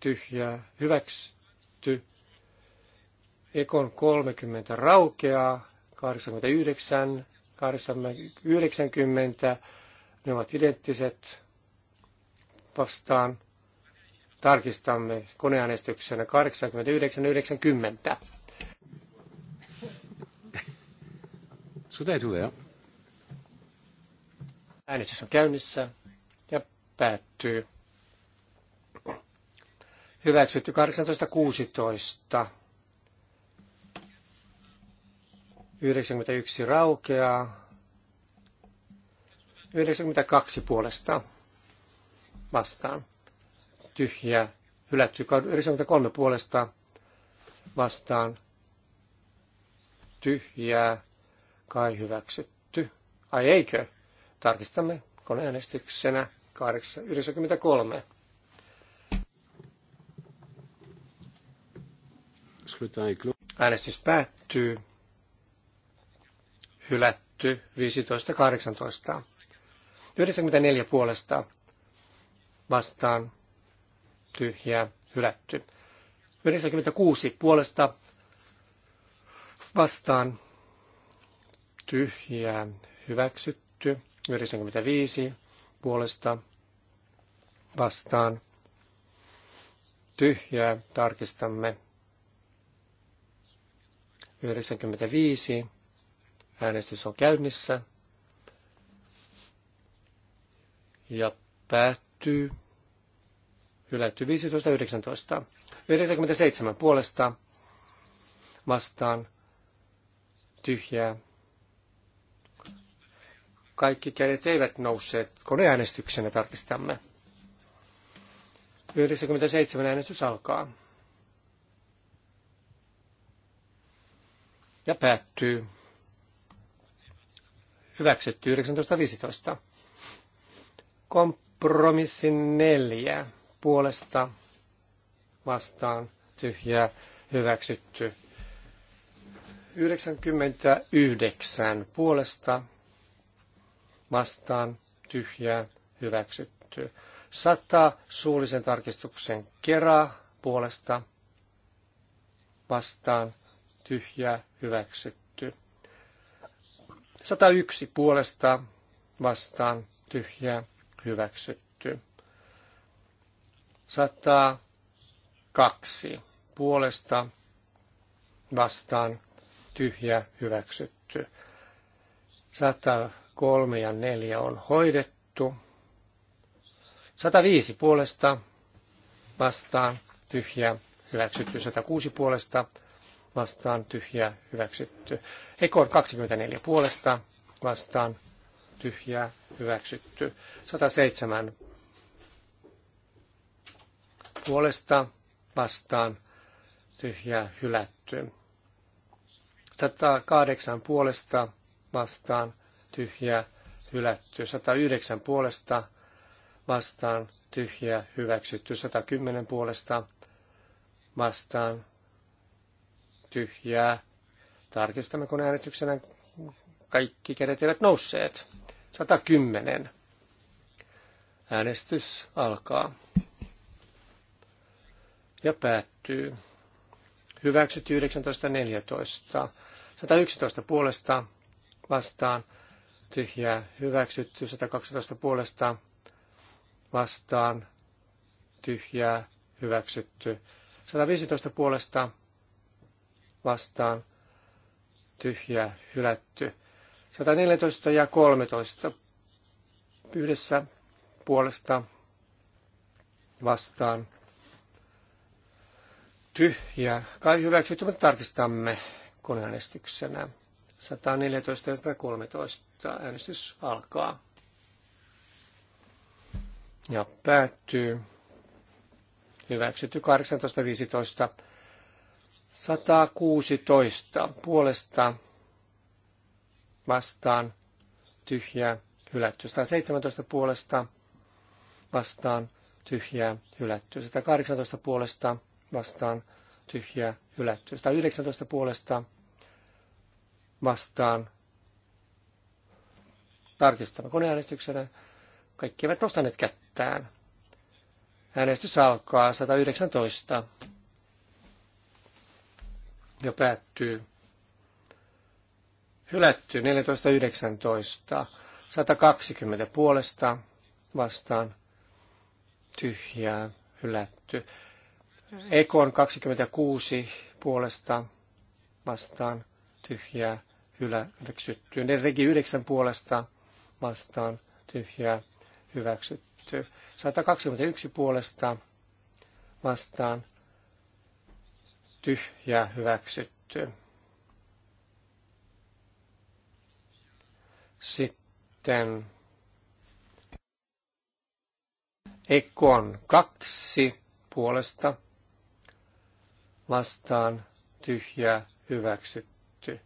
tyhjää hyväksytty. Ekon 30 raukeaa, 89, 90, ne ovat identtiset vastaan. Tarkistamme koneäänestyksenä 89, 90. Sitä tulee. Äänestys on käynnissä ja päättyy hyväksytty 1816. 91 raukeaa. 92 puolesta vastaan. Tyhjä hylätty 93 puolesta vastaan. Tyhjää kai hyväksytty. Ai eikö? Tarkistamme koneäänestyksenä 893. Äänestys päättyy. Hylätty 15.18. 94 puolesta vastaan tyhjää hylätty. 96 puolesta vastaan tyhjää hyväksytty. 95 puolesta vastaan tyhjää tarkistamme 95. Äänestys on käynnissä. Ja päättyy. Hylätty 19. 97 puolesta vastaan tyhjää. Kaikki kädet eivät nousseet koneäänestyksenä tarkistamme. 97 äänestys alkaa. ja päättyy. Hyväksytty 19.15. Kompromissi neljä puolesta vastaan tyhjää hyväksytty. 99 puolesta vastaan tyhjää hyväksytty. 100 suullisen tarkistuksen kerää puolesta vastaan tyhjää hyväksytty. 101 puolesta vastaan tyhjää hyväksytty. 102 puolesta vastaan tyhjä hyväksytty. 103 ja 4 on hoidettu. 105 puolesta vastaan tyhjä hyväksytty. 106 puolesta vastaan tyhjää hyväksytty. Ekor 24 puolesta vastaan tyhjää hyväksytty. 107 puolesta vastaan tyhjää hylätty. 108 puolesta vastaan tyhjää hylätty. 109 puolesta vastaan tyhjää hyväksytty. 110 puolesta vastaan tyhjää. Tarkistamme, kun äänestyksenä kaikki kädet eivät nousseet. 110. Äänestys alkaa ja päättyy. Hyväksytty 19.14. 111 puolesta vastaan tyhjää hyväksytty. 112 puolesta vastaan tyhjää hyväksytty. 115 puolesta vastaan tyhjä hylätty. 114 ja 13 yhdessä puolesta vastaan tyhjä. Kai hyväksytty, mutta tarkistamme koneäänestyksenä. 114 ja 113 äänestys alkaa ja päättyy. Hyväksytty 18.15. 116 puolesta vastaan tyhjää hylätty. 117 puolesta vastaan tyhjää hylätty. 118 puolesta vastaan tyhjää hylätty. 119 puolesta vastaan tarkistamme koneäänestyksenä. Kaikki eivät nostaneet kättään. Äänestys alkaa 119 ja päättyy. Hylätty 14.19. 120 puolesta vastaan. Tyhjää hylätty. Ekon 26 puolesta vastaan. Tyhjää hyväksytty. Regi 9 puolesta vastaan. Tyhjää hyväksytty. 121 puolesta vastaan tyhjää hyväksytty. Sitten Ekon kaksi puolesta vastaan tyhjää hyväksytty.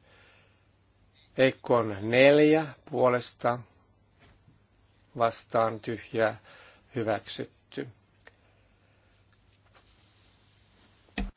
Ekon neljä puolesta vastaan tyhjää hyväksytty.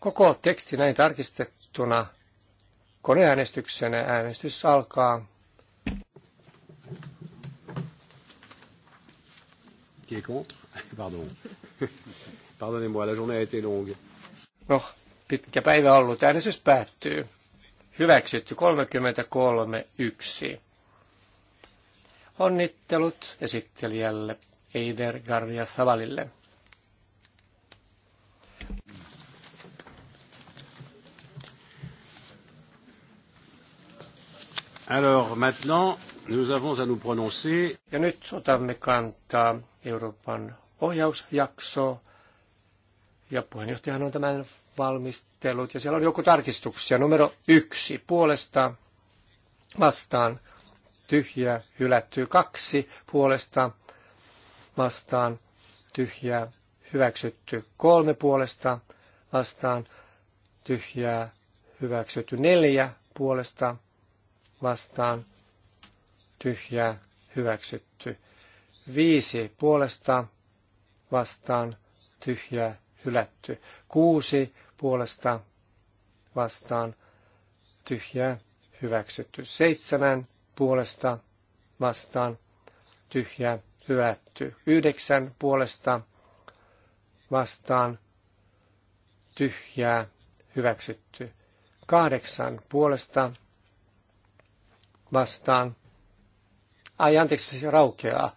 Koko teksti näin tarkistettuna koneäänestyksenä äänestys alkaa. Qui est contre? Pardon. Pardonnez-moi, la journée a été longue. No, pitkä päivä ollut. Äänestys päättyy. Hyväksytty 33.1. Onnittelut esittelijälle Eider Garvia Savalille. Alors maintenant, nous avons à nous prononcer. Ja nyt otamme kantaa Euroopan ohjausjakso. Ja puheenjohtajahan on tämän valmistelut. Ja siellä on joku tarkistuksia. Numero yksi puolesta vastaan tyhjä hylättyy. Kaksi puolesta vastaan tyhjä hyväksytty. Kolme puolesta vastaan tyhjää hyväksytty. Neljä puolesta vastaan tyhjä hyväksytty. Viisi puolesta vastaan tyhjä hylätty. Kuusi puolesta vastaan tyhjä hyväksytty. Seitsemän puolesta vastaan tyhjä hylätty. Yhdeksän puolesta vastaan tyhjää hyväksytty. Kahdeksan puolesta vastaan. Ai anteeksi, se raukeaa,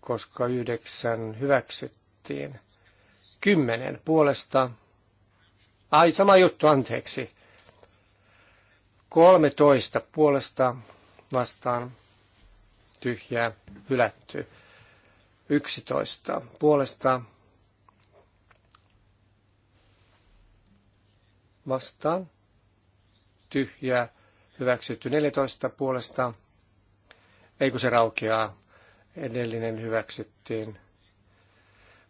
koska yhdeksän hyväksyttiin. Kymmenen puolesta. Ai sama juttu, anteeksi. toista puolesta vastaan tyhjää hylätty. Yksitoista puolesta vastaan tyhjää hyväksytty 14 puolesta, ei kun se raukeaa, edellinen hyväksyttiin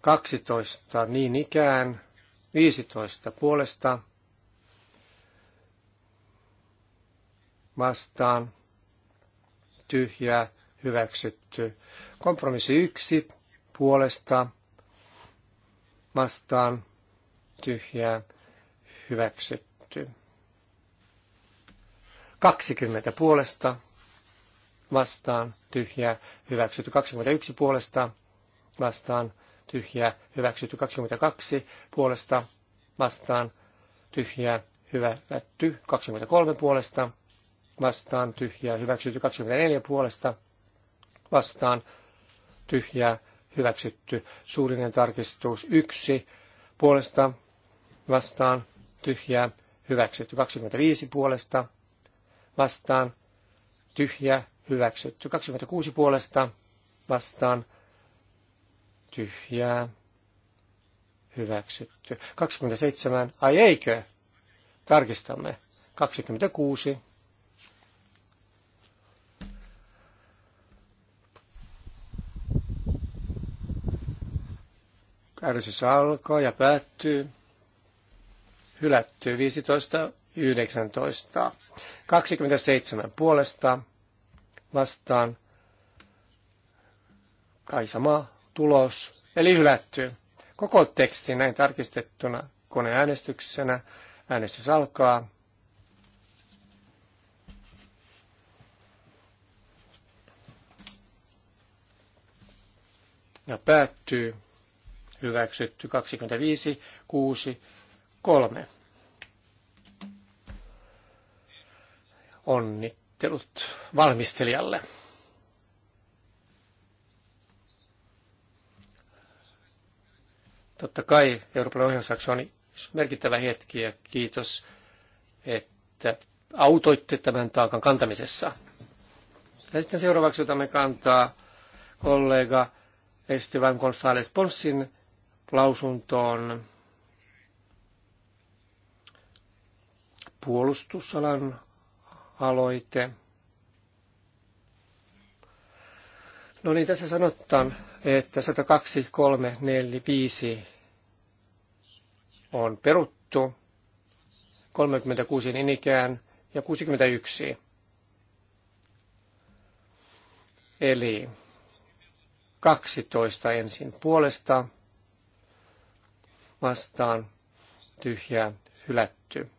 12, niin ikään 15 puolesta vastaan tyhjää hyväksytty. Kompromissi 1 puolesta vastaan tyhjää hyväksytty. 20 puolesta vastaan tyhjää hyväksytty 21 puolesta vastaan tyhjää hyväksytty 22 puolesta vastaan tyhjää hyvätty 23 puolesta vastaan tyhjää hyväksytty 24 puolesta vastaan tyhjää hyväksytty suullinen tarkistus 1 puolesta vastaan tyhjää hyväksytty 25 puolesta vastaan tyhjä hyväksytty. 26 puolesta vastaan tyhjää hyväksytty. 27, ai eikö? Tarkistamme. 26. Kärsys alkoi ja päättyy. Hylättyy 15, 19. 27 puolesta vastaan. Kai sama tulos, eli hylätty. Koko teksti näin tarkistettuna koneäänestyksenä. Äänestys alkaa. Ja päättyy. Hyväksytty 25, 6, 3. Onnittelut valmistelijalle. Totta kai Euroopan ohjausjakso on merkittävä hetki ja kiitos, että autoitte tämän taakan kantamisessa. Ja sitten seuraavaksi otamme kantaa kollega Esteban González Ponsin lausuntoon puolustusalan aloite. No niin, tässä sanotaan, että 102, 3, 4, 5 on peruttu, 36 niin ikään ja 61. Eli 12 ensin puolesta vastaan tyhjää hylätty.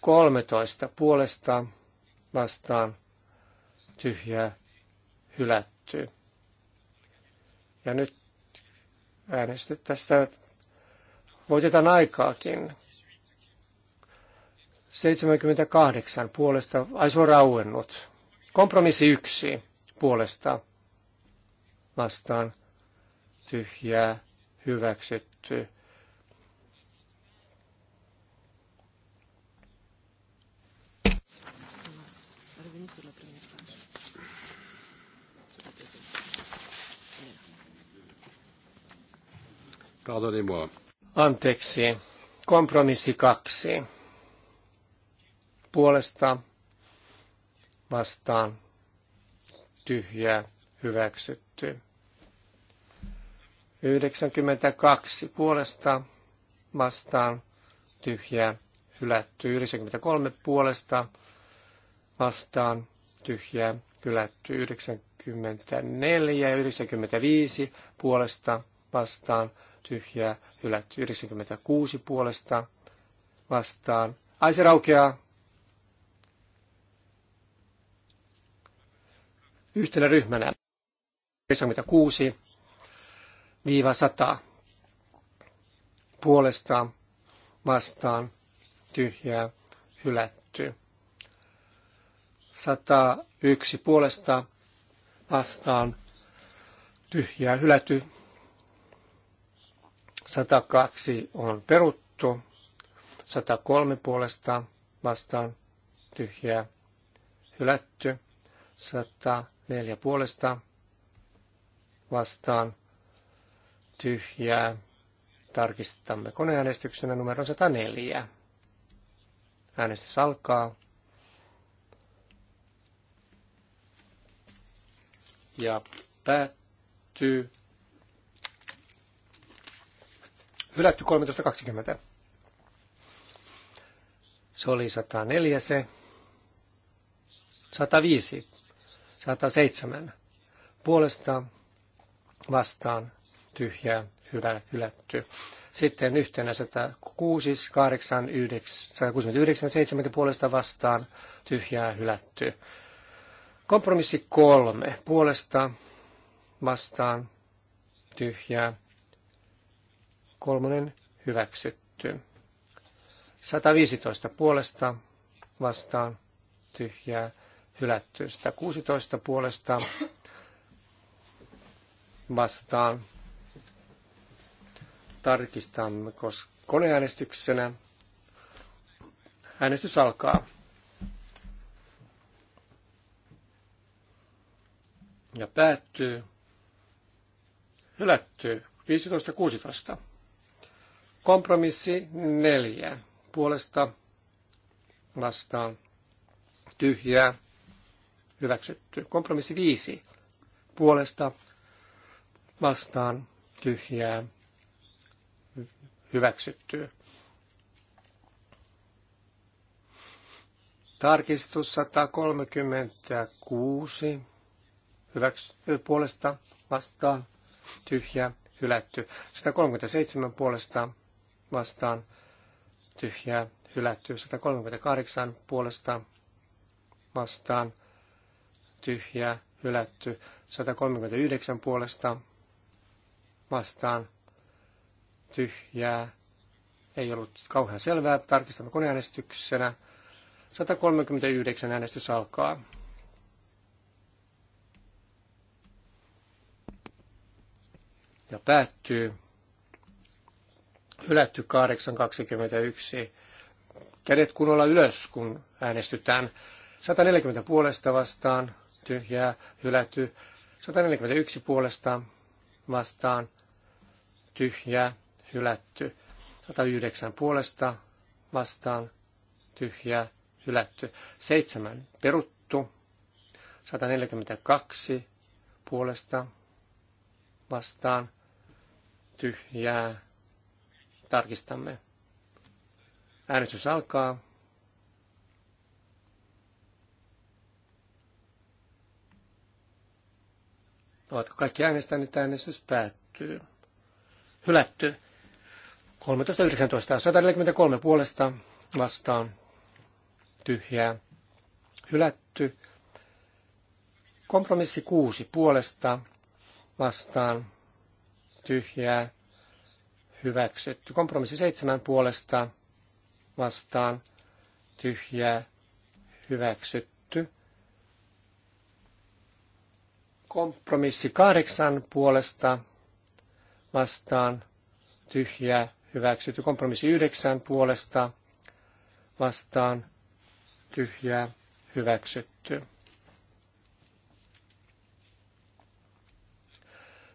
13 puolesta vastaan tyhjää hylättyy. Ja nyt äänestet tässä voitetaan aikaakin. 78 puolesta, ai se on rauennut. Kompromissi yksi puolesta vastaan tyhjää hyväksytty. Pardonnez-moi. Anteeksi. Kompromissi kaksi. Puolesta vastaan tyhjää hyväksytty. 92 puolesta vastaan tyhjää hylätty. 93 puolesta vastaan tyhjää hylätty. 94 ja 95 puolesta vastaan, tyhjää, hylätty. 96 puolesta vastaan. Ai se raukeaa. Yhtenä ryhmänä 96 viiva 100 puolesta vastaan tyhjää hylätty. 101 puolesta vastaan tyhjää hylätty. 102 on peruttu. 103 puolesta vastaan tyhjää hylätty. 104 puolesta vastaan tyhjää. Tarkistamme koneäänestyksenä numero 104. Äänestys alkaa. Ja päättyy Hylätty 13.20. Se oli 104 se. 105. 107. Puolesta vastaan tyhjää hyvä hylätty. Sitten yhtenä 106, 8, 9, 169, 70 puolesta vastaan tyhjää hylätty. Kompromissi kolme puolesta vastaan tyhjää Kolmonen hyväksytty. 115 puolesta vastaan tyhjää hylätty. 116 puolesta vastaan tarkistamme koska koneäänestyksenä. Äänestys alkaa. Ja päättyy. Hylätty 15.16. Kompromissi neljä. Puolesta vastaan tyhjää hyväksytty. Kompromissi viisi. Puolesta vastaan tyhjää hyväksytty. Tarkistus 136. Hyväks, puolesta vastaan tyhjää hylätty. 137 puolesta vastaan tyhjää hylätty. 138 puolesta vastaan tyhjää hylätty. 139 puolesta vastaan tyhjää. Ei ollut kauhean selvää. Tarkistamme koneäänestyksenä. 139 äänestys alkaa. Ja päättyy hylätty 8.21. Kädet kunnolla ylös, kun äänestytään. 140 puolesta vastaan, tyhjää, hylätty. 141 puolesta vastaan, tyhjää, hylätty. 109 puolesta vastaan, tyhjää, hylätty. 7 peruttu. 142 puolesta vastaan, tyhjää, Tarkistamme. Äänestys alkaa. Ovatko kaikki äänestäneet? Äänestys päättyy. Hylätty. 13.19.143 puolesta vastaan. Tyhjää. Hylätty. Kompromissi 6 puolesta vastaan. Tyhjää hyväksytty. Kompromissi seitsemän puolesta vastaan tyhjää hyväksytty. Kompromissi kahdeksan puolesta vastaan tyhjää hyväksytty. Kompromissi yhdeksän puolesta vastaan tyhjää hyväksytty.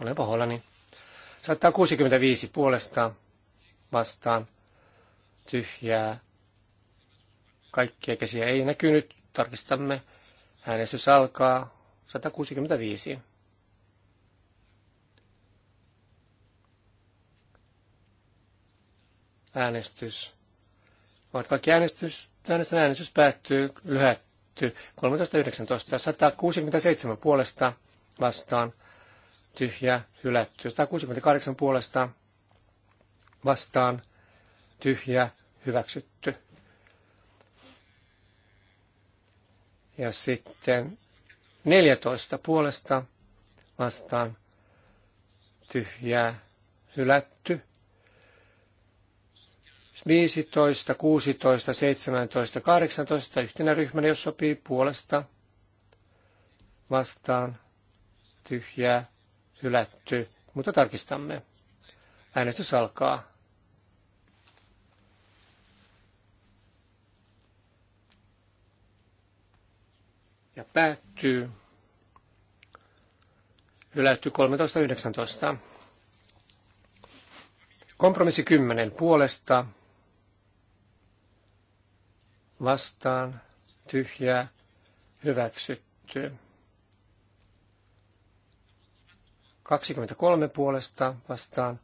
Olen pahoillani. 165 puolesta vastaan tyhjää. Kaikkia käsiä ei näkynyt. Tarkistamme. Äänestys alkaa. 165. Äänestys. Ovat kaikki äänestys. Äänestän äänestys päättyy. Lyhätty. 13.19. 167 puolesta vastaan tyhjä, hylätty. 168 puolesta vastaan, tyhjä, hyväksytty. Ja sitten 14 puolesta vastaan, tyhjää, hylätty. 15, 16, 17, 18 yhtenä ryhmänä, jos sopii puolesta vastaan, tyhjää, hylätty, mutta tarkistamme. Äänestys alkaa. Ja päättyy. Hylätty 13.19. Kompromissi 10 puolesta. Vastaan. Tyhjää. Hyväksytty. 23 puolesta vastaan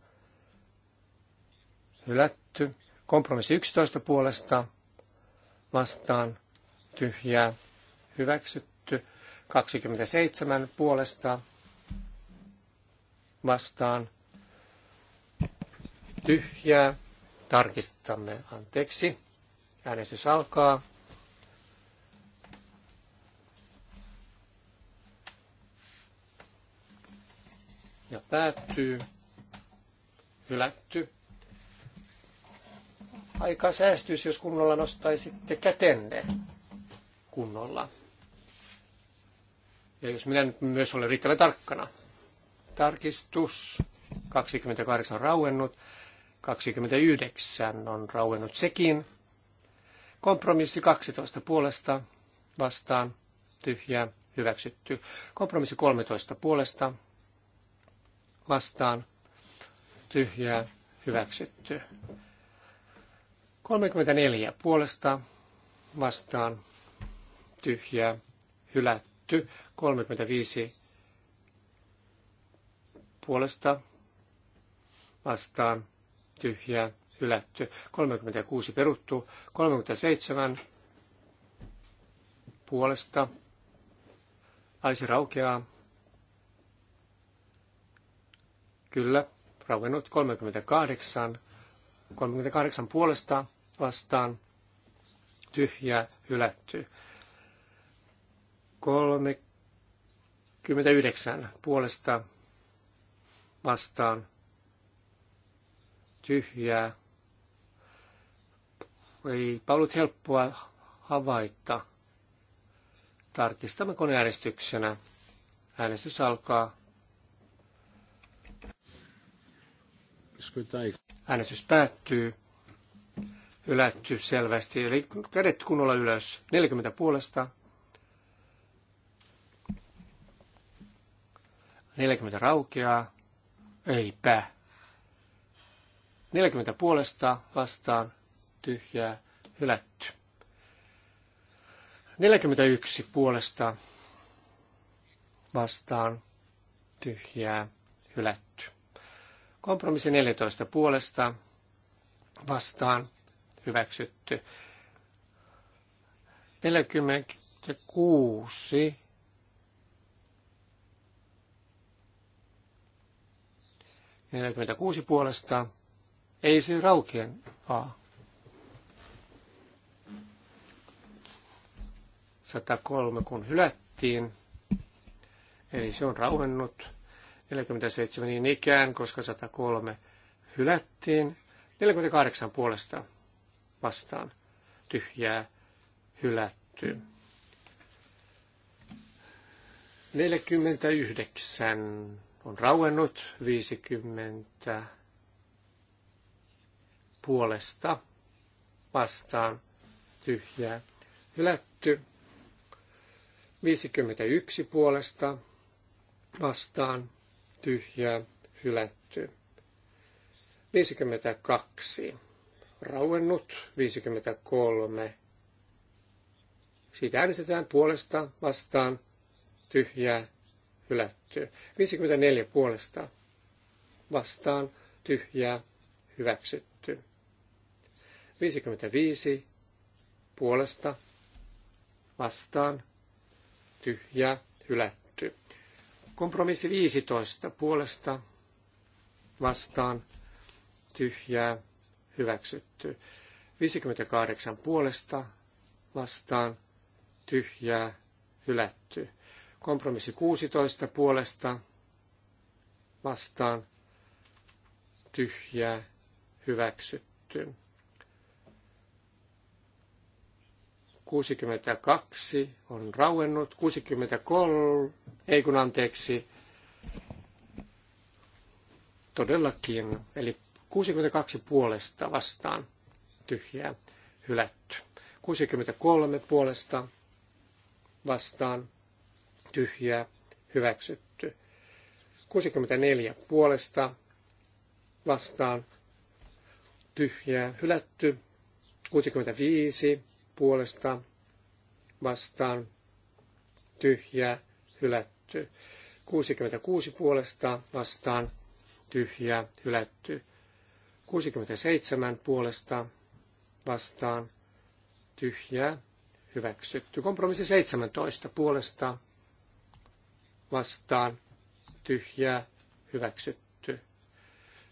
hylätty. Kompromissi 11 puolesta vastaan tyhjää hyväksytty. 27 puolesta vastaan tyhjää. Tarkistamme. Anteeksi. Äänestys alkaa. ja päättyy, hylätty. Aika säästyisi, jos kunnolla nostaisitte kätenne kunnolla. Ja jos minä nyt myös olen riittävän tarkkana. Tarkistus 28 on rauennut, 29 on rauennut sekin. Kompromissi 12 puolesta vastaan tyhjä hyväksytty. Kompromissi 13 puolesta vastaan tyhjää hyväksytty. 34 puolesta vastaan tyhjää hylätty. 35 puolesta vastaan tyhjää hylätty. 36 peruttu. 37 puolesta. Aisi raukeaa. Kyllä, rauennut 38. 38 puolesta vastaan tyhjää hylätty. 39 puolesta vastaan tyhjää. Ei ollut helppoa havaita. Tarkistamme koneäänestyksenä. Äänestys alkaa. Äänestys päättyy. Ylätty selvästi, eli kädet kunnolla ylös. 40 puolesta. 40 raukeaa. Eipä. 40 puolesta vastaan tyhjää hylätty. 41 puolesta vastaan tyhjää hylätty. Kompromissi 14 puolesta vastaan hyväksytty. 46 46 puolesta ei se raukien vaan. 103 kun hylättiin, eli se on rauennut. 47 niin ikään, koska 103 hylättiin. 48 puolesta vastaan tyhjää hylätty. 49 on rauennut, 50 puolesta vastaan tyhjää hylätty. 51 puolesta vastaan tyhjää hylätty. 52. Rauennut 53. Siitä äänestetään puolesta vastaan tyhjää hylätty. 54 puolesta vastaan tyhjää hyväksytty. 55 puolesta vastaan tyhjää hylätty. Kompromissi 15 puolesta vastaan tyhjää hyväksytty. 58 puolesta vastaan tyhjää hylätty. Kompromissi 16 puolesta vastaan tyhjää hyväksytty. 62 on rauennut, 63, ei kun anteeksi, todellakin, eli 62 puolesta vastaan tyhjää hylätty. 63 puolesta vastaan tyhjää hyväksytty. 64 puolesta vastaan tyhjää hylätty. 65 puolesta vastaan tyhjä hylätty. 66 puolesta vastaan tyhjä hylätty. 67 puolesta vastaan tyhjä hyväksytty. Kompromissi 17 puolesta vastaan tyhjä hyväksytty.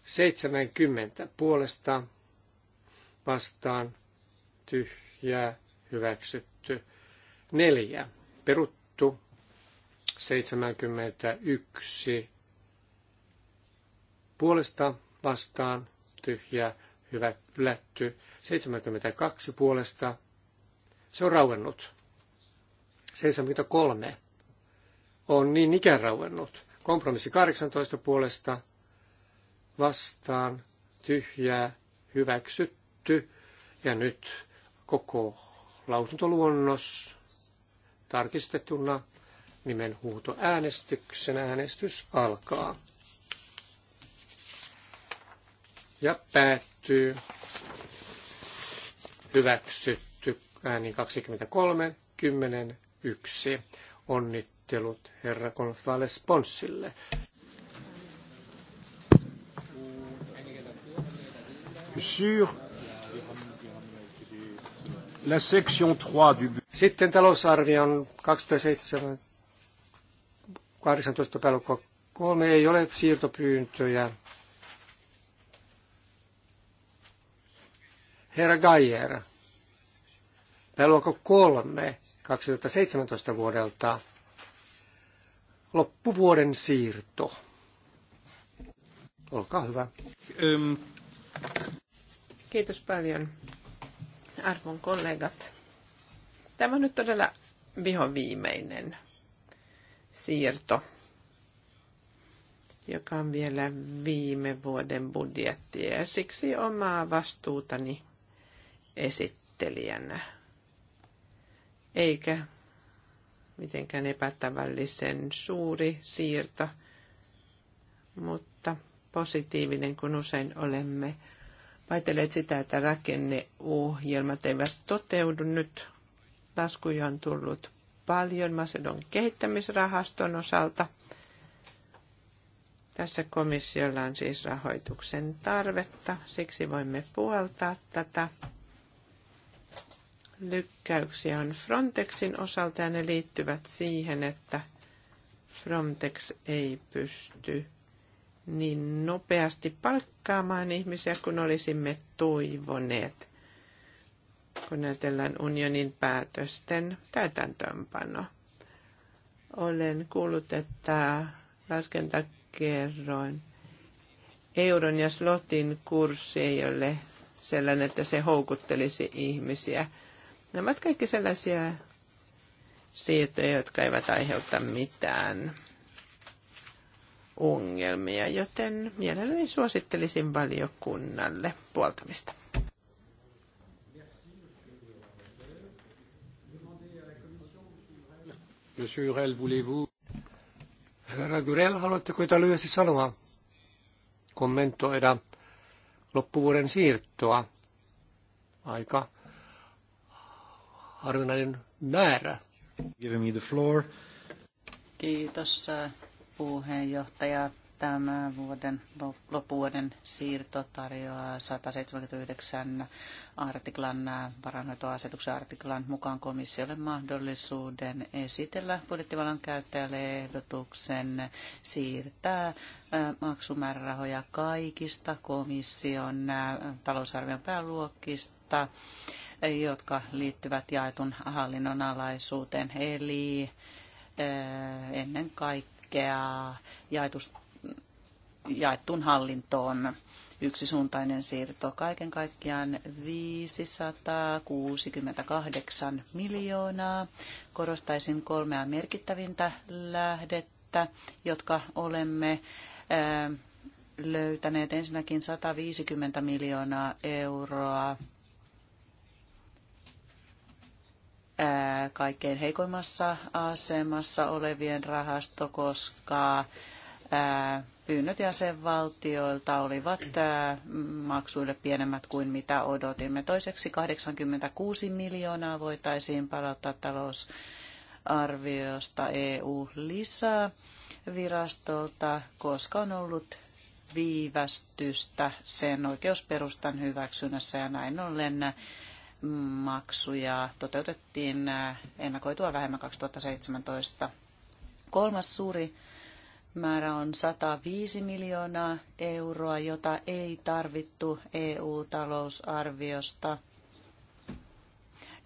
70 puolesta vastaan tyhjä ja hyväksytty. Neljä, peruttu. 71 puolesta vastaan, tyhjä hyvä, Ylätty. 72 puolesta, se on rauennut. 73 on niin ikään rauennut. Kompromissi 18 puolesta, vastaan, tyhjää, hyväksytty. Ja nyt koko lausuntoluonnos tarkistettuna nimenhuuto äänestyksen. Äänestys alkaa ja päättyy. Hyväksytty äänin 23, 10, 1. Onnittelut herra Gonzales Ponssille. Sur La section 3 du... Sitten talousarvion 27. 18 3 ei ole siirtopyyntöjä. Herra Geier, pääluokka 3 2017 vuodelta loppuvuoden siirto. Olkaa hyvä. Kiitos paljon arvon kollegat. Tämä on nyt todella vihoviimeinen siirto, joka on vielä viime vuoden budjetti ja siksi omaa vastuutani esittelijänä. Eikä mitenkään epätavallisen suuri siirto, mutta positiivinen, kun usein olemme väitelleet sitä, että rakenneohjelmat eivät toteudu. Nyt laskuja on tullut paljon Macedon kehittämisrahaston osalta. Tässä komissiolla on siis rahoituksen tarvetta, siksi voimme puoltaa tätä. Lykkäyksiä on Frontexin osalta ja ne liittyvät siihen, että Frontex ei pysty niin nopeasti palkkaamaan ihmisiä kuin olisimme toivoneet, kun ajatellaan unionin päätösten täytäntöönpano. Olen kuullut, että laskentakerroin euron ja slotin kurssi ei ole sellainen, että se houkuttelisi ihmisiä. Nämä ovat kaikki sellaisia siirtoja, jotka eivät aiheuta mitään ongelmia, joten mielelläni suosittelisin valiokunnalle puoltamista. Herra Gurel, haluatteko jotain lyhyesti sanoa? Kommentoida loppuvuoden siirtoa. Aika harvinainen määrä. Give me the floor. Kiitos puheenjohtaja. Tämä vuoden, lopuuden siirto tarjoaa 179 artiklan varanhoitoasetuksen artiklan mukaan komissiolle mahdollisuuden esitellä budjettivallan käyttäjälle ehdotuksen siirtää maksumäärärahoja kaikista komission talousarvion pääluokkista, jotka liittyvät jaetun hallinnon alaisuuteen, eli ennen kaikkea katkeaa jaetus, jaettuun hallintoon yksisuuntainen siirto. Kaiken kaikkiaan 568 miljoonaa. Korostaisin kolmea merkittävintä lähdettä, jotka olemme löytäneet. Ensinnäkin 150 miljoonaa euroa kaikkein heikoimmassa asemassa olevien rahasto, koska pyynnöt jäsenvaltioilta olivat maksuille pienemmät kuin mitä odotimme. Toiseksi 86 miljoonaa voitaisiin palauttaa talousarviosta EU-lisää virastolta, koska on ollut viivästystä sen oikeusperustan hyväksynnässä ja näin ollen maksuja toteutettiin äh, ennakoitua vähemmän 2017. Kolmas suuri määrä on 105 miljoonaa euroa, jota ei tarvittu EU-talousarviosta.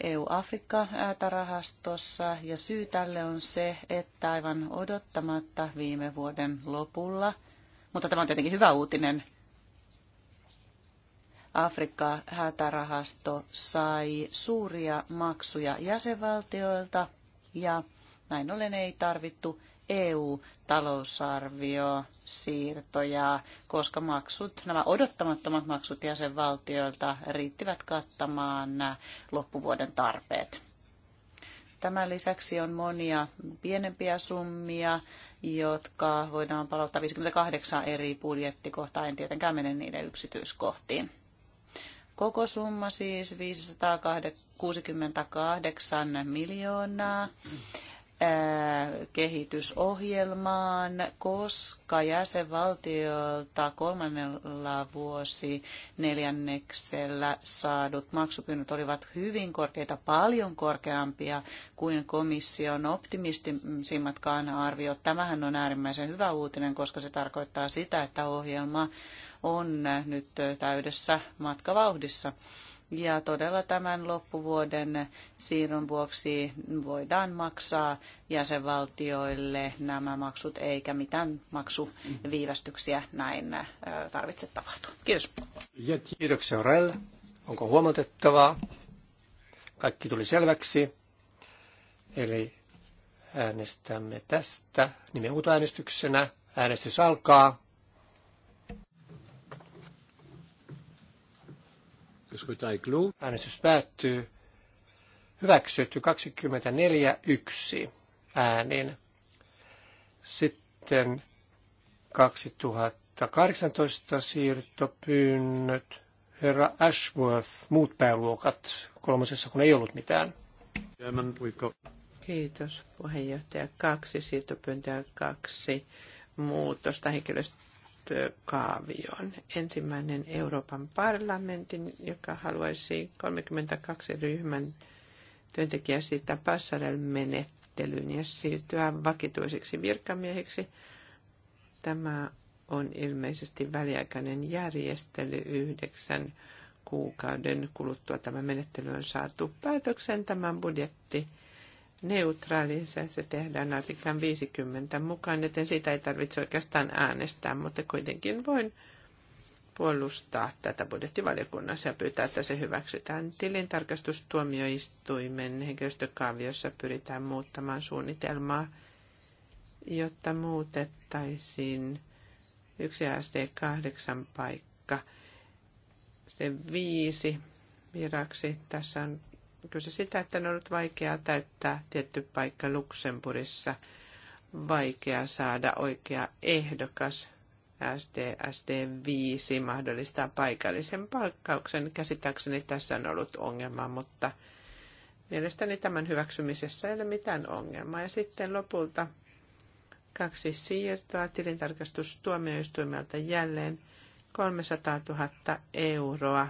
EU-Afrikka-rahastossa ja syy tälle on se, että aivan odottamatta viime vuoden lopulla, mutta tämä on tietenkin hyvä uutinen, Afrikka-hätärahasto sai suuria maksuja jäsenvaltioilta ja näin ollen ei tarvittu EU-talousarviosiirtoja, koska maksut, nämä odottamattomat maksut jäsenvaltioilta riittivät kattamaan loppuvuoden tarpeet. Tämän lisäksi on monia pienempiä summia, jotka voidaan palauttaa 58 eri budjettikohtaa. En tietenkään mene niiden yksityiskohtiin. Koko summa siis 568 miljoonaa kehitysohjelmaan, koska jäsenvaltiolta kolmannella vuosi neljänneksellä saadut maksupyynnöt olivat hyvin korkeita, paljon korkeampia kuin komission optimistisimmatkaan arviot. Tämähän on äärimmäisen hyvä uutinen, koska se tarkoittaa sitä, että ohjelma on nyt täydessä matkavauhdissa. Ja todella tämän loppuvuoden siirron vuoksi voidaan maksaa jäsenvaltioille nämä maksut, eikä mitään maksuviivästyksiä näin äh, tarvitse tapahtua. Kiitos. Kiitoksia Orel. Onko huomautettavaa? Kaikki tuli selväksi. Eli äänestämme tästä nimenhuutoäänestyksenä. Äänestys alkaa. Äänestys päättyy. Hyväksytty 24.1 äänin. Sitten 2018 siirtopyynnöt. Herra Ashworth, muut pääluokat kolmosessa, kun ei ollut mitään. Kiitos puheenjohtaja. Kaksi siirtopyyntöä, kaksi muutosta henkilöstö kaavion Ensimmäinen Euroopan parlamentin, joka haluaisi 32 ryhmän työntekijä siitä passarel-menettelyyn ja siirtyä vakituisiksi virkamiehiksi. Tämä on ilmeisesti väliaikainen järjestely yhdeksän kuukauden kuluttua. Tämä menettely on saatu päätöksen. Tämän budjetti neutraali, se tehdään artiklan 50 mukaan, joten siitä ei tarvitse oikeastaan äänestää, mutta kuitenkin voin puolustaa tätä budjettivaliokunnassa ja pyytää, että se hyväksytään. Tilintarkastustuomioistuimen henkilöstökaaviossa pyritään muuttamaan suunnitelmaa, jotta muutettaisiin yksi SD8 paikka. Se viisi viraksi. Tässä on kyse sitä, että on ollut vaikeaa täyttää tietty paikka Luxemburissa, vaikea saada oikea ehdokas. SD, SD5 mahdollistaa paikallisen palkkauksen. Käsittääkseni tässä on ollut ongelma, mutta mielestäni tämän hyväksymisessä ei ole mitään ongelmaa. Ja sitten lopulta kaksi siirtoa tilintarkastustuomioistuimelta jälleen 300 000 euroa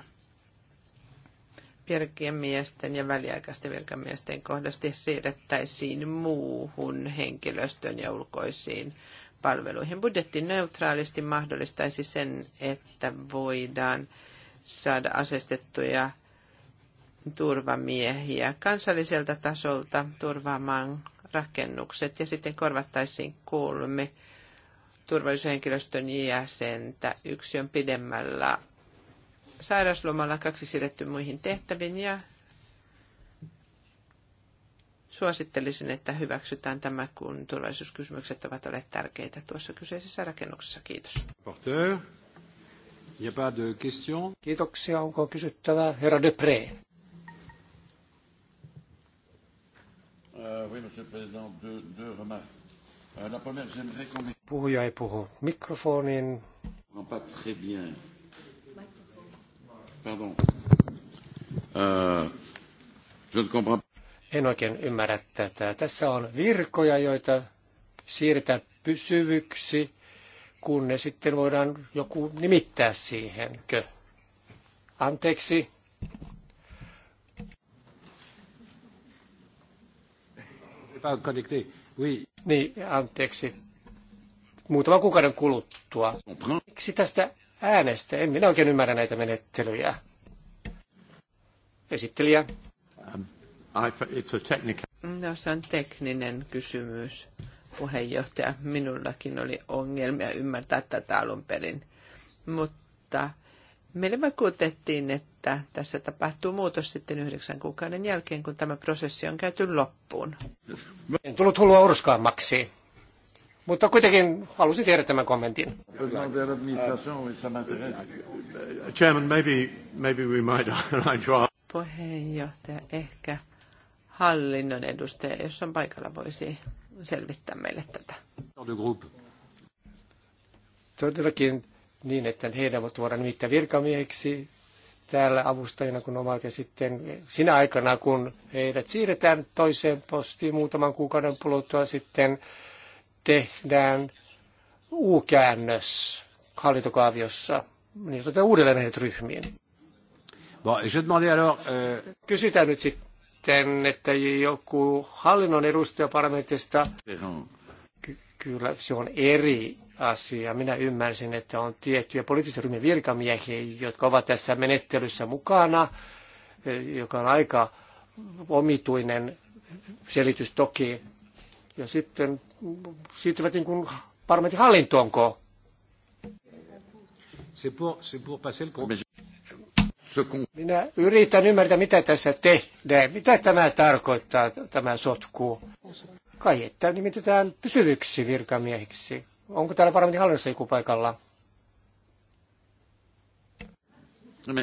miesten ja väliaikaisten virkamiesten kohdasti siirrettäisiin muuhun henkilöstön ja ulkoisiin palveluihin. Budjetti neutraalisti mahdollistaisi sen, että voidaan saada asestettuja turvamiehiä kansalliselta tasolta turvaamaan rakennukset ja sitten korvattaisiin kolme turvallisuushenkilöstön jäsentä yksi on pidemmällä sairauslomalla, kaksi siirretty muihin tehtäviin ja suosittelisin, että hyväksytään tämä, kun turvallisuuskysymykset ovat olleet tärkeitä tuossa kyseisessä rakennuksessa. Kiitos. Kiitoksia. Onko kysyttävää? Herra Depré. Euh, euh, Puhuja ei puhu mikrofonin. Pardon. Uh, en oikein ymmärrä tätä. Tässä on virkoja, joita siirretään pysyvyksi, kun ne sitten voidaan joku nimittää siihenkö. Anteeksi. Niin, anteeksi. Muutaman kuukauden kuluttua. Miksi tästä äänestä. En minä oikein ymmärrä näitä menettelyjä. Esittelijä. Um, no, se on tekninen kysymys, puheenjohtaja. Minullakin oli ongelmia ymmärtää tätä alun perin. Mutta meille vakuutettiin, että tässä tapahtuu muutos sitten yhdeksän kuukauden jälkeen, kun tämä prosessi on käyty loppuun. En tullut hullua urskaammaksi. Mutta kuitenkin halusin tehdä tämän kommentin. Puheenjohtaja, ehkä hallinnon edustaja, jos on paikalla, voisi selvittää meille tätä. Todellakin niin, että heidän voi tuoda niitä virkamieheksi täällä avustajina kun omat ja sitten sinä aikana, kun heidät siirretään toiseen postiin muutaman kuukauden puluttua sitten tehdään U-käännös hallintokaaviossa, niin otetaan uudelleen näihin ryhmiin. Bon, alors, euh... Kysytään nyt sitten, että joku hallinnon edustaja parlamentista, ky- kyllä se on eri asia. Minä ymmärsin, että on tiettyjä poliittisen ryhmien virkamiehiä, jotka ovat tässä menettelyssä mukana, eh, joka on aika omituinen selitys toki. Ja sitten siirtyvät niin parlamentin hallintoonko? Minä yritän ymmärtää, mitä tässä tehdään. Mitä tämä tarkoittaa, tämä sotku? Kai, että nimitetään pysyviksi virkamiehiksi. Onko täällä parlamentin hallinnossa joku paikalla? No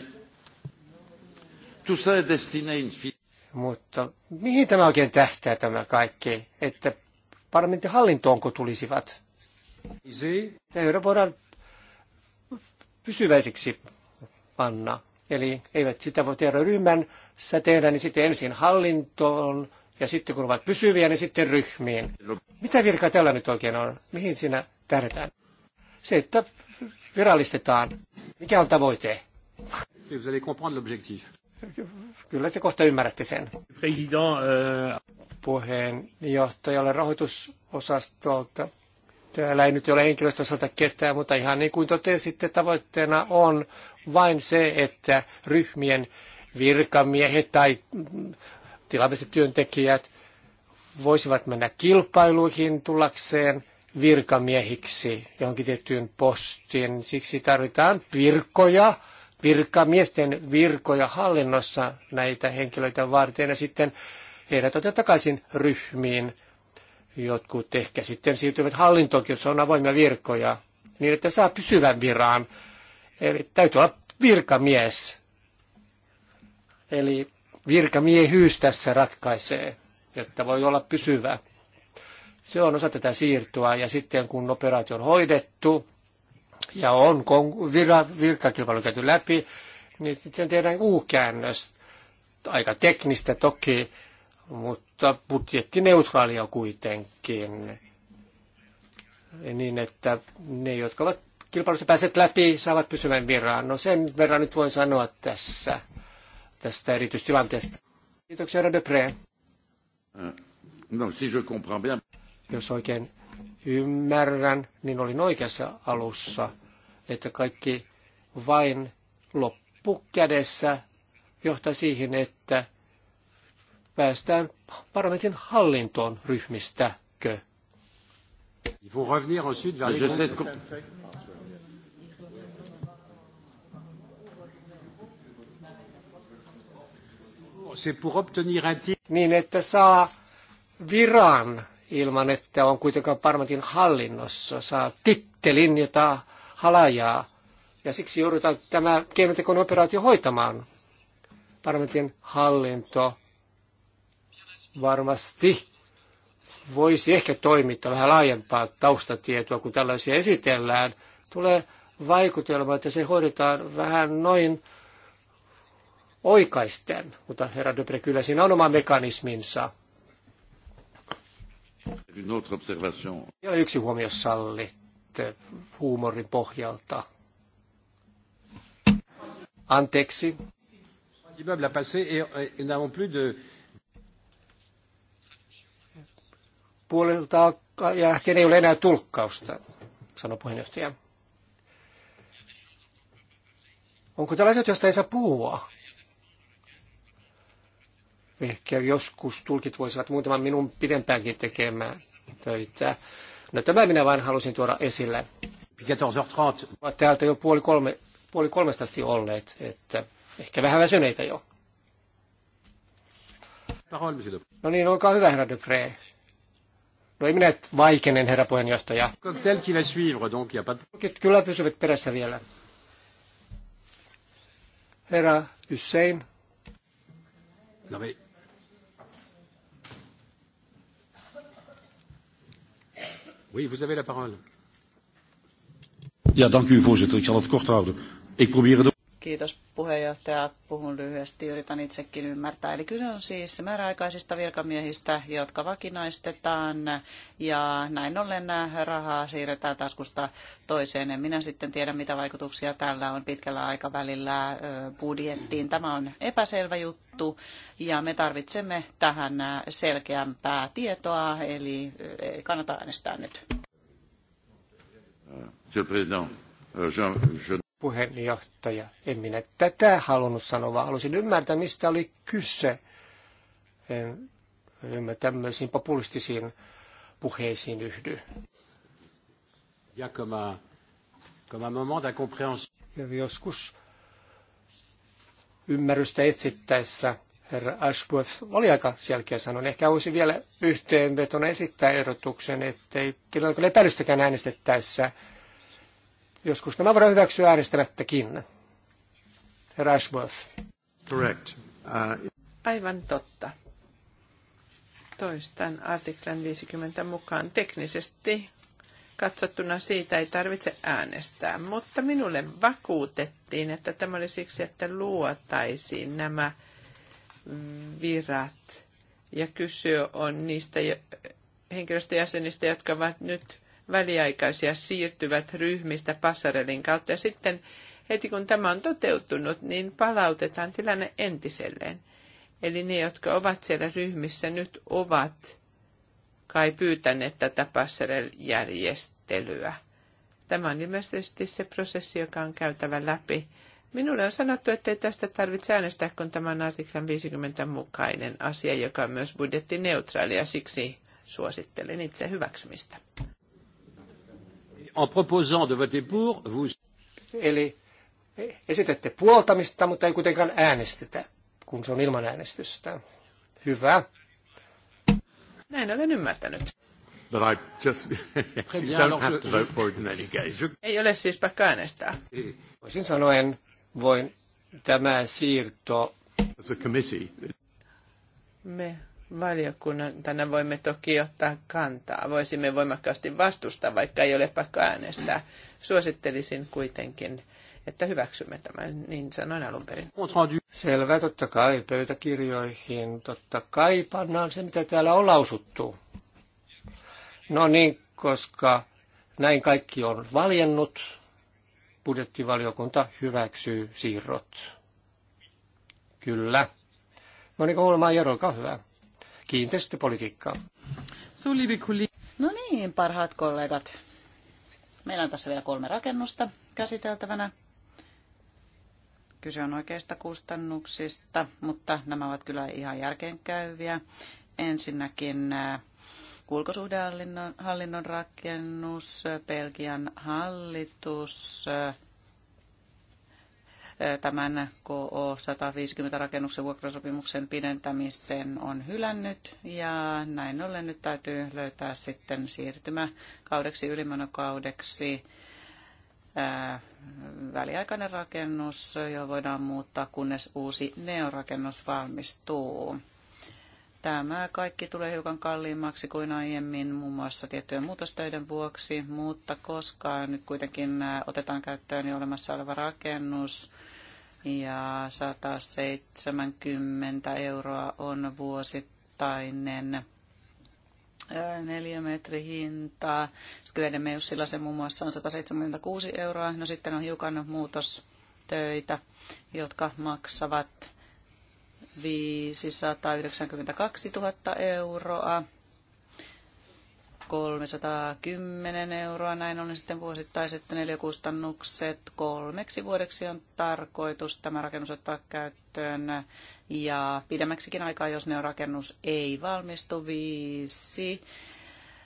Mutta mihin tämä oikein tähtää tämä kaikki, että parlamentin kun tulisivat. Tehdä voidaan pysyväiseksi panna. Eli eivät sitä voi tehdä ryhmän tehdä, niin sitten ensin hallintoon ja sitten kun ovat pysyviä, niin sitten ryhmiin. Mitä virkaa tällä nyt oikein on? Mihin sinä tähdetään? Se, että virallistetaan. Mikä on tavoite? Vous allez comprendre l'objectif. Kyllä te kohta ymmärrätte sen. Äh, Puheenjohtajalle rahoitusosastolta. Täällä ei nyt ole henkilöstösolta ketään, mutta ihan niin kuin totesitte, tavoitteena on vain se, että ryhmien virkamiehet tai tilapäiset työntekijät voisivat mennä kilpailuihin tullakseen virkamiehiksi johonkin tiettyyn postiin. Siksi tarvitaan virkoja, virkamiesten virkoja hallinnossa näitä henkilöitä varten ja sitten heidät otetaan takaisin ryhmiin. Jotkut ehkä sitten siirtyvät hallintoon, jos on avoimia virkoja, niin että saa pysyvän viran. Eli täytyy olla virkamies. Eli virkamiehyys tässä ratkaisee, että voi olla pysyvä. Se on osa tätä siirtoa ja sitten kun operaatio on hoidettu, ja on virkakilpailu käyty läpi, niin sitten tehdään U-käännös. Aika teknistä toki, mutta budjettineutraalia kuitenkin. Niin, että ne, jotka ovat kilpailusta pääset läpi, saavat pysyvän viran. No sen verran nyt voin sanoa tässä, tästä erityistilanteesta. Kiitoksia, herra Depré. Euh, no, si je comprends bien. Jos oikein ymmärrän, niin olin oikeassa alussa, että kaikki vain loppukädessä johtaa siihen, että päästään parlamentin hallintoon ryhmistäkö. Niin, että saa viran ilman, että on kuitenkaan parlamentin hallinnossa, saa tittelin, jota halajaa. Ja siksi joudutaan tämä keinotekoinen operaatio hoitamaan. Parlamentin hallinto varmasti voisi ehkä toimittaa vähän laajempaa taustatietoa, kun tällaisia esitellään. Tulee vaikutelma, että se hoidetaan vähän noin oikaisten, mutta herra Döbre, kyllä siinä on oma mekanisminsa. Vielä yksi huomio, sallit huumorin pohjalta. Anteeksi. Puolelta ja ei ole enää tulkkausta, sanoi puheenjohtaja. Onko tällaiset, joista ei saa puhua? Ehkä joskus tulkit voisivat muutaman minun pidempäänkin tekemään töitä. No tämä minä vain halusin tuoda esille. 14.30. täältä jo puoli, kolme, puoli kolmesta asti olleet, että ehkä vähän väsyneitä jo. No niin, olkaa hyvä, herra Dupré. No ei minä vaikenen, herra puheenjohtaja. Kyllä pysyvät perässä vielä. Herra Hussein. No, mais... Oui, vous avez la parole. Ja, voorzitter. Ik zal het kort houden. Ik probeer het Kiitos puheenjohtaja. Puhun lyhyesti, yritän itsekin ymmärtää. Eli kyse on siis määräaikaisista virkamiehistä, jotka vakinaistetaan ja näin ollen rahaa siirretään taskusta toiseen. En minä sitten tiedä, mitä vaikutuksia tällä on pitkällä aikavälillä budjettiin. Tämä on epäselvä juttu ja me tarvitsemme tähän selkeämpää tietoa, eli kannattaa äänestää nyt. Monsieur le Président, euh, je, je puheenjohtaja. En minä tätä halunnut sanoa, vaan halusin ymmärtää, mistä oli kyse. En, en mä tämmöisiin populistisiin puheisiin yhdy. Ja comme Joskus ymmärrystä etsittäessä herra Ashworth oli aika selkeä sanon. Ehkä voisi vielä yhteenvetona esittää ehdotuksen, ettei kenelläkään epäilystäkään äänestettäessä Joskus nämä voidaan hyväksyä äänestämättäkin. Herra Ashworth. Correct. Uh... Aivan totta. Toistan artiklan 50 mukaan. Teknisesti katsottuna siitä ei tarvitse äänestää, mutta minulle vakuutettiin, että tämä oli siksi, että luotaisiin nämä virat ja kysyä on niistä henkilöstöjäsenistä, jotka ovat nyt väliaikaisia siirtyvät ryhmistä passarelin kautta ja sitten heti kun tämä on toteutunut, niin palautetaan tilanne entiselleen. Eli ne, jotka ovat siellä ryhmissä nyt, ovat kai pyytäneet tätä passarel järjestelyä Tämä on ilmeisesti se prosessi, joka on käytävä läpi. Minulle on sanottu, että ei tästä tarvitse äänestää, kun tämä on artiklan 50 mukainen asia, joka on myös budjettineutraali ja siksi suosittelen itse hyväksymistä en proposant de voter pour, vous... Eli esitätte puoltamista, mutta ei kuitenkaan äänestetä, kun se on ilman äänestystä. Hyvä. Näin olen ymmärtänyt. But I just you don't have to vote for it in any case. Ei ole siis pakko äänestää. Voisin sanoen, voin tämä siirto... As a committee. Me valiokunnan tänä voimme toki ottaa kantaa. Voisimme voimakkaasti vastustaa, vaikka ei ole pakko äänestää. Suosittelisin kuitenkin, että hyväksymme tämän, niin sanoin alun perin. Selvä, totta kai pöytäkirjoihin, totta kai pannaan se, mitä täällä on lausuttu. No niin, koska näin kaikki on valjennut, budjettivaliokunta hyväksyy siirrot. Kyllä. Monika no niin, Ulmaa, Jero, olkaa hyvä kiinteistöpolitiikkaa. No niin, parhaat kollegat. Meillä on tässä vielä kolme rakennusta käsiteltävänä. Kyse on oikeista kustannuksista, mutta nämä ovat kyllä ihan järkeenkäyviä. Ensinnäkin äh, ulkosuhdehallinnon hallinnon rakennus, Belgian hallitus, äh, tämän KO150 rakennuksen vuokrasopimuksen pidentämisen on hylännyt ja näin ollen nyt täytyy löytää sitten siirtymäkaudeksi, ylimenokaudeksi väliaikainen rakennus, jo voidaan muuttaa, kunnes uusi neorakennus valmistuu. Tämä kaikki tulee hiukan kalliimmaksi kuin aiemmin muun muassa tiettyjen muutostöiden vuoksi, mutta koska nyt kuitenkin äh, otetaan käyttöön jo olemassa oleva rakennus ja 170 euroa on vuosittainen äh, hintaa. Skyveden meussilla se muun muassa on 176 euroa. No sitten on hiukan muutostöitä, jotka maksavat 592 000 euroa, 310 euroa, näin ollen sitten vuosittaiset neljäkustannukset. Kolmeksi vuodeksi on tarkoitus tämä rakennus ottaa käyttöön ja pidemmäksikin aikaa, jos ne rakennus ei valmistu, viisi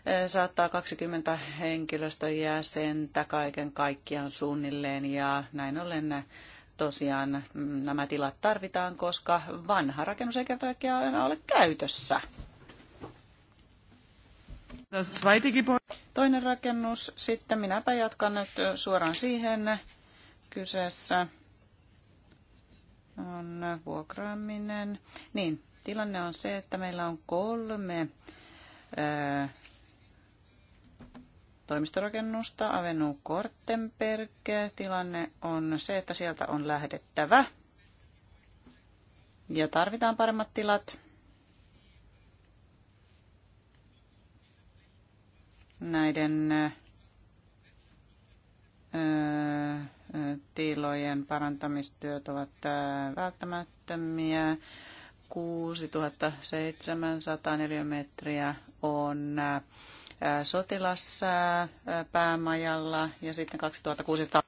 eh, saattaa 20 henkilöstöjäsentä kaiken kaikkiaan suunnilleen ja näin ollen eh, tosiaan mm, nämä tilat tarvitaan, koska vanha rakennus ei kerta kaikkiaan aina ole käytössä. Toinen rakennus, sitten minäpä jatkan nyt suoraan siihen kyseessä on vuokraaminen. Niin, tilanne on se, että meillä on kolme toimistorakennusta Avenu Kortenberg. Tilanne on se, että sieltä on lähdettävä ja tarvitaan paremmat tilat. Näiden tilojen parantamistyöt ovat välttämättömiä. 6700 neliömetriä on sotilaspäämajalla ja sitten 2600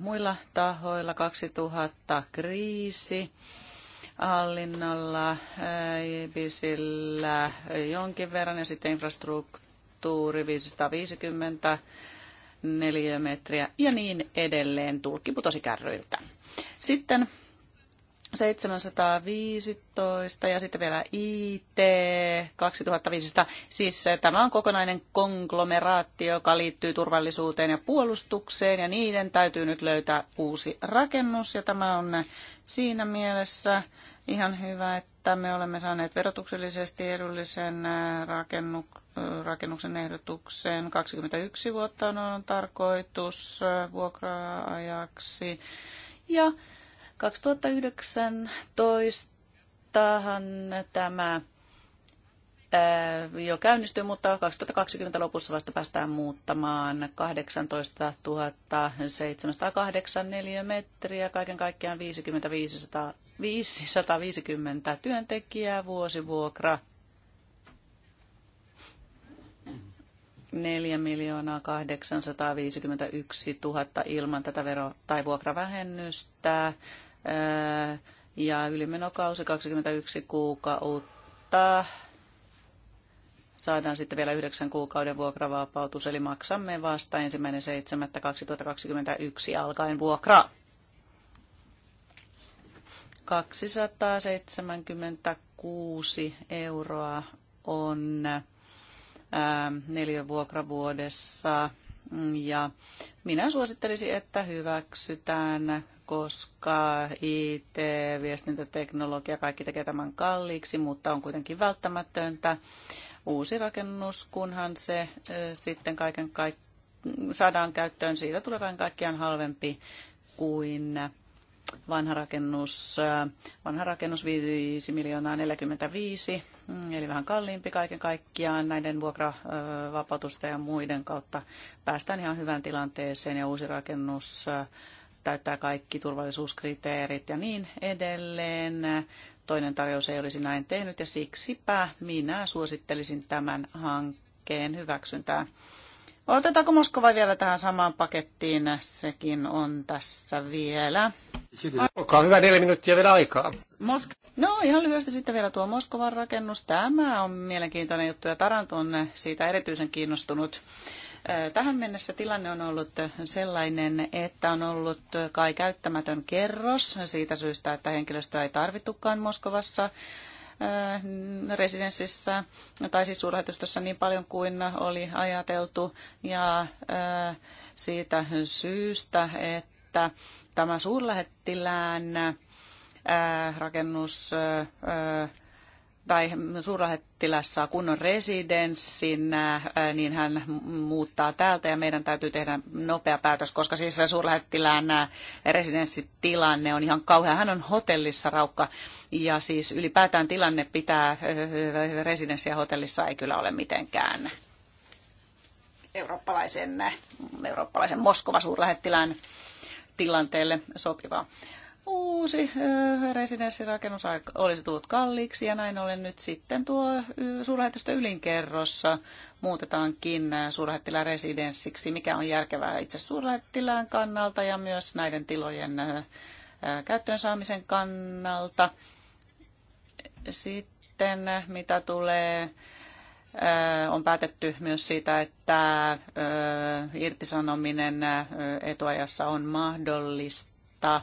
muilla tahoilla 2000 kriisi hallinnalla, IBISillä jonkin verran ja sitten infrastruktuuri 550 neliömetriä ja niin edelleen. Tulkki putosi kärryiltä. Sitten 715 ja sitten vielä IT 2500. Siis tämä on kokonainen konglomeraatti, joka liittyy turvallisuuteen ja puolustukseen ja niiden täytyy nyt löytää uusi rakennus ja tämä on siinä mielessä ihan hyvä, että me olemme saaneet verotuksellisesti edullisen äh, äh, rakennuksen ehdotuksen. 21 vuotta on tarkoitus äh, vuokra-ajaksi ja 2019han tämä äh, jo käynnistyy, mutta 2020 lopussa vasta päästään muuttamaan 18 708 neliömetriä, kaiken kaikkiaan 50 500, 550 työntekijää vuosivuokra. 4 851 000 ilman tätä vero- tai vuokravähennystä ja ylimenokausi 21 kuukautta. Saadaan sitten vielä yhdeksän kuukauden vuokravapautus, eli maksamme vasta ensimmäinen 1.7.2021 alkaen vuokraa. 276 euroa on vuokravuodessa. Ja minä suosittelisin, että hyväksytään koska IT, viestintäteknologia, kaikki tekee tämän kalliiksi, mutta on kuitenkin välttämätöntä. Uusi rakennus, kunhan se sitten kaiken kaik- saadaan käyttöön, siitä tulee kaiken kaikkiaan halvempi kuin vanha rakennus, vanha rakennus 5 miljoonaa 45, mm, eli vähän kalliimpi kaiken kaikkiaan näiden vuokravapautusten ja muiden kautta päästään ihan hyvään tilanteeseen ja uusi rakennus täyttää kaikki turvallisuuskriteerit ja niin edelleen. Toinen tarjous ei olisi näin tehnyt ja siksipä minä suosittelisin tämän hankkeen hyväksyntää. Otetaanko Moskova vielä tähän samaan pakettiin? Sekin on tässä vielä. Olkaa hyvä, neljä minuuttia vielä aikaa. Mosk- no ihan lyhyesti sitten vielä tuo Moskovan rakennus. Tämä on mielenkiintoinen juttu ja Tarant on siitä erityisen kiinnostunut. Tähän mennessä tilanne on ollut sellainen, että on ollut kai käyttämätön kerros siitä syystä, että henkilöstöä ei tarvittukaan Moskovassa äh, residenssissä tai siis suurlähetystössä niin paljon kuin oli ajateltu ja äh, siitä syystä, että tämä suurlähettilään äh, rakennus tai suurlähettiläs saa kunnon residenssin, äh, niin hän muuttaa täältä ja meidän täytyy tehdä nopea päätös, koska siis suurlähettilään äh, residenssitilanne on ihan kauhea. Hän on hotellissa raukka ja siis ylipäätään tilanne pitää äh, residenssiä hotellissa ei kyllä ole mitenkään eurooppalaisen, eurooppalaisen Moskova suurlähettilään tilanteelle sopivaa uusi residenssirakennus olisi tullut kalliiksi ja näin ollen nyt sitten tuo suurlähetystä ylinkerrossa muutetaankin suurlähettilään residenssiksi, mikä on järkevää itse suurlähettilään kannalta ja myös näiden tilojen käyttöön saamisen kannalta. Sitten mitä tulee on päätetty myös siitä, että irtisanominen etuajassa on mahdollista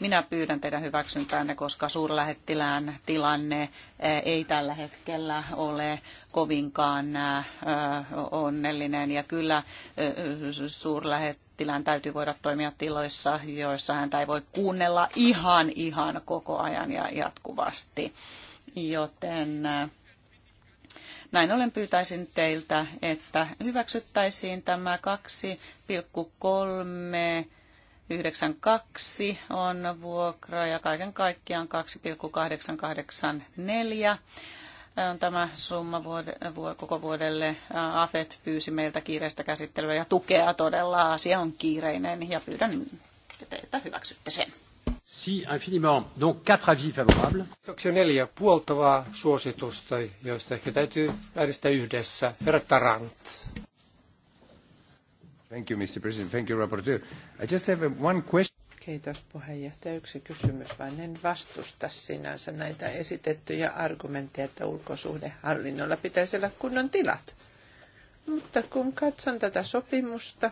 minä pyydän teidän hyväksyntäänne, koska suurlähettilään tilanne eh, ei tällä hetkellä ole kovinkaan eh, onnellinen. Ja kyllä eh, suurlähettilään täytyy voida toimia tiloissa, joissa häntä ei voi kuunnella ihan ihan koko ajan ja jatkuvasti. Joten näin olen pyytäisin teiltä, että hyväksyttäisiin tämä 2,3 92 on vuokra ja kaiken kaikkiaan 2,884 on tämä summa vuode, vu, koko vuodelle. AFET pyysi meiltä kiireistä käsittelyä ja tukea todella. Asia on kiireinen ja pyydän, että hyväksytte sen. Si infiniment. Donc quatre avis favorables. Kiitoksia neljä puoltavaa suositusta, joista ehkä täytyy äänestää yhdessä. Herra Tarant. Thank you, Mr. President. Thank you, Rapporteur. I just have one question. Kiitos puheenjohtaja. Yksi kysymys vain. En vastusta sinänsä näitä esitettyjä argumentteja, että ulkosuhdehallinnolla pitäisi olla kunnon tilat. Mutta kun katson tätä sopimusta,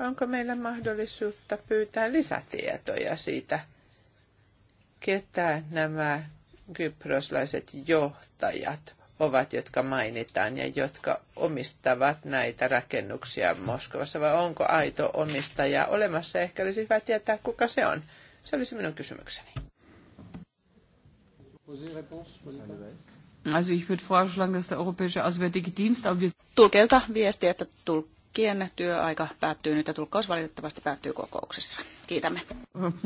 onko meillä mahdollisuutta pyytää lisätietoja siitä, ketä nämä kyproslaiset johtajat ovat, jotka mainitaan ja jotka omistavat näitä rakennuksia Moskovassa, vai onko aito omistaja olemassa? Ehkä olisi hyvä tietää, kuka se on. Se olisi minun kysymykseni. Also ich würde vorschlagen, dass der Europäische Auswärtige Dienst... Tulkelta viesti, että tul- kaikkien työaika päättyy nyt ja tulkkaus valitettavasti päättyy kokouksessa. Kiitämme.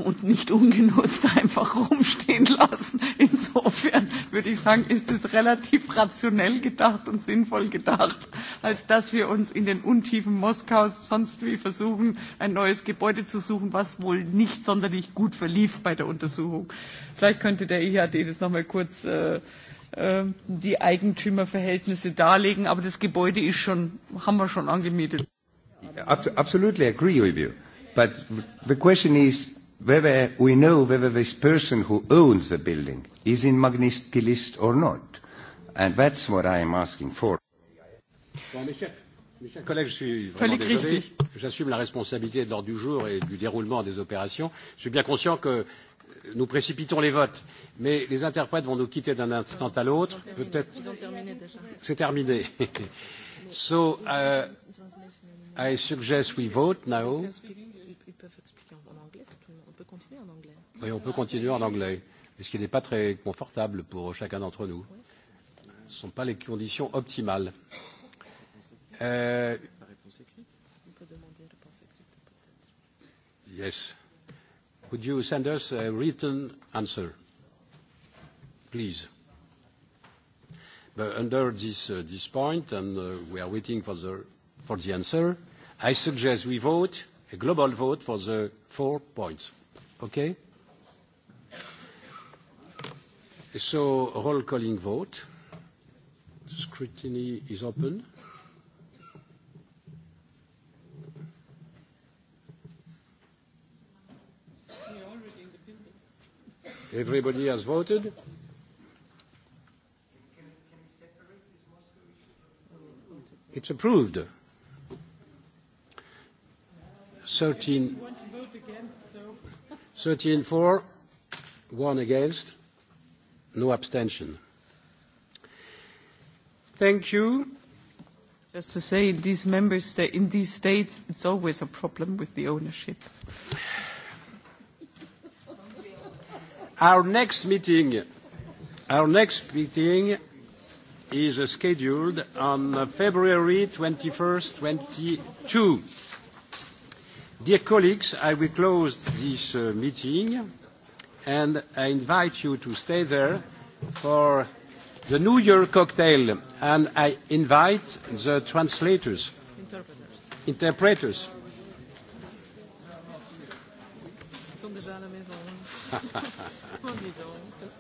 Und nicht ungenutzt einfach rumstehen lassen. Insofern würde ich sagen, ist es relativ rationell gedacht und sinnvoll gedacht, als dass wir uns in den Untiefen Moskaus sonst wie versuchen, ein neues Gebäude zu suchen, was wohl nicht sonderlich gut verlief bei der Untersuchung. Vielleicht könnte der IHD das nochmal kurz äh, Äh, die Eigentümerverhältnisse darlegen, aber das Gebäude ist schon, haben wir schon angemietet. Absolutely agree with you. But the question is whether we know whether this person who owns the building is in Magnitsky list or not. And that's what I am asking for. mes chers, mes chers collègues, je suis vraiment désolé. J'assume la responsabilité de l'ordre du jour et du déroulement des opérations. Je suis bien conscient que nous précipitons les votes, mais les interprètes vont nous quitter d'un instant à l'autre. Peut-être. C'est terminé. so uh, I suggest we vote now. Oui, on peut continuer en anglais, ce qui n'est pas très confortable pour chacun d'entre nous. Ce ne sont pas les conditions optimales. Euh, yes. Could you send us a written answer, please? under this, uh, this point, and uh, we are waiting for the, for the answer, I suggest we vote, a global vote for the four points. Okay? So roll calling vote. Scrutiny is open. Everybody has voted? It's approved. 13, 13 for, one against, no abstention. Thank you. Just to say, in these member states, in these states, it's always a problem with the ownership. Our next meeting, our next meeting is scheduled on February 21st, 2022. Dear colleagues, I will close this uh, meeting, and I invite you to stay there for the New Year cocktail, and I invite the translators. Interpreters. Interpreters. Ils sont déjà à la maison oh, dis donc,